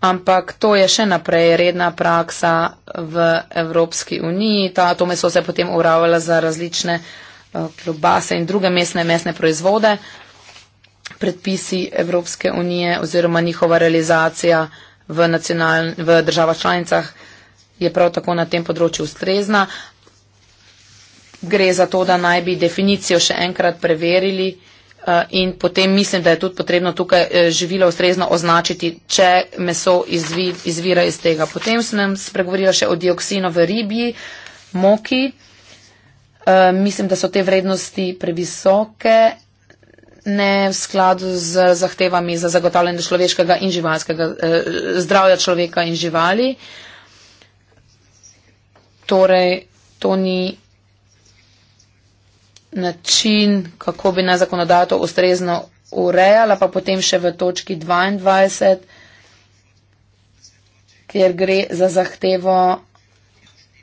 Speaker 3: ampak to je še naprej redna praksa v Evropski uniji, Ta, to meso se je potem uravljalo za različne eh, klobase in druge mesne, mesne proizvode predpisi Evropske unije oziroma njihova realizacija v, v državah članicah je prav tako na tem področju ustrezna. Gre za to, da naj bi definicijo še enkrat preverili eh, in potem mislim, da je tudi potrebno tukaj eh, živilo ustrezno označiti, če meso izvira iz tega. Potem sem spregovorila še o dioksinu v ribji moki. Eh, mislim, da so te vrednosti previsoke ne v skladu z zahtevami za zagotavljanje človeškega in živalskega eh, zdravja človeka in živali. Torej, to ni način, kako bi na zakonodajo to ustrezno urejala, pa potem še v točki 22, kjer gre za zahtevo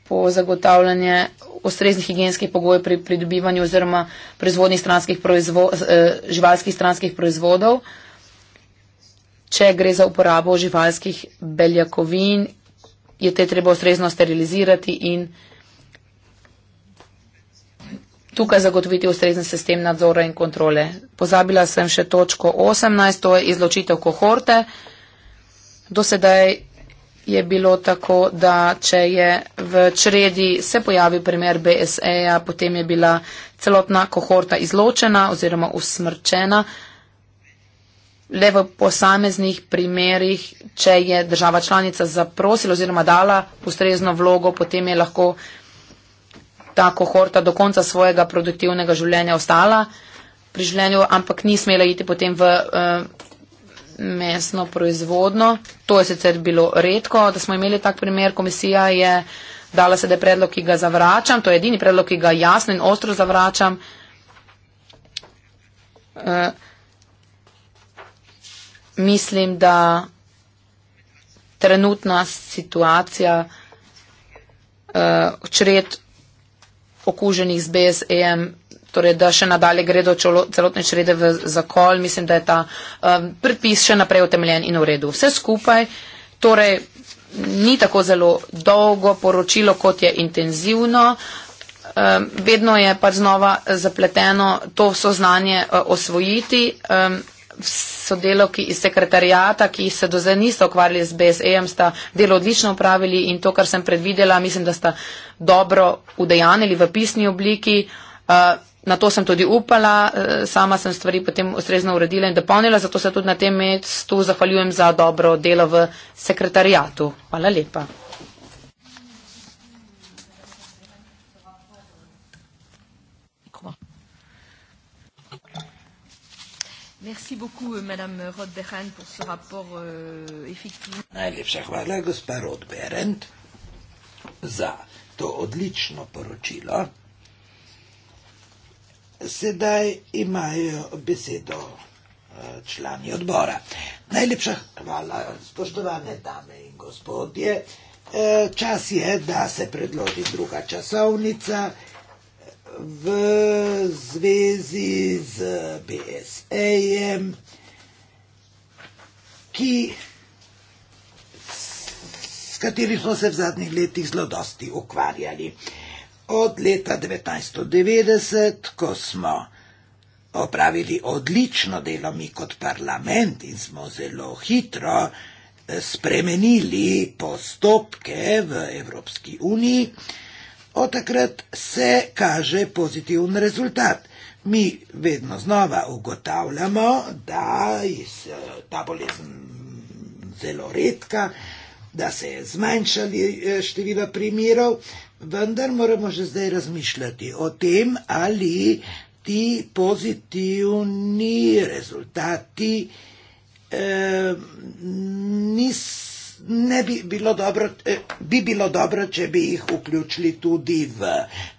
Speaker 3: po zagotavljanje ustreznih higijenskih pogojev pri pridobivanju oziroma proizvodnji stranskih proizvo, eh, živalskih stranskih proizvodov, če gre za uporabo živalskih beljakovin, je te treba ustrezno sterilizirati in tukaj zagotoviti ustrezen sistem nadzora in kontrole. Pozabila sem še točko 18, to je izločitev kohorte. Do sedaj je bilo tako, da če je v čredi se pojavil primer BSE-ja, potem je bila celotna kohorta izločena oziroma usmrčena. Le v posameznih primerih, če je država članica zaprosila oziroma dala ustrezno vlogo, potem je lahko ta kohorta do konca svojega produktivnega življenja ostala pri življenju, ampak ni smela iti potem v. Uh, mesno proizvodno. To je sicer bilo redko, da smo imeli tak primer. Komisija je dala sedaj predlog, ki ga zavračam. To je edini predlog, ki ga jasno in ostro zavračam. E, mislim, da trenutna situacija e, čred okuženih z BSEM torej, da še nadalje gredo čolo, celotne črede v zakol, mislim, da je ta um, predpis še naprej utemeljen in v redu. Vse skupaj, torej, ni tako zelo dolgo poročilo, kot je intenzivno. Um, vedno je pač znova zapleteno to soznanje uh, osvojiti. Um, so deloki iz sekretarijata, ki se do zdaj niste ukvarjali z BSE-em, sta delo odlično upravili in to, kar sem predvidela, mislim, da sta dobro udejanili v pisni obliki. Uh, na to sem tudi upala, eh, sama sem stvari potem ustrezno uredila in dopolnila, zato se tudi na tem mestu zahvaljujem za dobro delo v sekretarijatu. Hvala lepa. Merci beaucoup, euh, Madame Rodberen, pour ce rapport euh, effectivement.
Speaker 1: Najlepša hvala, gospa Rodberen, za to odlično poročilo sedaj imajo besedo eh, člani odbora. Najlepša hvala, spoštovane dame in gospodje. Eh, čas je, da se predloži druga časovnica v zvezi z BSA-jem, ki, s katerim smo se v zadnjih letih zelo dosti ukvarjali od leta 1990, ko smo opravili odlično delo mi kot parlament in smo zelo hitro eh, spremenili postopke v Evropski uniji, od takrat se kaže pozitiven rezultat. Mi vedno znova ugotavljamo, da je eh, ta bolezen zelo redka, da se je zmanjšali eh, število primerov, Vendar moramo že zdaj razmišljati o tem, ali ti pozitivni rezultati eh, nis, ne bi bilo, dobro, eh, bi bilo dobro, če bi jih vključili tudi v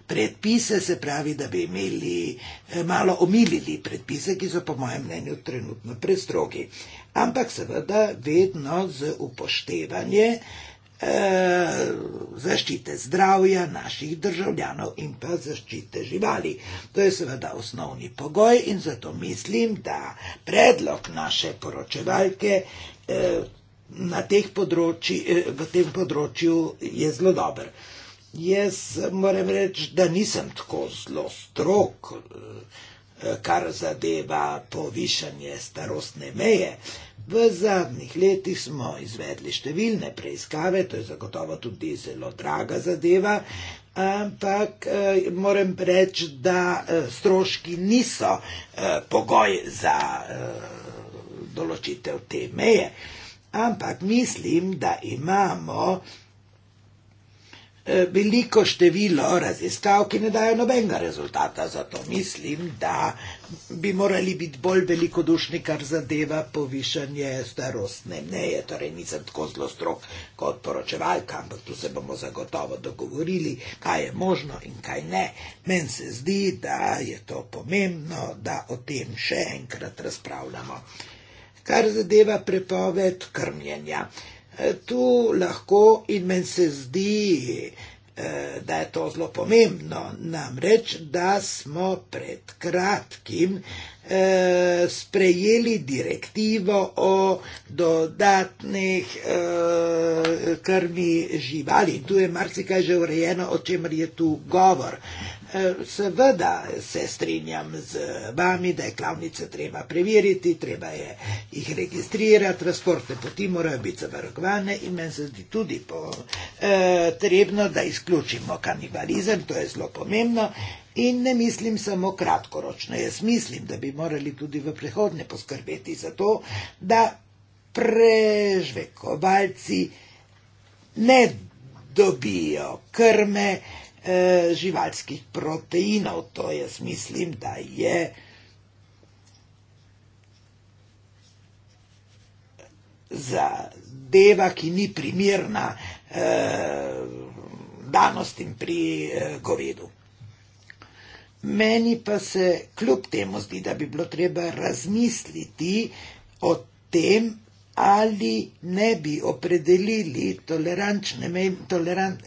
Speaker 1: predpise, se pravi, da bi imeli eh, malo omilili predpise, ki so po mojem mnenju trenutno prestrogi. Ampak seveda vedno z upoštevanjem. Eh, zaščite zdravja naših državljanov in pa zaščite živali. To je seveda osnovni pogoj in zato mislim, da predlog naše poročevalke eh, na teh področji, eh, v tem področju je zelo dober. Jaz moram reči, da nisem tako zelo strok, kar zadeva povišanje starostne meje. V zadnjih letih smo izvedli številne preiskave, to je zagotovo tudi zelo draga zadeva, ampak eh, moram reči, da eh, stroški niso eh, pogoj za določitev te meje. Ampak mislim, da imamo Eh, veliko število raziskav, ki ne dajo nobenega rezultata, zato mislim, da bi morali biti bolj velikodušni, kar zadeva povišanje starostne meje. Torej, nisem tako zelo strok kot poročevalka, ampak tu se bomo zagotovo dogovorili, kaj je možno in kaj ne. Meni se zdi, da je to pomembno, da o tem še enkrat razpravljamo. Kar zadeva prepoved krmljenja tu lahko in meni se zdi, eh, da je to zelo pomembno, namreč, da smo pred kratkim eh, sprejeli direktivo o dodatnih eh, krmi živali. Tu je marsikaj že urejeno, o čemer je tu govor. Seveda se strinjam z vami, da je klavnice treba preveriti, treba je jih registrirati, transportne poti morajo biti zavarovane in meni se zdi tudi potrebno, eh, da izključimo kanibalizem, to je zelo pomembno. In ne mislim samo kratkoročno, jaz mislim, da bi morali tudi v prihodnje poskrbeti za to, da prežvekovalci ne dobijo krme, E, živalskih proteinov. To jaz mislim, da je zadeva, ki ni primirna e, danostim pri e, govedu. Meni pa se kljub temu zdi, da bi bilo treba razmisliti o tem, ali ne bi opredelili tolerančne meje. Tolerant,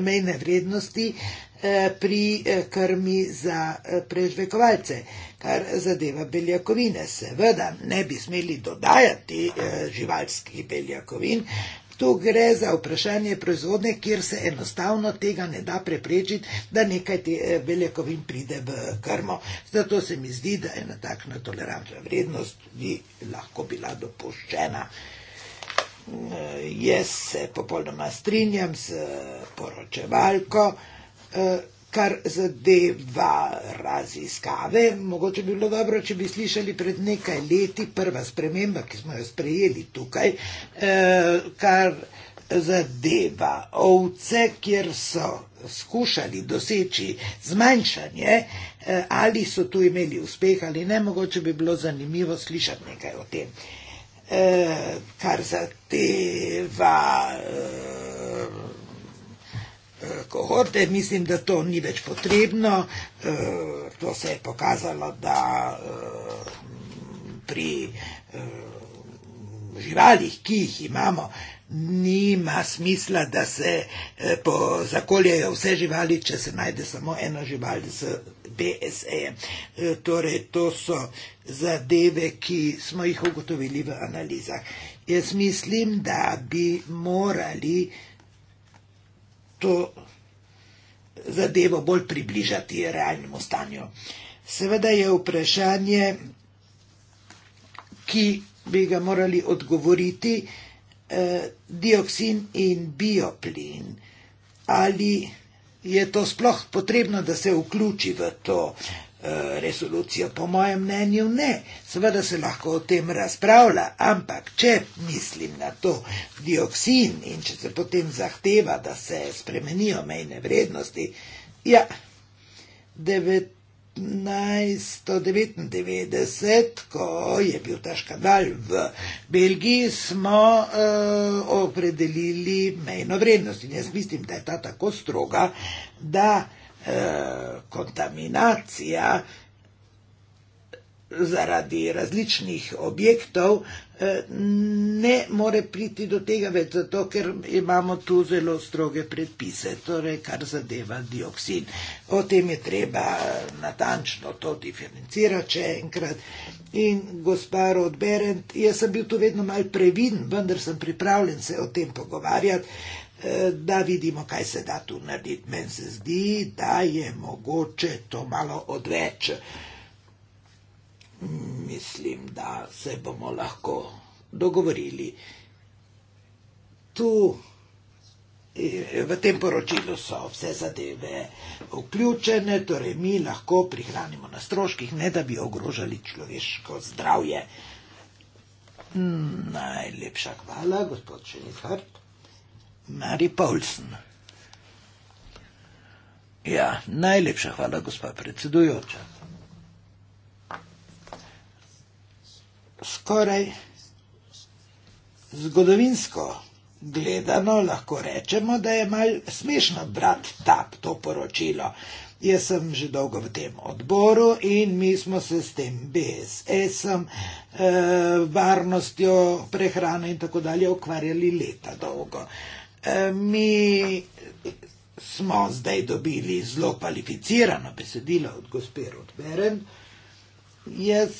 Speaker 1: mejne vrednosti eh, pri eh, krmi za eh, prežvekovalce, kar zadeva beljakovine. Seveda ne bi smeli dodajati živalskih beljakovin. Tu gre za vprašanje proizvodne, kjer se enostavno tega ne da preprečiti, da nekaj te beljakovin pride v krmo. Zato se mi zdi, da je ena takna tolerantna vrednost bi lahko bila dopuščena. Eh, jaz se popolnoma strinjam s poročevalko, eh, kar zadeva raziskave. Mogoče bi bilo dobro, če bi slišali pred nekaj leti prva sprememba, ki smo jo sprejeli tukaj, eh, kar zadeva ovce, kjer so skušali doseči zmanjšanje, ali so tu imeli uspeh ali ne, mogoče bi bilo zanimivo slišati nekaj o tem eh, kar zateva eh, eh, kohorte, mislim, da to ni več potrebno. Eh, to se je pokazalo, da eh, pri eh, živalih, ki jih imamo, eh, nima smisla, da se eh, pozakoljejo vse živali, če se najde samo eno živali z BSE. Eh, torej, to so zadeve, ki smo jih ugotovili v analizah. Jaz mislim, da bi morali to zadevo bolj približati realnemu stanju. Seveda je vprašanje, ki bi ga morali odgovoriti, Eh, dioksin in bioplin. Ali je to sploh potrebno, da se vključi v to eh, resolucijo? Po mojem mnenju ne. Seveda se lahko o tem razpravlja, ampak če mislim na to dioksin in če se potem zahteva, da se spremenijo mejne vrednosti, ja, 9. 1999, ko je bil ta škandal v Belgiji, smo uh, opredelili mejno vrednost in jaz mislim, da je ta tako stroga, da uh, kontaminacija eh, zaradi različnih objektov uh, Eh, ne more priti do tega več, zato ker imamo tu zelo stroge predpise, torej kar zadeva dioksid. O tem je treba natančno to diferencirati, če enkrat. In gospa Rodberend, jaz sem bil tu vedno mal previden, vendar sem pripravljen se o tem pogovarjati, eh, da vidimo, kaj se da tu narediti. Meni se zdi, da je mogoče to malo odveč. Mislim, da se bomo lahko dogovorili. Tu, eh, v tem poročilu so vse zadeve vključene, torej mi lahko prihranimo na stroških, ne da bi ogrožali človeško zdravje. Najlepša hvala, gospod Šenizhart. Mari Paulsen. Ja, najlepša hvala, gospod predsedujoča. skoraj zgodovinsko gledano, lahko rečemo, da je mal smešno brat tap to poročilo. Jaz sem že dolgo v tem odboru in mi smo se s tem BSS-om, e, eh, varnostjo prehrane in tako dalje ukvarjali leta dolgo. E, mi smo zdaj dobili zelo kvalificirano besedilo od gospe Rotberen. Jaz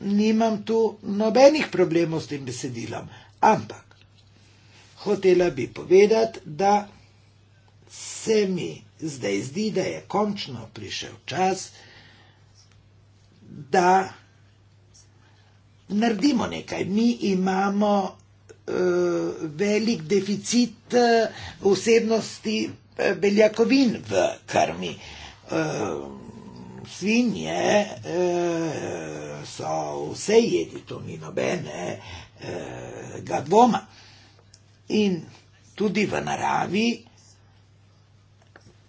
Speaker 1: nimam tu nobenih problemov s tem besedilom, ampak hotela bi povedati, da se mi zdaj zdi, da je končno prišel čas, da naredimo nekaj. Mi imamo uh, velik deficit uh, vsebnosti uh, beljakovin v krmi. Uh, svinje. Uh, so vse jedi, to ni nobenega eh, dvoma. In tudi v naravi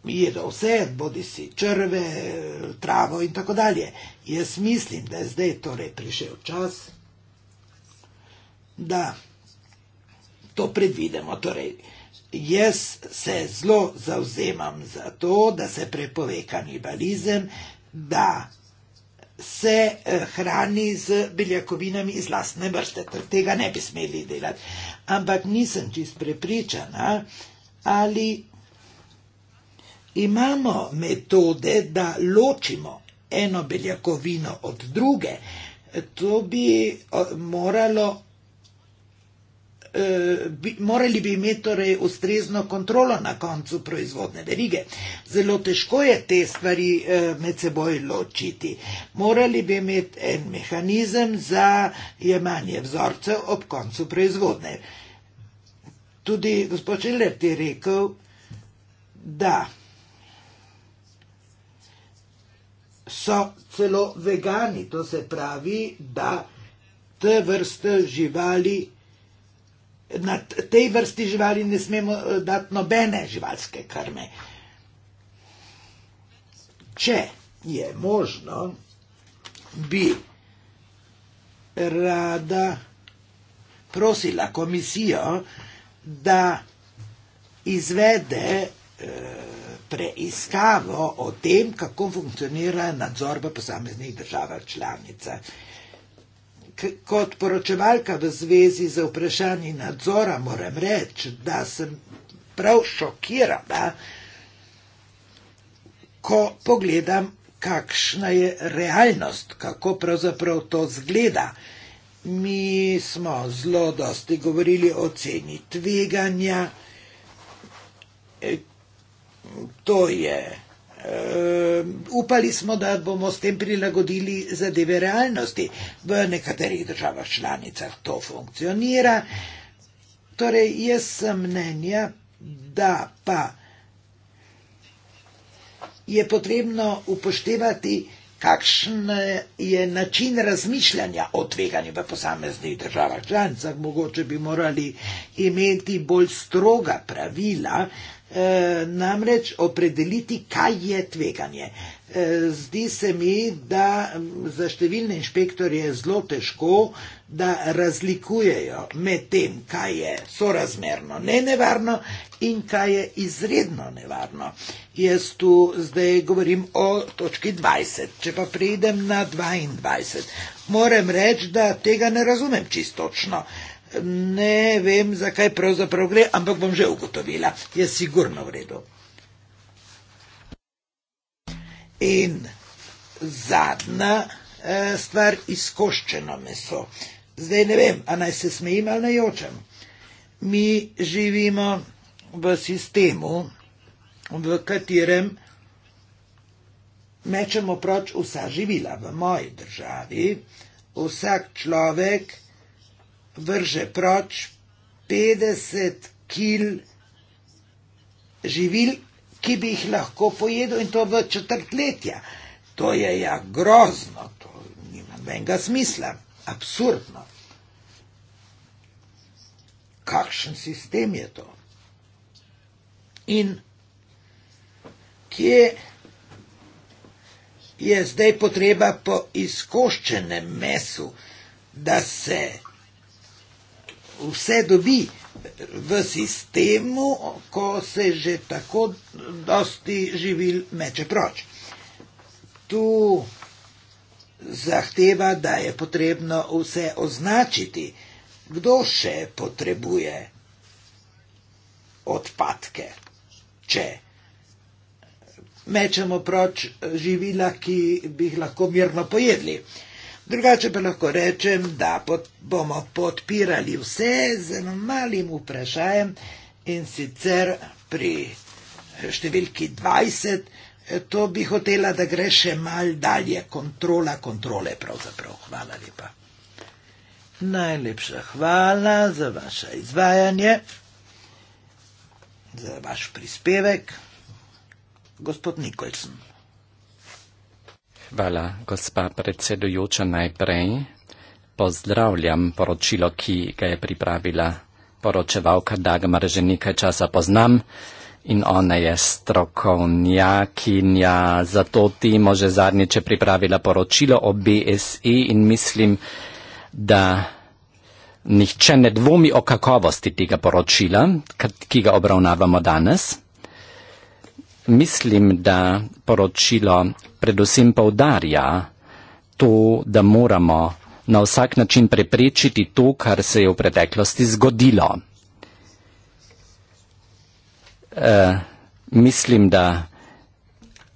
Speaker 1: jedo vse, bodi si črve, travo in tako dalje. Jaz mislim, da je zdaj torej prišel čas, da to predvidemo. Torej, jaz se zelo zauzemam za to, da se prepove kanibalizem, da se eh, hrani z beljakovinami iz lastne vrste. Torej, tega ne bi smeli delati. Ampak nisem čist prepričana, ali imamo metode, da ločimo eno beljakovino od druge. To bi moralo Uh, bi, morali bi imeti torej ustrezno kontrolo na koncu proizvodne verige. Zelo težko je te stvari uh, med seboj ločiti. Morali bi imeti en mehanizem za jemanje vzorcev ob koncu proizvodne. Tudi gospod Čiller ti je rekel, da so celo vegani, to se pravi, da te vrste živali na tej vrsti živali ne smemo eh, dati nobene živalske krme. Če je možno, bi rada prosila komisijo, da izvede eh, preiskavo o tem, kako funkcionira nadzor v posameznih državah članicah kot poročevalka v zvezi z vprašanji nadzora moram reči, da sem prav šokirana, ko pogledam, kakšna je realnost, kako pravzaprav to zgleda. Mi smo zelo dosti govorili o ceni tveganja. E, to je. Uh, upali smo, da bomo s tem prilagodili zadeve realnosti. V nekaterih državah članicah to funkcionira. Torej, jaz sem mnenja, da pa je potrebno upoštevati, kakšen je način razmišljanja o tveganju v posameznih državah članicah. Mogoče bi morali imeti bolj stroga pravila, E, namreč opredeliti, kaj je tveganje. E, zdi se mi, da za številne inšpektorje je zelo težko, da razlikujejo med tem, kaj je sorazmerno ne nevarno in kaj je izredno nevarno. Jaz tu zdaj govorim o točki 20. Če pa prejdem na 22, moram reči, da tega ne razumem čistočno ne vem, zakaj pravzaprav gre, ampak bom že ugotovila, je sigurno v redu. In zadnja eh, stvar, izkoščeno meso. Zdaj ne vem, a naj se smejim ali naj očem. Mi živimo v sistemu, v katerem mečemo proč vsa živila. V moji državi vsak človek vrže proč 50 kil živil, ki bi jih lahko pojedel in to v četrtletja. To je ja grozno, to nima nobenega smisla, absurdno. Kakšen sistem je to? In kje je zdaj potreba po izkoščenem mesu, da se vse dobi v sistemu, ko se že tako dosti živil meče proč. Tu zahteva, da je potrebno vse označiti, kdo še potrebuje odpadke, če mečemo proč živila, ki bi jih lahko mirno pojedli. Drugače pa lahko rečem, da pod, bomo podpirali vse z eno malim vprašanjem in sicer pri številki 20, eh, to bi hotela, da gre še mal dalje, kontrola kontrole pravzaprav. Hvala lepa. Najlepša hvala za vaše izvajanje, za vaš prispevek, gospod Nikolson.
Speaker 2: Hvala, gospa predsedujoča, najprej pozdravljam poročilo, ki ga je pripravila poročevalka Dagmar, že nekaj časa poznam in ona je strokovnjakinja za to temo, že zadnjič je pripravila poročilo o BSE in mislim, da nihče ne dvomi o kakovosti tega poročila, ki ga obravnavamo danes mislim, da poročilo predvsem povdarja to, da moramo na vsak način preprečiti to, kar se je v preteklosti zgodilo. E, mislim, da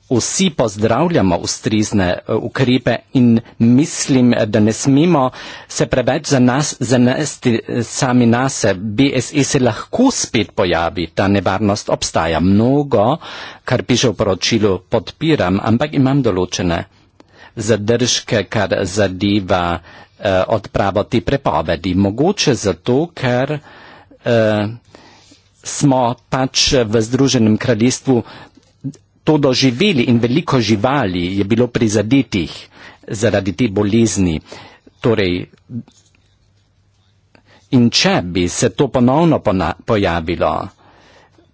Speaker 2: vsi pozdravljamo ustrizne eh, ukrepe in mislim, da ne smemo se preveč za nas zanesti eh, sami nase. BSE se lahko spet pojavi, ta nevarnost obstaja. Mnogo, kar piše v poročilu, podpiram, ampak imam določene zadržke, kar zadeva eh, odpravo te prepovedi. Mogoče zato, ker. Eh, smo pač v Združenem kraljestvu to doživeli in veliko živali je bilo prizadetih zaradi te bolezni. Torej, in če bi se to ponovno pojavilo,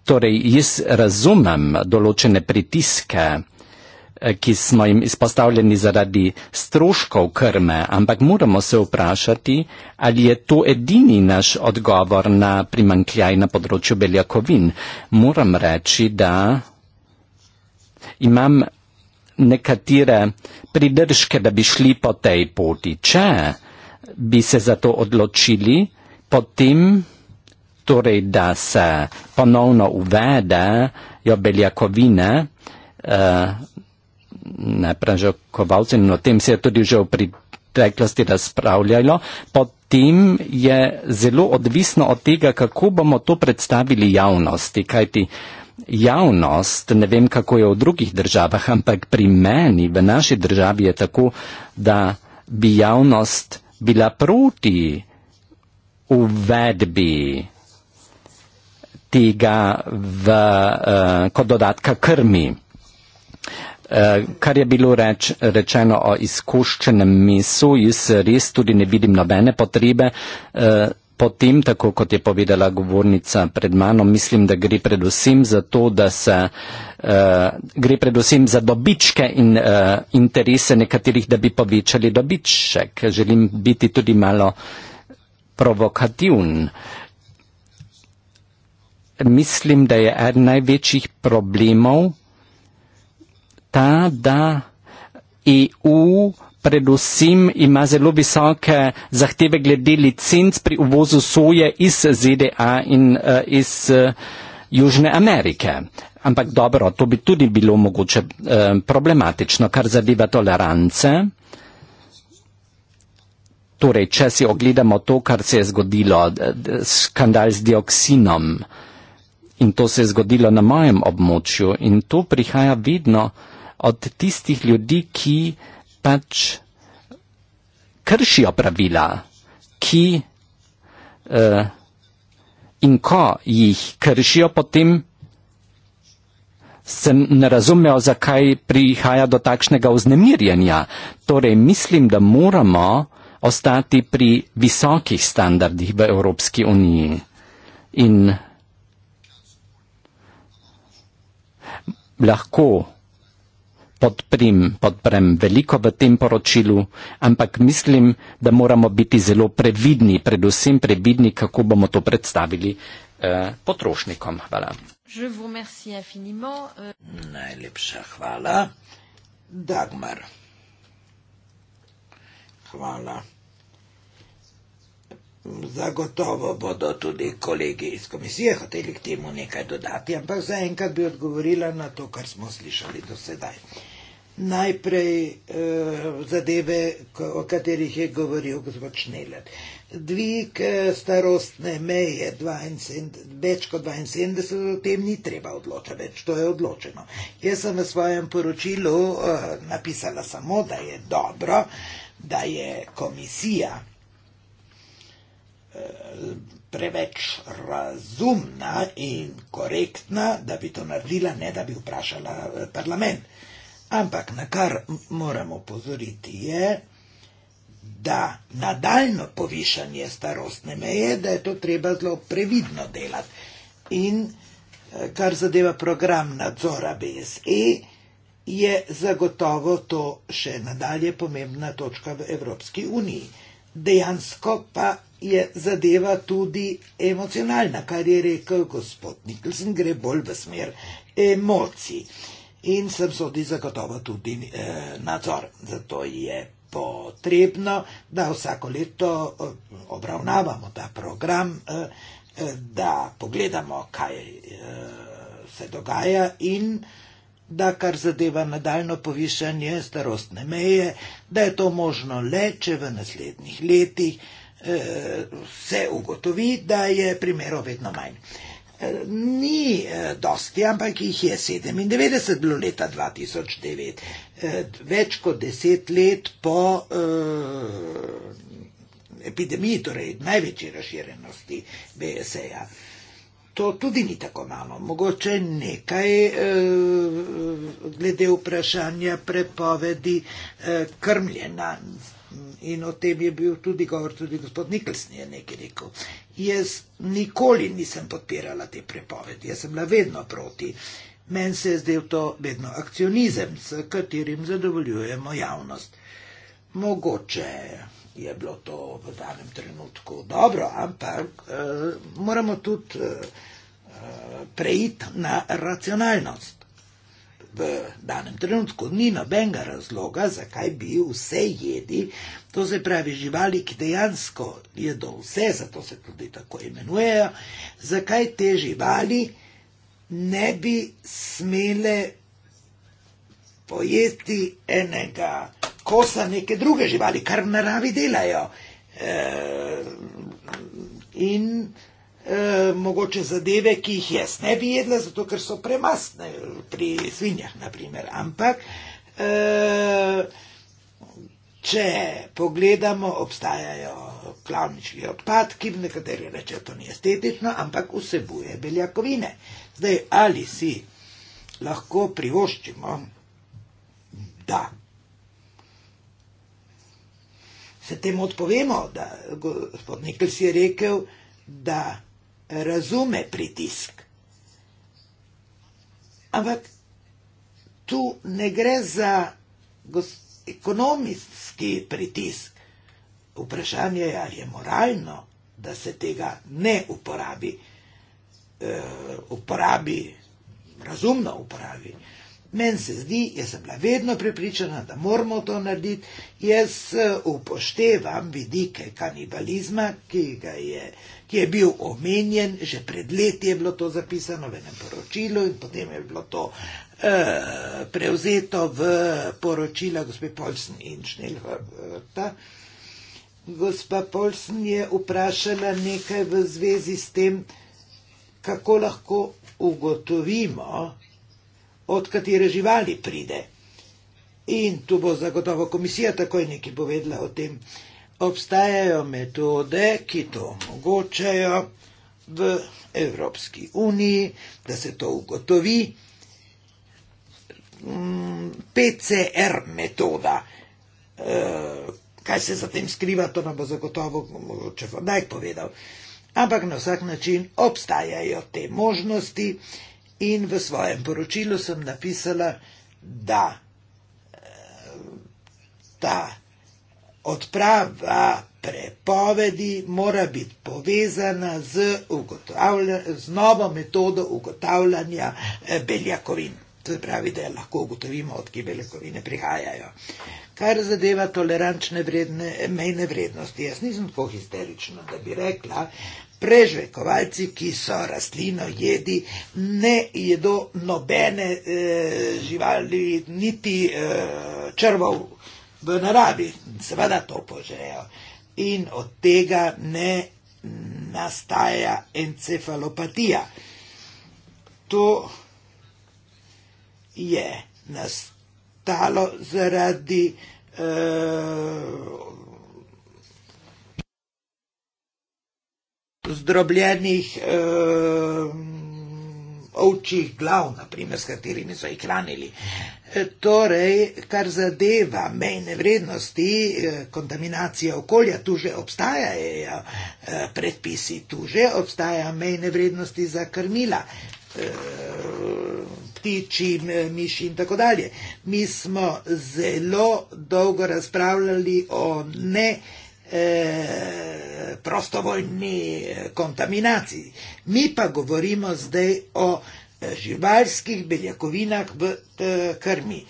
Speaker 2: torej jaz razumem določene pritiske, eh, ki smo jim izpostavljeni zaradi stroškov krme, ampak moramo se vprašati, ali je to edini naš odgovor na primankljaj na področju beljakovin. Moram reči, da imam nekatere pridržke, da bi šli po tej poti. Če bi se za to odločili, potem, torej, da se ponovno uvedejo beljakovine, eh, ne pražokovalci, in o tem se je tudi že v preteklosti razpravljalo, potem je zelo odvisno od tega, kako bomo to predstavili javnosti, kajti uh, javnost, ne vem kako je v drugih državah, ampak pri meni v naši državi je tako, da bi javnost bila proti uvedbi tega v, uh, kot dodatka krmi. Uh, kar je bilo reč, rečeno o izkuščenem misu, jaz res tudi ne vidim nobene potrebe uh, Potem, tako kot je povedala govornica pred mano, mislim, da gre predvsem za to, da se uh, gre predvsem za dobičke in uh, interese nekaterih, da bi povečali dobiček. Želim biti tudi malo provokativen. Mislim, da je eden največjih problemov ta, da EU predvsem ima zelo visoke zahteve glede licenc pri uvozu soje iz ZDA in uh, iz uh, Južne Amerike. Ampak dobro, to bi tudi bilo mogoče uh, problematično, kar zadeva tolerance. Torej, če si ogledamo to, kar se je zgodilo, skandal z dioksinom in to se je zgodilo na mojem območju in to prihaja vedno od tistih ljudi, ki pač kršijo pravila, ki uh, in ko jih kršijo, potem se ne razumejo, zakaj prihaja do takšnega vznemirjanja. Torej, mislim, da moramo ostati pri visokih standardih v Evropski uniji. In lahko podprim, podprem veliko v tem poročilu, ampak mislim, da moramo biti zelo previdni, predvsem previdni, kako bomo to predstavili eh, potrošnikom. Hvala.
Speaker 1: Euh, Najlepša hvala. Dagmar. Hvala. Zagotovo bodo tudi kolegi iz komisije hoteli k temu nekaj dodati, ampak zaenkrat bi odgovorila na to, kar smo slišali do sedaj najprej uh, zadeve, ko, o katerih je govoril gospod Šnelet. Dvig eh, starostne meje več kot 72, o tem ni treba odločati več, to je odločeno. Jaz sem v svojem poročilu uh, napisala samo, da je dobro, da je komisija preveč razumna in korektna, da bi to naredila, ne da bi vprašala parlament. Ampak na kar moramo pozoriti je, da nadaljno povišanje starostne meje, da je to treba zelo previdno delati. In eh, kar zadeva program nadzora BSE, je zagotovo to še nadalje pomembna točka v Evropski uniji. Dejansko pa je zadeva tudi emocionalna, kar je rekel gospod Nikolsen, gre bolj v smer emocij in sem sodi zagotovo tudi eh, nadzor. Zato je potrebno, da vsako leto eh, obravnavamo ta program, eh, eh, da pogledamo, kaj eh, se dogaja in da kar zadeva nadaljno povišanje starostne meje, da je to možno le, če v naslednjih letih eh, se ugotovi, da je primerov vedno manj. Eh, ni eh, dosti, ampak jih je 97 bilo leta 2009, eh, več kot deset let po eh, epidemiji, torej največji razširjenosti BSE-ja. To tudi ni tako malo, mogoče nekaj eh, glede vprašanja prepovedi eh, krmljena in o tem je bil tudi govor, tudi gospod Nikels je nekaj rekel. Jaz nikoli nisem podpirala te prepovedi, jaz sem bila vedno proti. Meni se je zdel to vedno akcionizem, s katerim zadovoljujemo javnost. Mogoče je bilo to v danem trenutku dobro, ampak eh, moramo tudi eh, eh prejiti na racionalnost v danem trenutku ni nobenega razloga, zakaj bi vse jedi, to se pravi živali, ki dejansko jedo vse, zato se tudi tako imenujejo, zakaj te živali ne bi smele pojesti enega kosa neke druge živali, kar v naravi delajo. E, in E, mogoče zadeve, ki jih jaz ne bi jedla, zato ker so premasne pri svinjah, naprimer. Ampak, e, če pogledamo, obstajajo klavnični odpadki, nekateri reče, to ni estetično, ampak vsebuje beljakovine. Zdaj, ali si lahko privoščimo, da se temu odpovemo, da gospod Nikl si je rekel, da razume pritisk. Ampak tu ne gre za ekonomski pritisk. Vprašanje je, ali je moralno, da se tega ne uporabi. E, uporabi, razumno uporabi. Meni se zdi, jaz sem bila vedno prepričana, da moramo to narediti. Jaz eh, upoštevam vidike kanibalizma, ki, je, ki je bil omenjen, že pred leti je bilo to zapisano v enem poročilu in potem je bilo to eh, prevzeto v poročila gospe Polsen in Šnelhorta. Gospa Polsen je vprašala nekaj v zvezi s tem, kako lahko ugotovimo, od katere živali pride. In tu bo zagotovo komisija takoj nekaj povedala o tem. Obstajajo metode, ki to omogočajo v Evropski uniji, da se to ugotovi. Mm, PCR metoda. E, kaj se za tem skriva, to nam bo zagotovo mogoče Fondaj povedal. Ampak na vsak način obstajajo te možnosti. In v svojem poročilu sem napisala, da eh, ta odprava prepovedi mora biti povezana z, z novo metodo ugotavljanja eh, beljakovin. To je pravi, da je lahko ugotovimo, odkje beljakovine prihajajo. Kar zadeva tolerančne vredne, mejne vrednosti, jaz nisem tako histerična, da bi rekla, prežvekovalci, ki so rastlino jedi, ne jedo nobene e, živali, niti e, črvov v naravi, seveda to požejo. In od tega ne nastaja encefalopatija. To je nastalo zaradi uh, zdrobljenih uh, ovčjih glav, naprimer, s katerimi so jih hranili. Eh, torej, kar zadeva mejne vrednosti, kontaminacija okolja, tu že obstajajo predpisi, tu že obstajajo mejne vrednosti za krmila. Uh, ptiči, miši in tako dalje. Mi smo zelo dolgo razpravljali o ne e, prostovoljni eh, kontaminaciji. Mi pa govorimo zdaj o eh, živalskih beljakovinah v e, krmi.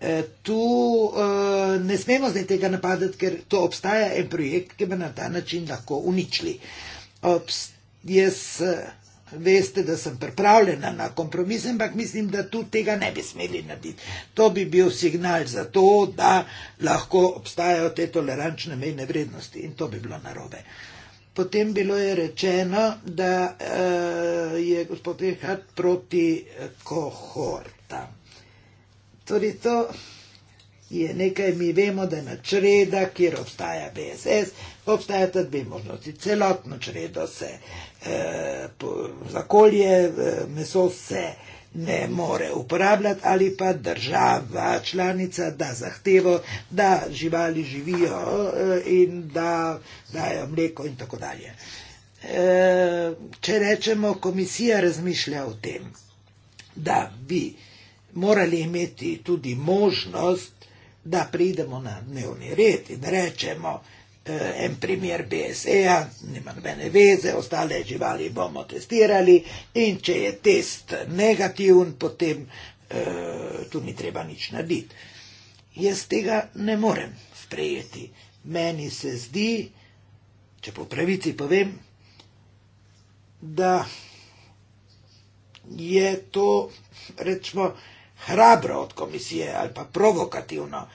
Speaker 1: E, tu e, ne smemo zdaj tega napadati, ker to obstaja en projekt, ki bi na ta način lahko uničili. Obst, jaz, veste, da sem pripravljena na kompromis, ampak mislim, da tu tega ne bi smeli narediti. To bi bil signal za to, da lahko obstajajo te tolerančne mejne vrednosti in to bi bilo narobe. Potem bilo je rečeno, da uh, je gospod Rehard proti eh, kohorta. Torej to je nekaj, mi vemo, da je na čreda, kjer obstaja BSS, obstajata dve možnosti. Celotno čredo se Eh, za okolje, eh, meso se ne more uporabljati ali pa država članica da zahtevo, da živali živijo eh, in da dajo mleko in tako dalje. Če rečemo, komisija razmišlja o tem, da bi morali imeti tudi možnost, da pridemo na dnevni red in rečemo, da Eh, en primer BSE-ja, nima nobene veze, ostale živali bomo testirali in če je test negativen, potem eh, tu ni treba nič narediti. Jaz tega ne morem sprejeti. Meni se zdi, če po pravici povem, da je to, rečemo, hrabro od komisije ali pa provokativno.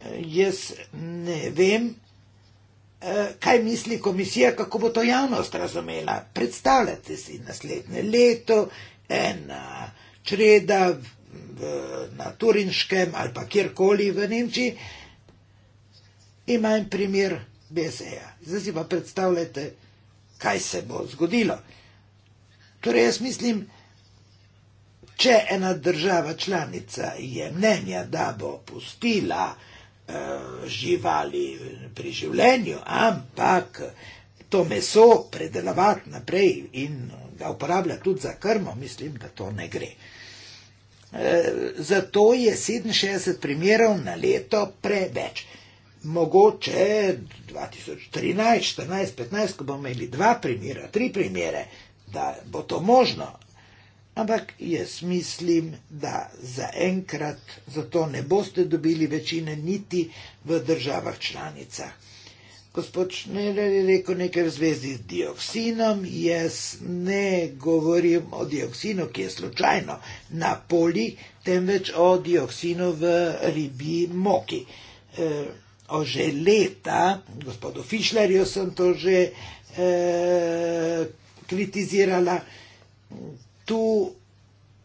Speaker 1: Eh, jaz ne vem, kaj misli komisija, kako bo to javnost razumela. Predstavljate si naslednje leto, ena čreda v, na Turinškem ali pa kjerkoli v Nemčiji. Imam primer BSE-ja. Zdaj si pa predstavljate, kaj se bo zgodilo. Torej, jaz mislim, če ena država članica je mnenja, da bo pustila, Eh, živali pri življenju, ampak to meso predelovati naprej in ga uporabljati tudi za krmo, mislim, da to ne gre. Eh, zato je 67 primerov na leto preveč. Mogoče 2013, 2014, 2015, ko bomo imeli dva primera, tri primere, da bo to možno, Ampak jaz mislim, da zaenkrat zato ne boste dobili večine niti v državah članicah. Gospod Šnerer je rekel nekaj v zvezi z dioksinom. Jaz ne govorim o dioksinu, ki je slučajno na poli, temveč o dioksinu v ribi moki. E, o že leta, gospodu Fišlerju sem to že e, kritizirala tu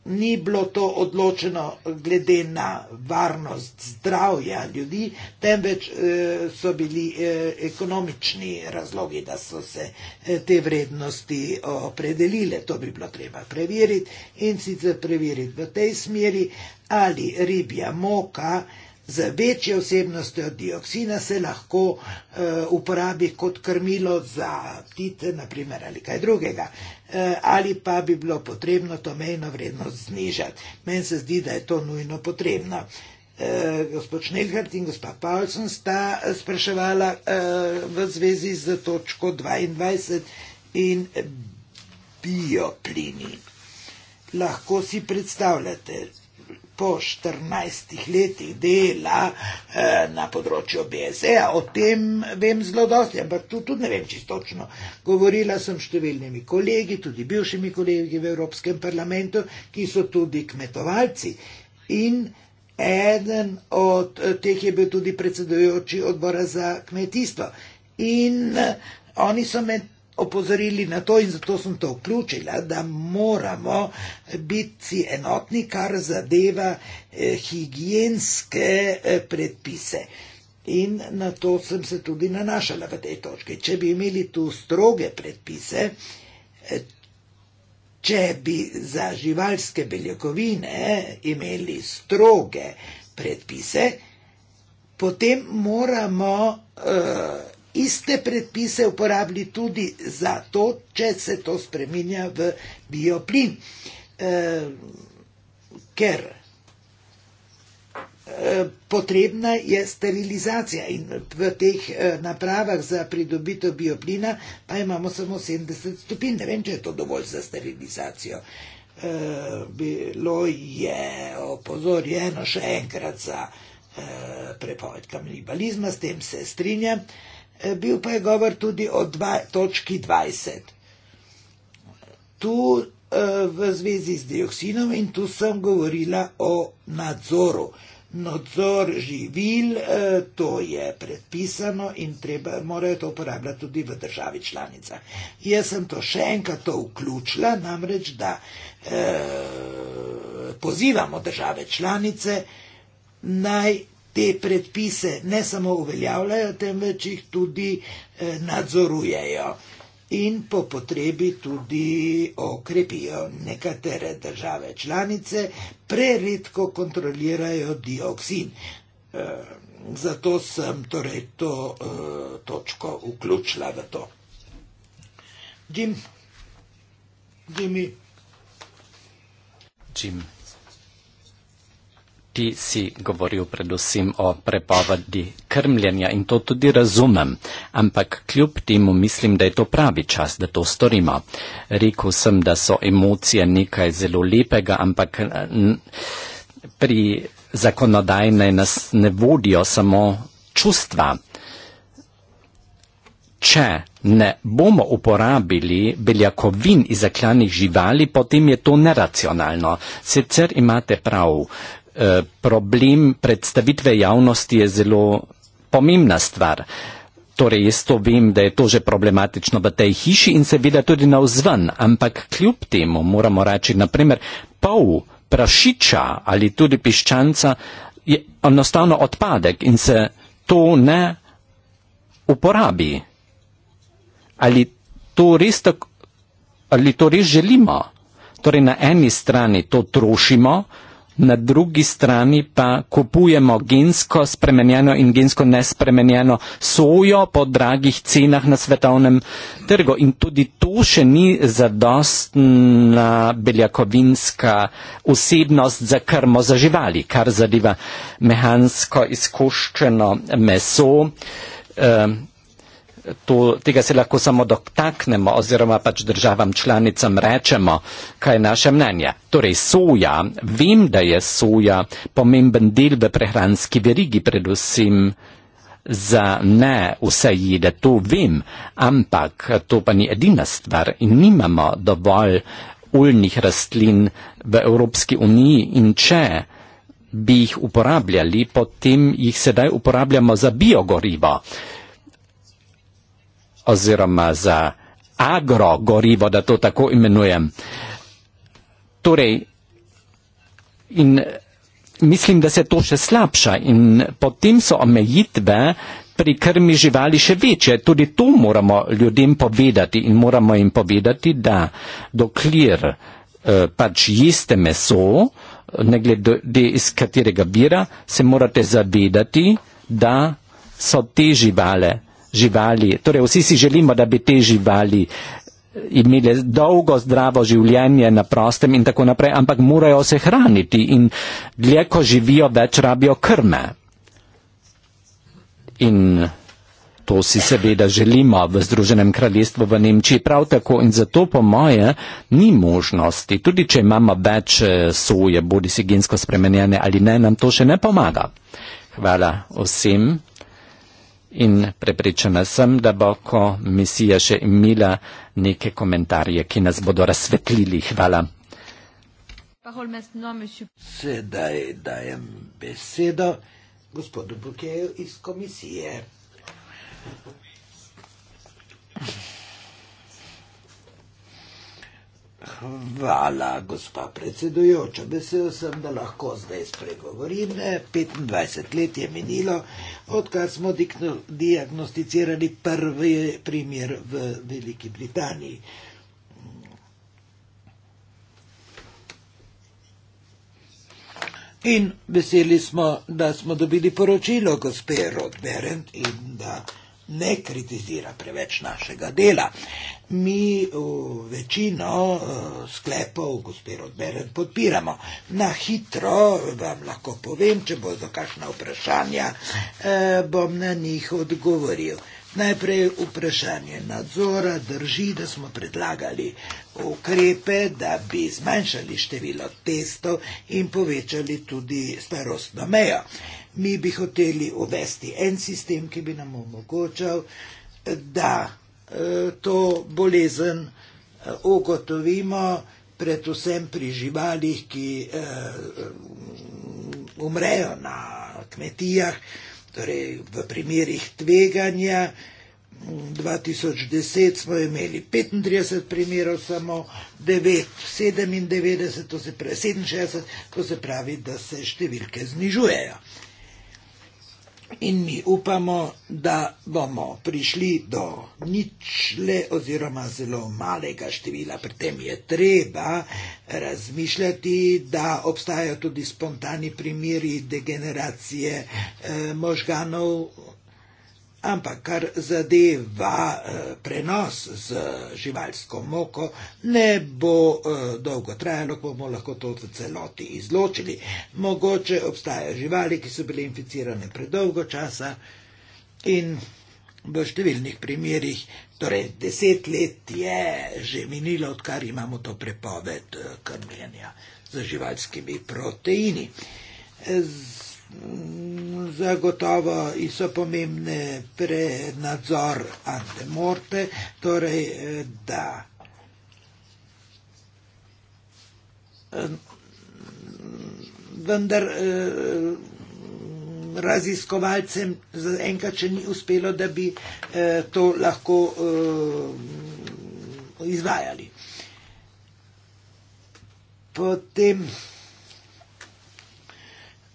Speaker 1: ni bilo to odločeno glede na varnost zdravja ljudi, temveč eh, so bili eh, ekonomični razlogi, da so se eh, te vrednosti opredelile. To bi bilo treba preveriti in sicer preveriti v tej smeri, ali ribja moka Z večjo vsebnostjo dioksina se lahko e, uporabi kot krmilo za ptice, naprimer ali kaj drugega. E, ali pa bi bilo potrebno to mejno vrednost znižati. Meni se zdi, da je to nujno potrebno. E, gospod Šnelhart in gospa Paulsen sta spraševala e, v zvezi z točko 22 in bioplini. Lahko si predstavljate, po 14 letih dela eh, na področju BSE-a, o tem vem zelo dosti, ampak tu tudi ne vem čistočno. Govorila sem številnimi kolegi, tudi bivšimi kolegi v Evropskem parlamentu, ki so tudi kmetovalci. In eden od eh, teh je bil tudi predsedujoči odbora za kmetijstvo. In eh, oni so med opozorili na to in zato sem to vključila, da moramo biti enotni, kar zadeva eh, higijenske eh, predpise. In na to sem se tudi nanašala v tej točki. Če bi imeli tu stroge predpise, eh, če bi za živalske beljakovine imeli stroge predpise, potem moramo uh, iste predpise uporabili tudi za to, če se to spreminja v bioplin. E, ker e, potrebna je sterilizacija in v teh e, napravah za pridobitev bioplina pa imamo samo 70 stopinj. Ne vem, če je to dovolj za sterilizacijo. Bilo je opozorjeno še enkrat za prepoved kamnibalizma, s tem se strinjam. Eh, bil pa je govor tudi o dva, točki 20. Tu eh, v zvezi z dioksinom in tu sem govorila o nadzoru. Nadzor živil, eh, to je predpisano in treba, morajo to uporabljati tudi v državi članica. Jaz sem to še enkrat to vključila, namreč da eh, pozivamo države članice naj te predpise ne samo uveljavljajo, temveč jih tudi eh, nadzorujejo in po potrebi tudi okrepijo. Nekatere države članice preredko kontrolirajo dioksin. Eh, zato sem torej to eh, točko vključila v to. Jim, Jimmy.
Speaker 2: Jim ti si govoril predvsem o prepovedi krmljenja in to tudi razumem, ampak kljub temu mislim, da je to pravi čas, da to storimo. Rekl sem, da so emocije nekaj zelo lepega, ampak eh, pri zakonodajne nas ne vodijo samo čustva. Če ne bomo uporabili beljakovin iz zaklanih živali, potem je to neracionalno. Sicer imate prav, Eh, problem predstavitve javnosti je zelo pomembna stvar. Torej, jaz to vem, da je to že problematično v tej hiši in seveda tudi na vzven, ampak kljub temu moramo reči, naprimer, pol prašiča ali tudi piščanca je enostavno odpadek in se to ne uporabi. Ali to res, tako, ali to res želimo? Torej, na eni strani to trošimo, na drugi strani pa kupujemo gensko spremenjeno in gensko nespremenjeno sojo po dragih cenah na svetovnem trgu. In tudi to še ni zadostna beljakovinska vsebnost za krmo za živali, kar zadeva mehansko izkoščeno meso. Uh, to, tega se lahko samo dotaknemo oziroma pač državam članicam rečemo, kaj je naše mnenje. Torej, soja, vem, da je soja pomemben del v prehranski verigi, predvsem za ne vse jede, to vem, ampak to pa ni edina stvar in nimamo dovolj oljnih rastlin v Evropski uniji in če bi jih uporabljali, potem jih sedaj uporabljamo za biogorivo. Uh, oziroma za agrogorivo, da to tako imenujem. Torej, in mislim, da se to še slabša in potem so omejitve pri krmi živali še večje. Tudi to moramo ljudem povedati in moramo jim povedati, da dokler eh, pač jeste meso, ne glede iz katerega vira, se morate zavedati, da so te živale živali. Torej, vsi si želimo, da bi te živali eh, imele dolgo zdravo življenje na prostem in tako naprej, ampak morajo se hraniti in dlje, ko živijo, več rabijo krme. In to si seveda želimo v Združenem kraljestvu v Nemčiji prav tako in zato po moje ni možnosti, tudi če imamo več eh, soje, bodi si gensko spremenjene ali ne, nam to še ne pomaga. Hvala vsem. In prepričana sem, da bo, ko misija še imela neke komentarje, ki nas bodo razsvetlili. Hvala.
Speaker 1: Sedaj dajem besedo gospodu Bukeju iz komisije. Thank you. Hvala, gospa predsedujoča. Vesel sem, da lahko zdaj spregovorim. 25 let je minilo, odkar smo diagnosticirali prvi primer v Veliki Britaniji. In veseli smo, da smo dobili poročilo gospe Rodberend in da ne kritizira preveč našega dela. Mi uh, večino uh, sklepov, gospe Rodberen, podpiramo. Na hitro vam lahko povem, če bo za kakšna vprašanja, uh, bom na njih odgovoril. Najprej vprašanje nadzora drži, da smo predlagali ukrepe, da bi zmanjšali število testov in povečali tudi starostno mejo. Mi bi hoteli uvesti en sistem, ki bi nam omogočal, da eh, to bolezen eh, ugotovimo predvsem pri živalih, ki eh, umrejo na kmetijah. Torej, v primerih tveganja 2010 smo imeli 35 primerov, samo 9, 97, to se pravi, 67, to se pravi, da se številke znižujejo in mi upamo, da bomo prišli do ničle oziroma zelo malega števila. Pri tem je treba razmišljati, da obstajajo tudi spontani primeri degeneracije eh, možganov ampak kar zadeva eh, prenos z živalsko moko, ne bo eh, dolgo trajalo, ko bomo lahko to v celoti izločili. Mogoče obstajajo živali, ki so bile inficirane predolgo časa in v številnih primerjih, torej deset let je že minilo, odkar imamo to prepoved eh, krmljenja z živalskimi proteini. Z Mm, zagotovo in so pomembne prenadzor antemorte, torej eh, da eh, vendar eh, raziskovalcem zaenkrat še ni uspelo, da bi to lahko izvajali. Potem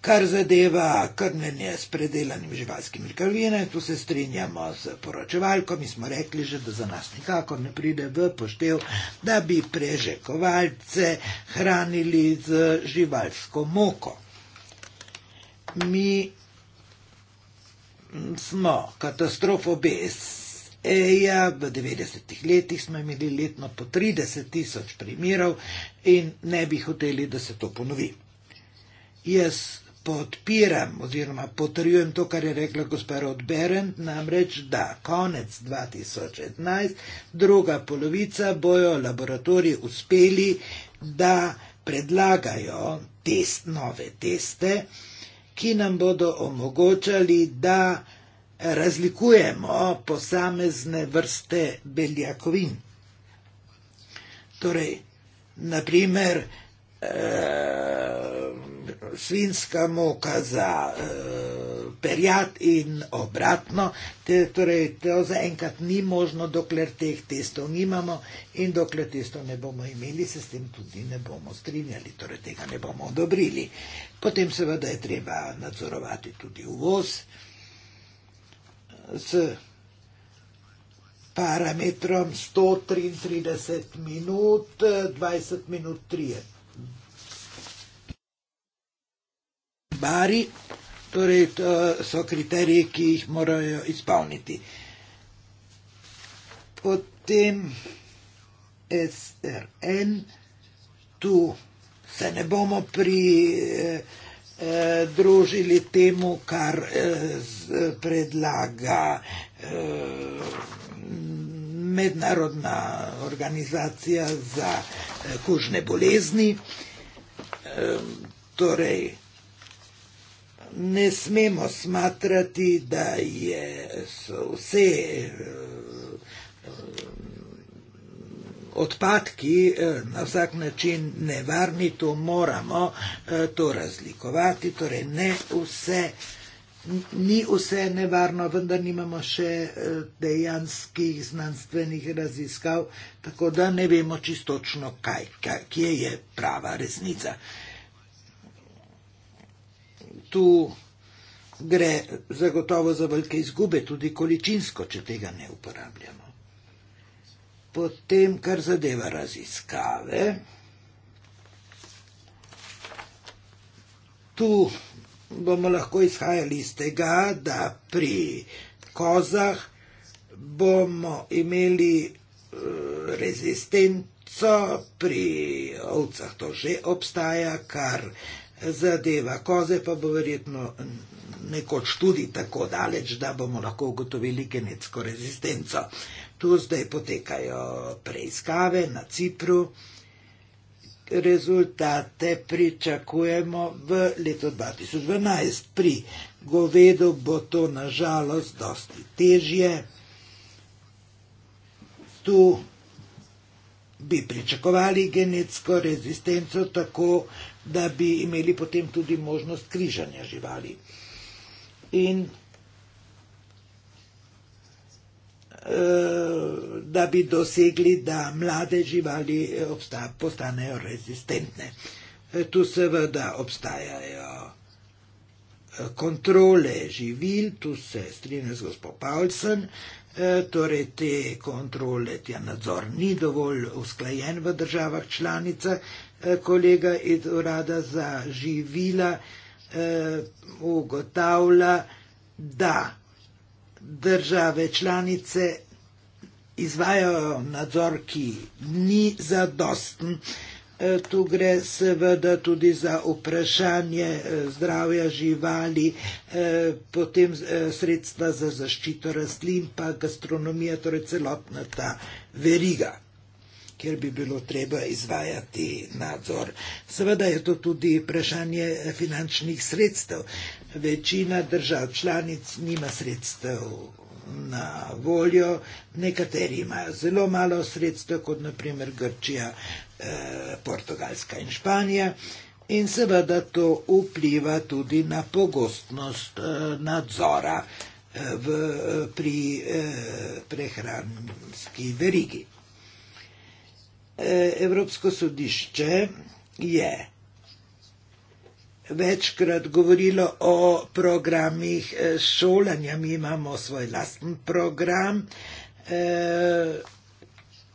Speaker 1: kar zadeva krmljenje s predelanimi živalskimi krvine, tu se strinjamo z poročevalko, mi smo rekli že, da za nas nikako ne pride v poštev, da bi prežekovalce hranili z živalsko moko. Mi smo katastrofo bes. Eja, v 90-ih letih smo imeli letno po 30 tisoč primerov in ne bi hoteli, da se to ponovi. Jaz podpiram oziroma potrjujem to, kar je rekla gospa Rodberen, namreč da konec 2011, druga polovica, bojo laboratoriji uspeli, da predlagajo test, nove teste, ki nam bodo omogočali, da razlikujemo posamezne vrste beljakovin. Torej, naprimer, Eh, svinska moka za e, eh, perjad in obratno. Te, torej, to zaenkrat ni možno, dokler teh testov nimamo in dokler testov ne bomo imeli, se s tem tudi ne bomo strinjali, torej tega ne bomo odobrili. Potem seveda je treba nadzorovati tudi uvoz eh, s parametrom 133 minut, 20 minut 30. ribari, torej to so kriteriji, ki jih morajo izpolniti. Potem SRN, tu se ne bomo pridružili eh, eh temu, kar eh, z, predlaga eh, mednarodna organizacija za eh, kužne bolezni. Eh, torej, ne smemo smatrati, da je, so vse eh, odpadki eh, na vsak način nevarni, to moramo eh, to razlikovati, torej ne vse, ni vse nevarno, vendar nimamo še dejanskih znanstvenih raziskav, tako da ne vemo čistočno, kaj, kaj, kje je prava resnica tu gre zagotovo za velike izgube, tudi količinsko, če tega ne uporabljamo. Potem, kar zadeva raziskave, tu bomo lahko izhajali iz tega, da pri kozah bomo imeli eh, rezistenco, pri ovcah to že obstaja, kar zadeva. Koze pa bo verjetno nekoč tudi tako daleč, da bomo lahko ugotovili genetsko rezistenco. Tu zdaj potekajo preiskave na Cipru. Rezultate pričakujemo v letu 2012. Pri govedu bo to nažalost dosti težje. Tu bi pričakovali genetsko rezistenco tako, da bi imeli potem tudi možnost križanja živali. In eh, da bi dosegli, da mlade živali eh, obsta, postanejo rezistentne. Eh, tu seveda obstajajo kontrole živil, tu se strinjam z gospod Paulsen, torej te kontrole, ta nadzor ni dovolj usklajen v državah članicah, Eh, kolega iz urada za živila eh, ugotavlja, da države članice izvajajo nadzor, ki ni zadosten. Eh, tu gre seveda tudi za vprašanje eh, zdravja živali, potem sredstva za zaščito rastlin, pa gastronomija, torej celotna ta veriga kjer bi bilo treba izvajati nadzor. Seveda je to tudi vprašanje finančnih sredstev. Večina držav članic nima sredstev na voljo, nekateri imajo zelo malo sredstev, kot naprimer Grčija, eh, Portugalska in Španija. In seveda to vpliva tudi na pogostnost eh, nadzora eh, v, pri prehranski verigi. Evropsko sodišče je večkrat govorilo o programih eh, šolanja, mi imamo svoj lasten program, eh,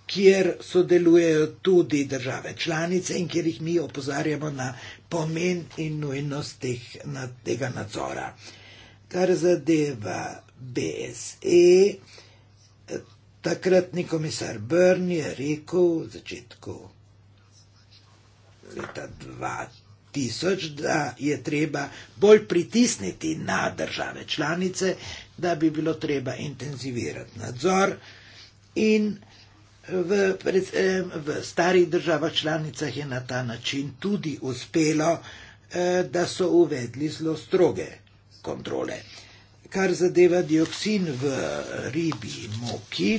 Speaker 1: kjer sodelujejo tudi države članice in kjer jih mi opozarjamo na pomen in nujnost teh, na, tega nadzora. Kar zadeva BSE, Takratni komisar Brni je rekel v začetku leta 2000, da je treba bolj pritisniti na države članice, da bi bilo treba intenzivirati nadzor in v, v starih državah članicah je na ta način tudi uspelo, e, da so uvedli zelo stroge kontrole. Kar zadeva dioksin v ribi moki,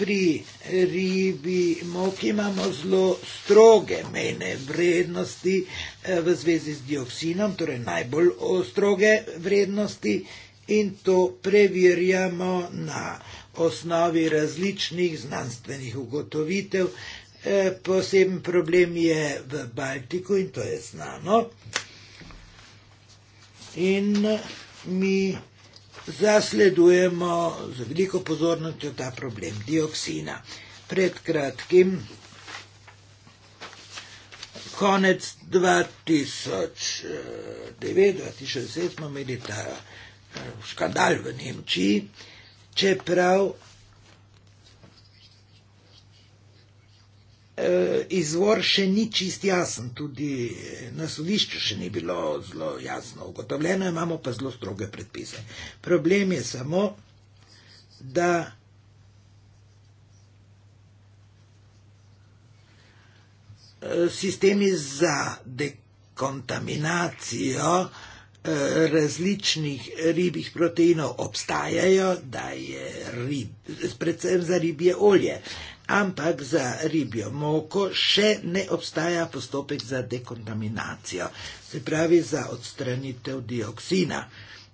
Speaker 1: pri ribi moki imamo zelo stroge mejne vrednosti eh, v zvezi z dioksinom, torej najbolj stroge vrednosti in to preverjamo na osnovi različnih znanstvenih ugotovitev. Eh, poseben problem je v Baltiku in to je znano. In mi zasledujemo z veliko pozornostjo ta problem dioksina. Pred kratkim, konec 2009-2006, smo imeli ta eh, škandal v Nemčiji, čeprav Eh, izvor še ni čist jasen, tudi eh, na sodišču še ni bilo zelo jasno ugotovljeno, imamo pa zelo stroge predpise. Problem je samo, da eh, sistemi za dekontaminacijo različnih ribjih proteinov obstajajo, da je rib, predvsem za ribje olje, ampak za ribjo moko še ne obstaja postopek za dekontaminacijo, se pravi za odstranitev dioksina,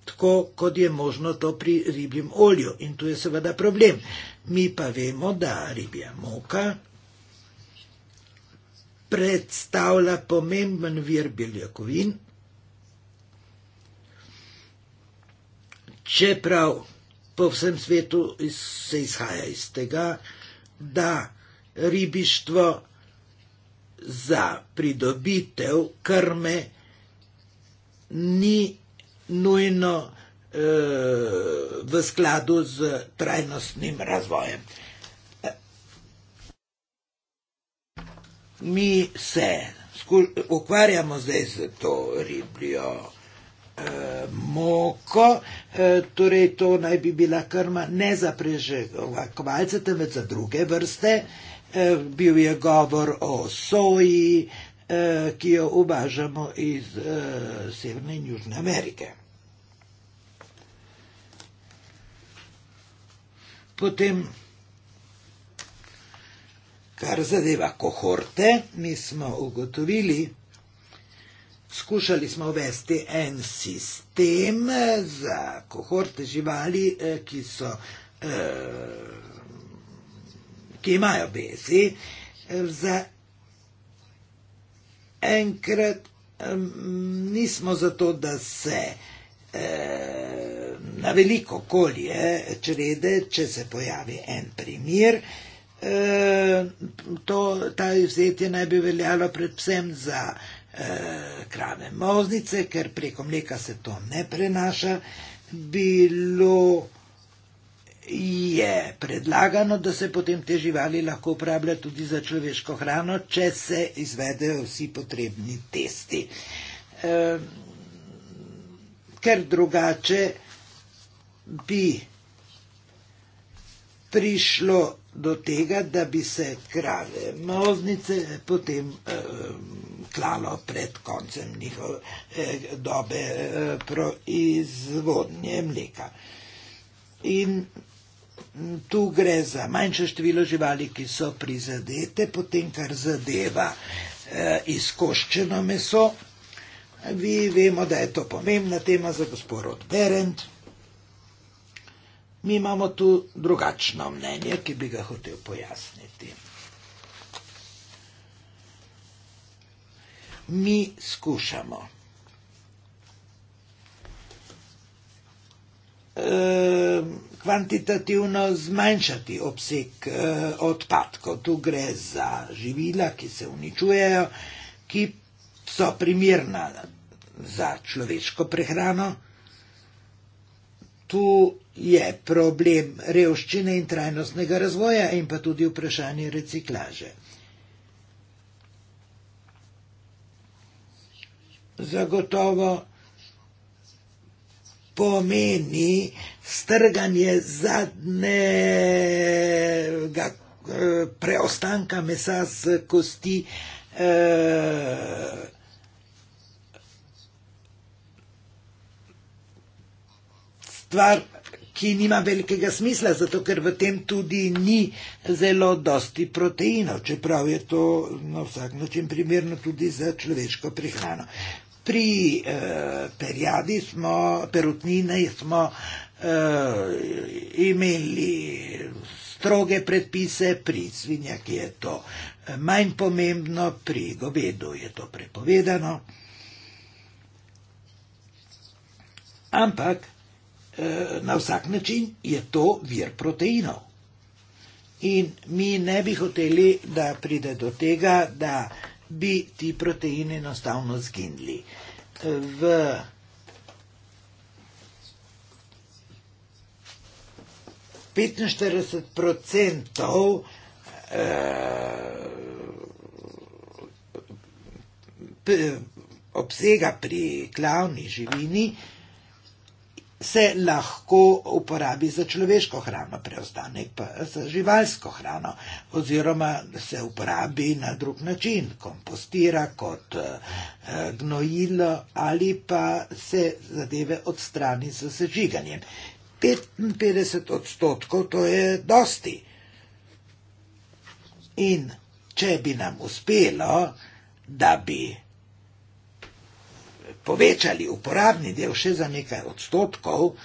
Speaker 1: tako kot je možno to pri ribjem olju. In tu je seveda problem. Mi pa vemo, da ribja moka predstavlja pomemben vir beljakovin. Čeprav po vsem svetu se izhaja iz tega, da ribištvo za pridobitev krme ni nujno eh, v skladu z trajnostnim razvojem. Mi se ukvarjamo zdaj z to ribljo. Eh, moko, eh, torej to naj bi bila krma ne za preživljalce, temveč za druge vrste. Eh, bil je govor o soji, ki jo uvažamo iz Severne in Južne Amerike. Potem, kar zadeva kohorte, mi smo ugotovili, Skušali smo uvesti en sistem eh, za kohorte živali, eh, ki, so, eh, ki imajo besi. Za enkrat nismo zato, da se na veliko kolje črede, če se pojavi en primer. E, to, ta izvzetje naj bi veljalo predvsem za e, krave moznice, ker preko mleka se to ne prenaša, bilo je predlagano, da se potem te živali lahko uporablja tudi za človeško hrano, če se izvedejo vsi potrebni testi. E, ker drugače bi prišlo do tega, da bi se krave moznice potem eh, klalo pred koncem njihove eh, dobe eh, proizvodnje mleka. In tu gre za manjše število živali, ki so prizadete, potem kar zadeva eh, izkoščeno meso. Vi vemo, da je to pomembna tema za gospod Berend. Mi imamo tu drugačno mnenje, ki bi ga hotel pojasniti. Mi skušamo. Eh, kvantitativno zmanjšati obseg eh, odpadkov. Tu gre za živila, ki se uničujejo, ki so primirna za človeško prehrano, tu je problem revščine in trajnostnega razvoja in pa tudi vprašanje reciklaže. Zagotovo pomeni strganje zadnjega eh, preostanka mesa z kosti. Eh, stvar, ki nima velikega smisla, zato ker v tem tudi ni zelo dosti proteinov, čeprav je to na vsak način primerno tudi za človeško prihrano. Pri eh, perjadi smo, perutnine smo eh, imeli stroge predpise, pri svinjak je to eh, manj pomembno, pri govedu je to prepovedano. Ampak Eh, na vsak način je to vir proteinov. In mi ne bi hoteli, da pride do tega, da bi ti proteini enostavno zginili. V petinštirideset odstotkov eh, obsega pri klavni živini se lahko uporabi za človeško hrano, preostanek pa za živalsko hrano, oziroma se uporabi na drug način, kompostira kot eh, gnojilo ali pa se zadeve odstrani z sežiganjem. 55 odstotkov to je dosti. In če bi nam uspelo, da bi povečali uporabni del še za nekaj odstotkov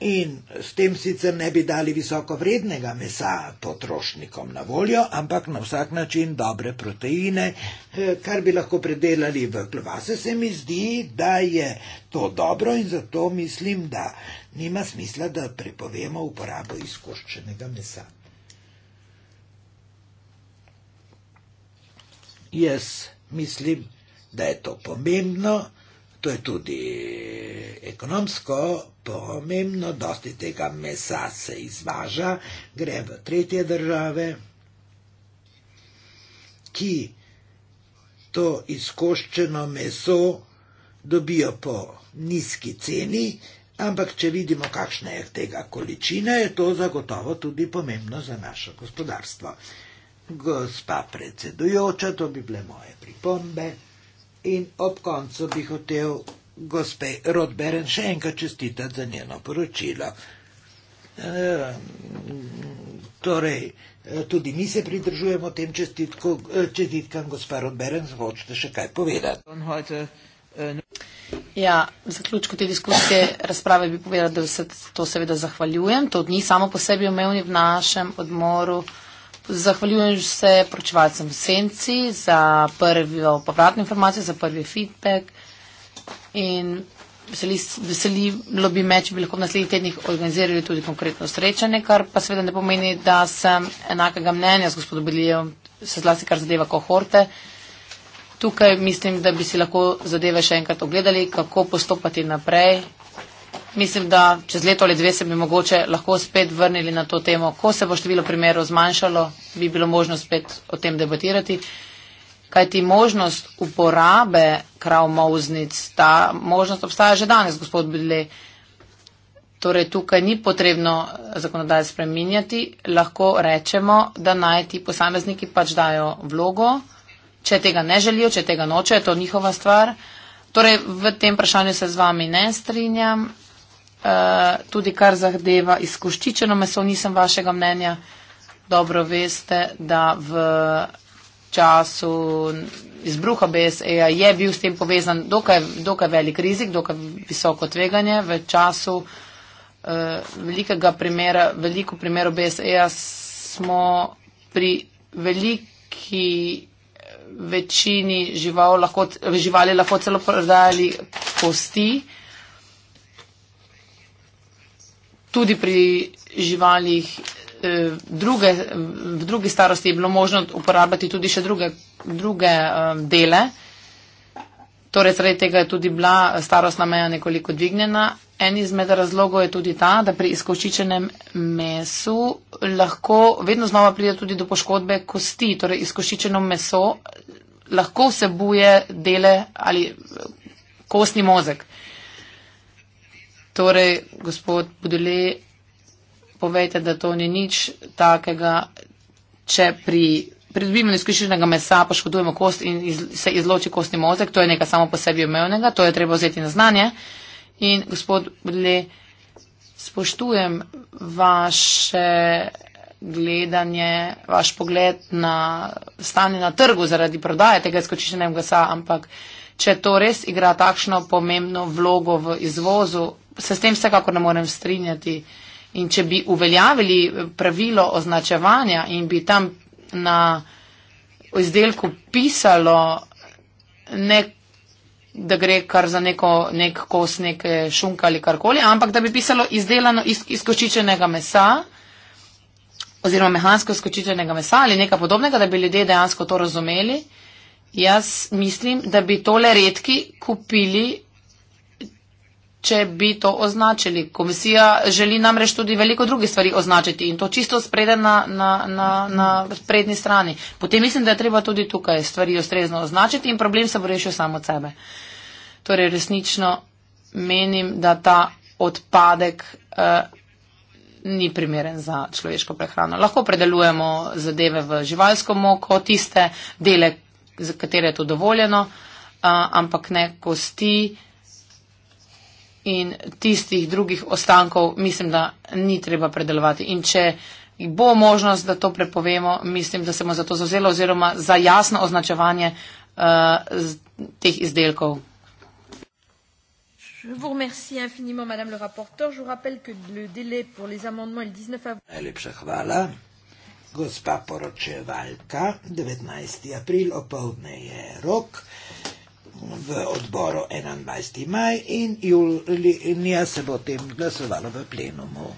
Speaker 1: in s tem sicer ne bi dali visoko vrednega mesa potrošnikom na voljo, ampak na vsak način dobre proteine, eh, kar bi lahko predelali v klovase, se mi zdi, da je to dobro in zato mislim, da nima smisla, da prepovemo uporabo izkoščenega mesa. Jaz yes, mislim, da je to pomembno, to je tudi ekonomsko pomembno, dosti tega mesa se izvaža, gre v tretje države, ki to izkoščeno meso dobijo po nizki ceni, ampak če vidimo, kakšna je tega količina, je to zagotovo tudi pomembno za naše gospodarstvo. Gospa predsedujoča, to bi bile moje pripombe. In ob koncu bi hotel gospe Rodberen še enkrat čestitati za njeno poročilo. E, torej, eh, tudi mi se pridržujemo tem čestitko, eh, čestitkam, gospa Rodberen, hočete še kaj povedati?
Speaker 3: Eh, ja, v zaključku te diskusije razprave bi povedala, da se to seveda zahvaljujem. To ni samo po sebi omejeno v našem odmoru. Zahvaljujem se poročevalcem v Senci za prvo povratno informacijo, za prvi feedback in veselilo bi me, če bi lahko v naslednjih tednih organizirali tudi konkretno srečanje, kar pa seveda ne pomeni, da sem enakega mnenja z gospodom Belijem, se zlasti kar zadeva kohorte. Tukaj mislim, da bi si lahko zadeve še enkrat ogledali, kako postopati naprej Mislim, da čez leto ali dve se bi mogoče lahko spet vrnili na to temo. Ko se bo število primerov zmanjšalo, bi bilo možno spet o tem debatirati. Kaj ti možnost uporabe kravmoznic, ta možnost obstaja že danes, gospod Bidle. Torej, tukaj ni potrebno zakonodaj spreminjati, lahko rečemo, da naj ti posamezniki pač dajo vlogo, če tega ne želijo, če tega noče, je to njihova stvar. Torej, v tem vprašanju se z vami ne strinjam. Eh, tudi kar zahdeva izkoščičeno meso, nisem vašega mnenja. Dobro veste, da v času izbruha BSE-ja je bil s tem povezan dokaj, dokaj velik rizik, dokaj visoko tveganje. V času eh, primera, veliko primerov BSE-ja smo pri veliki večini žival lahko, živali lahko celo prodajali kosti. Eh, tudi pri živalih eh, druge, v drugi starosti je bilo možno uporabljati tudi še druge, druge eh, dele. Torej, zaradi tega je tudi bila starostna meja nekoliko dvignjena. En izmed razlogov je tudi ta, da pri izkoščičenem mesu lahko vedno znova pride tudi do poškodbe kosti. Torej, izkoščičeno meso lahko vsebuje dele ali eh, kostni mozek. Torej, gospod Budele, povejte, da to ni nič takega, če pri pridobivanju izkušenega mesa poškodujemo kost in iz, se izloči kostni mozek, to je nekaj samo po sebi omejenega, to je treba vzeti na znanje. In gospod Budele, spoštujem vaše gledanje, vaš pogled na stanje na trgu zaradi prodaje tega izkušenega mesa, ampak če to res igra takšno pomembno vlogo v izvozu, se s tem vsekakor ne morem strinjati. In če bi uveljavili pravilo označevanja in bi tam na izdelku pisalo, ne, da gre kar za neko, nek kos neke šunke ali karkoli, ampak da bi pisalo izdelano iz, iz koščičenega mesa oziroma mehansko skočičenega mesa ali nekaj podobnega, da bi ljudje dejansko to razumeli, jaz mislim, da bi tole redki kupili če bi to označili. Komisija želi namreč tudi veliko drugih stvari označiti in to čisto sprede na, na, na, na prednji strani. Potem mislim, da je treba tudi tukaj stvari ustrezno označiti in problem se bo rešil samo od sebe. Torej, resnično menim, da ta odpadek eh, ni primeren za človeško prehrano. Lahko predelujemo zadeve v živalsko moko, tiste dele, za katere je to dovoljeno, eh, ampak ne kosti in tistih drugih ostankov mislim, da ni treba predelovati. In če bo možnost, da to prepovemo, mislim, da se bomo za to zauzelo oziroma za jasno označevanje uh, z, teh izdelkov. Je vous remercie infiniment, Madame le rapporteur. Je vous rappelle que le délai pour les amendements est le 19 avril. Elle
Speaker 1: est chahvala. Gospa Porochevalka, 19 avril, au pauvre rok v odboru 21. maj in Julija se bo o tem glasovalo v plenumu.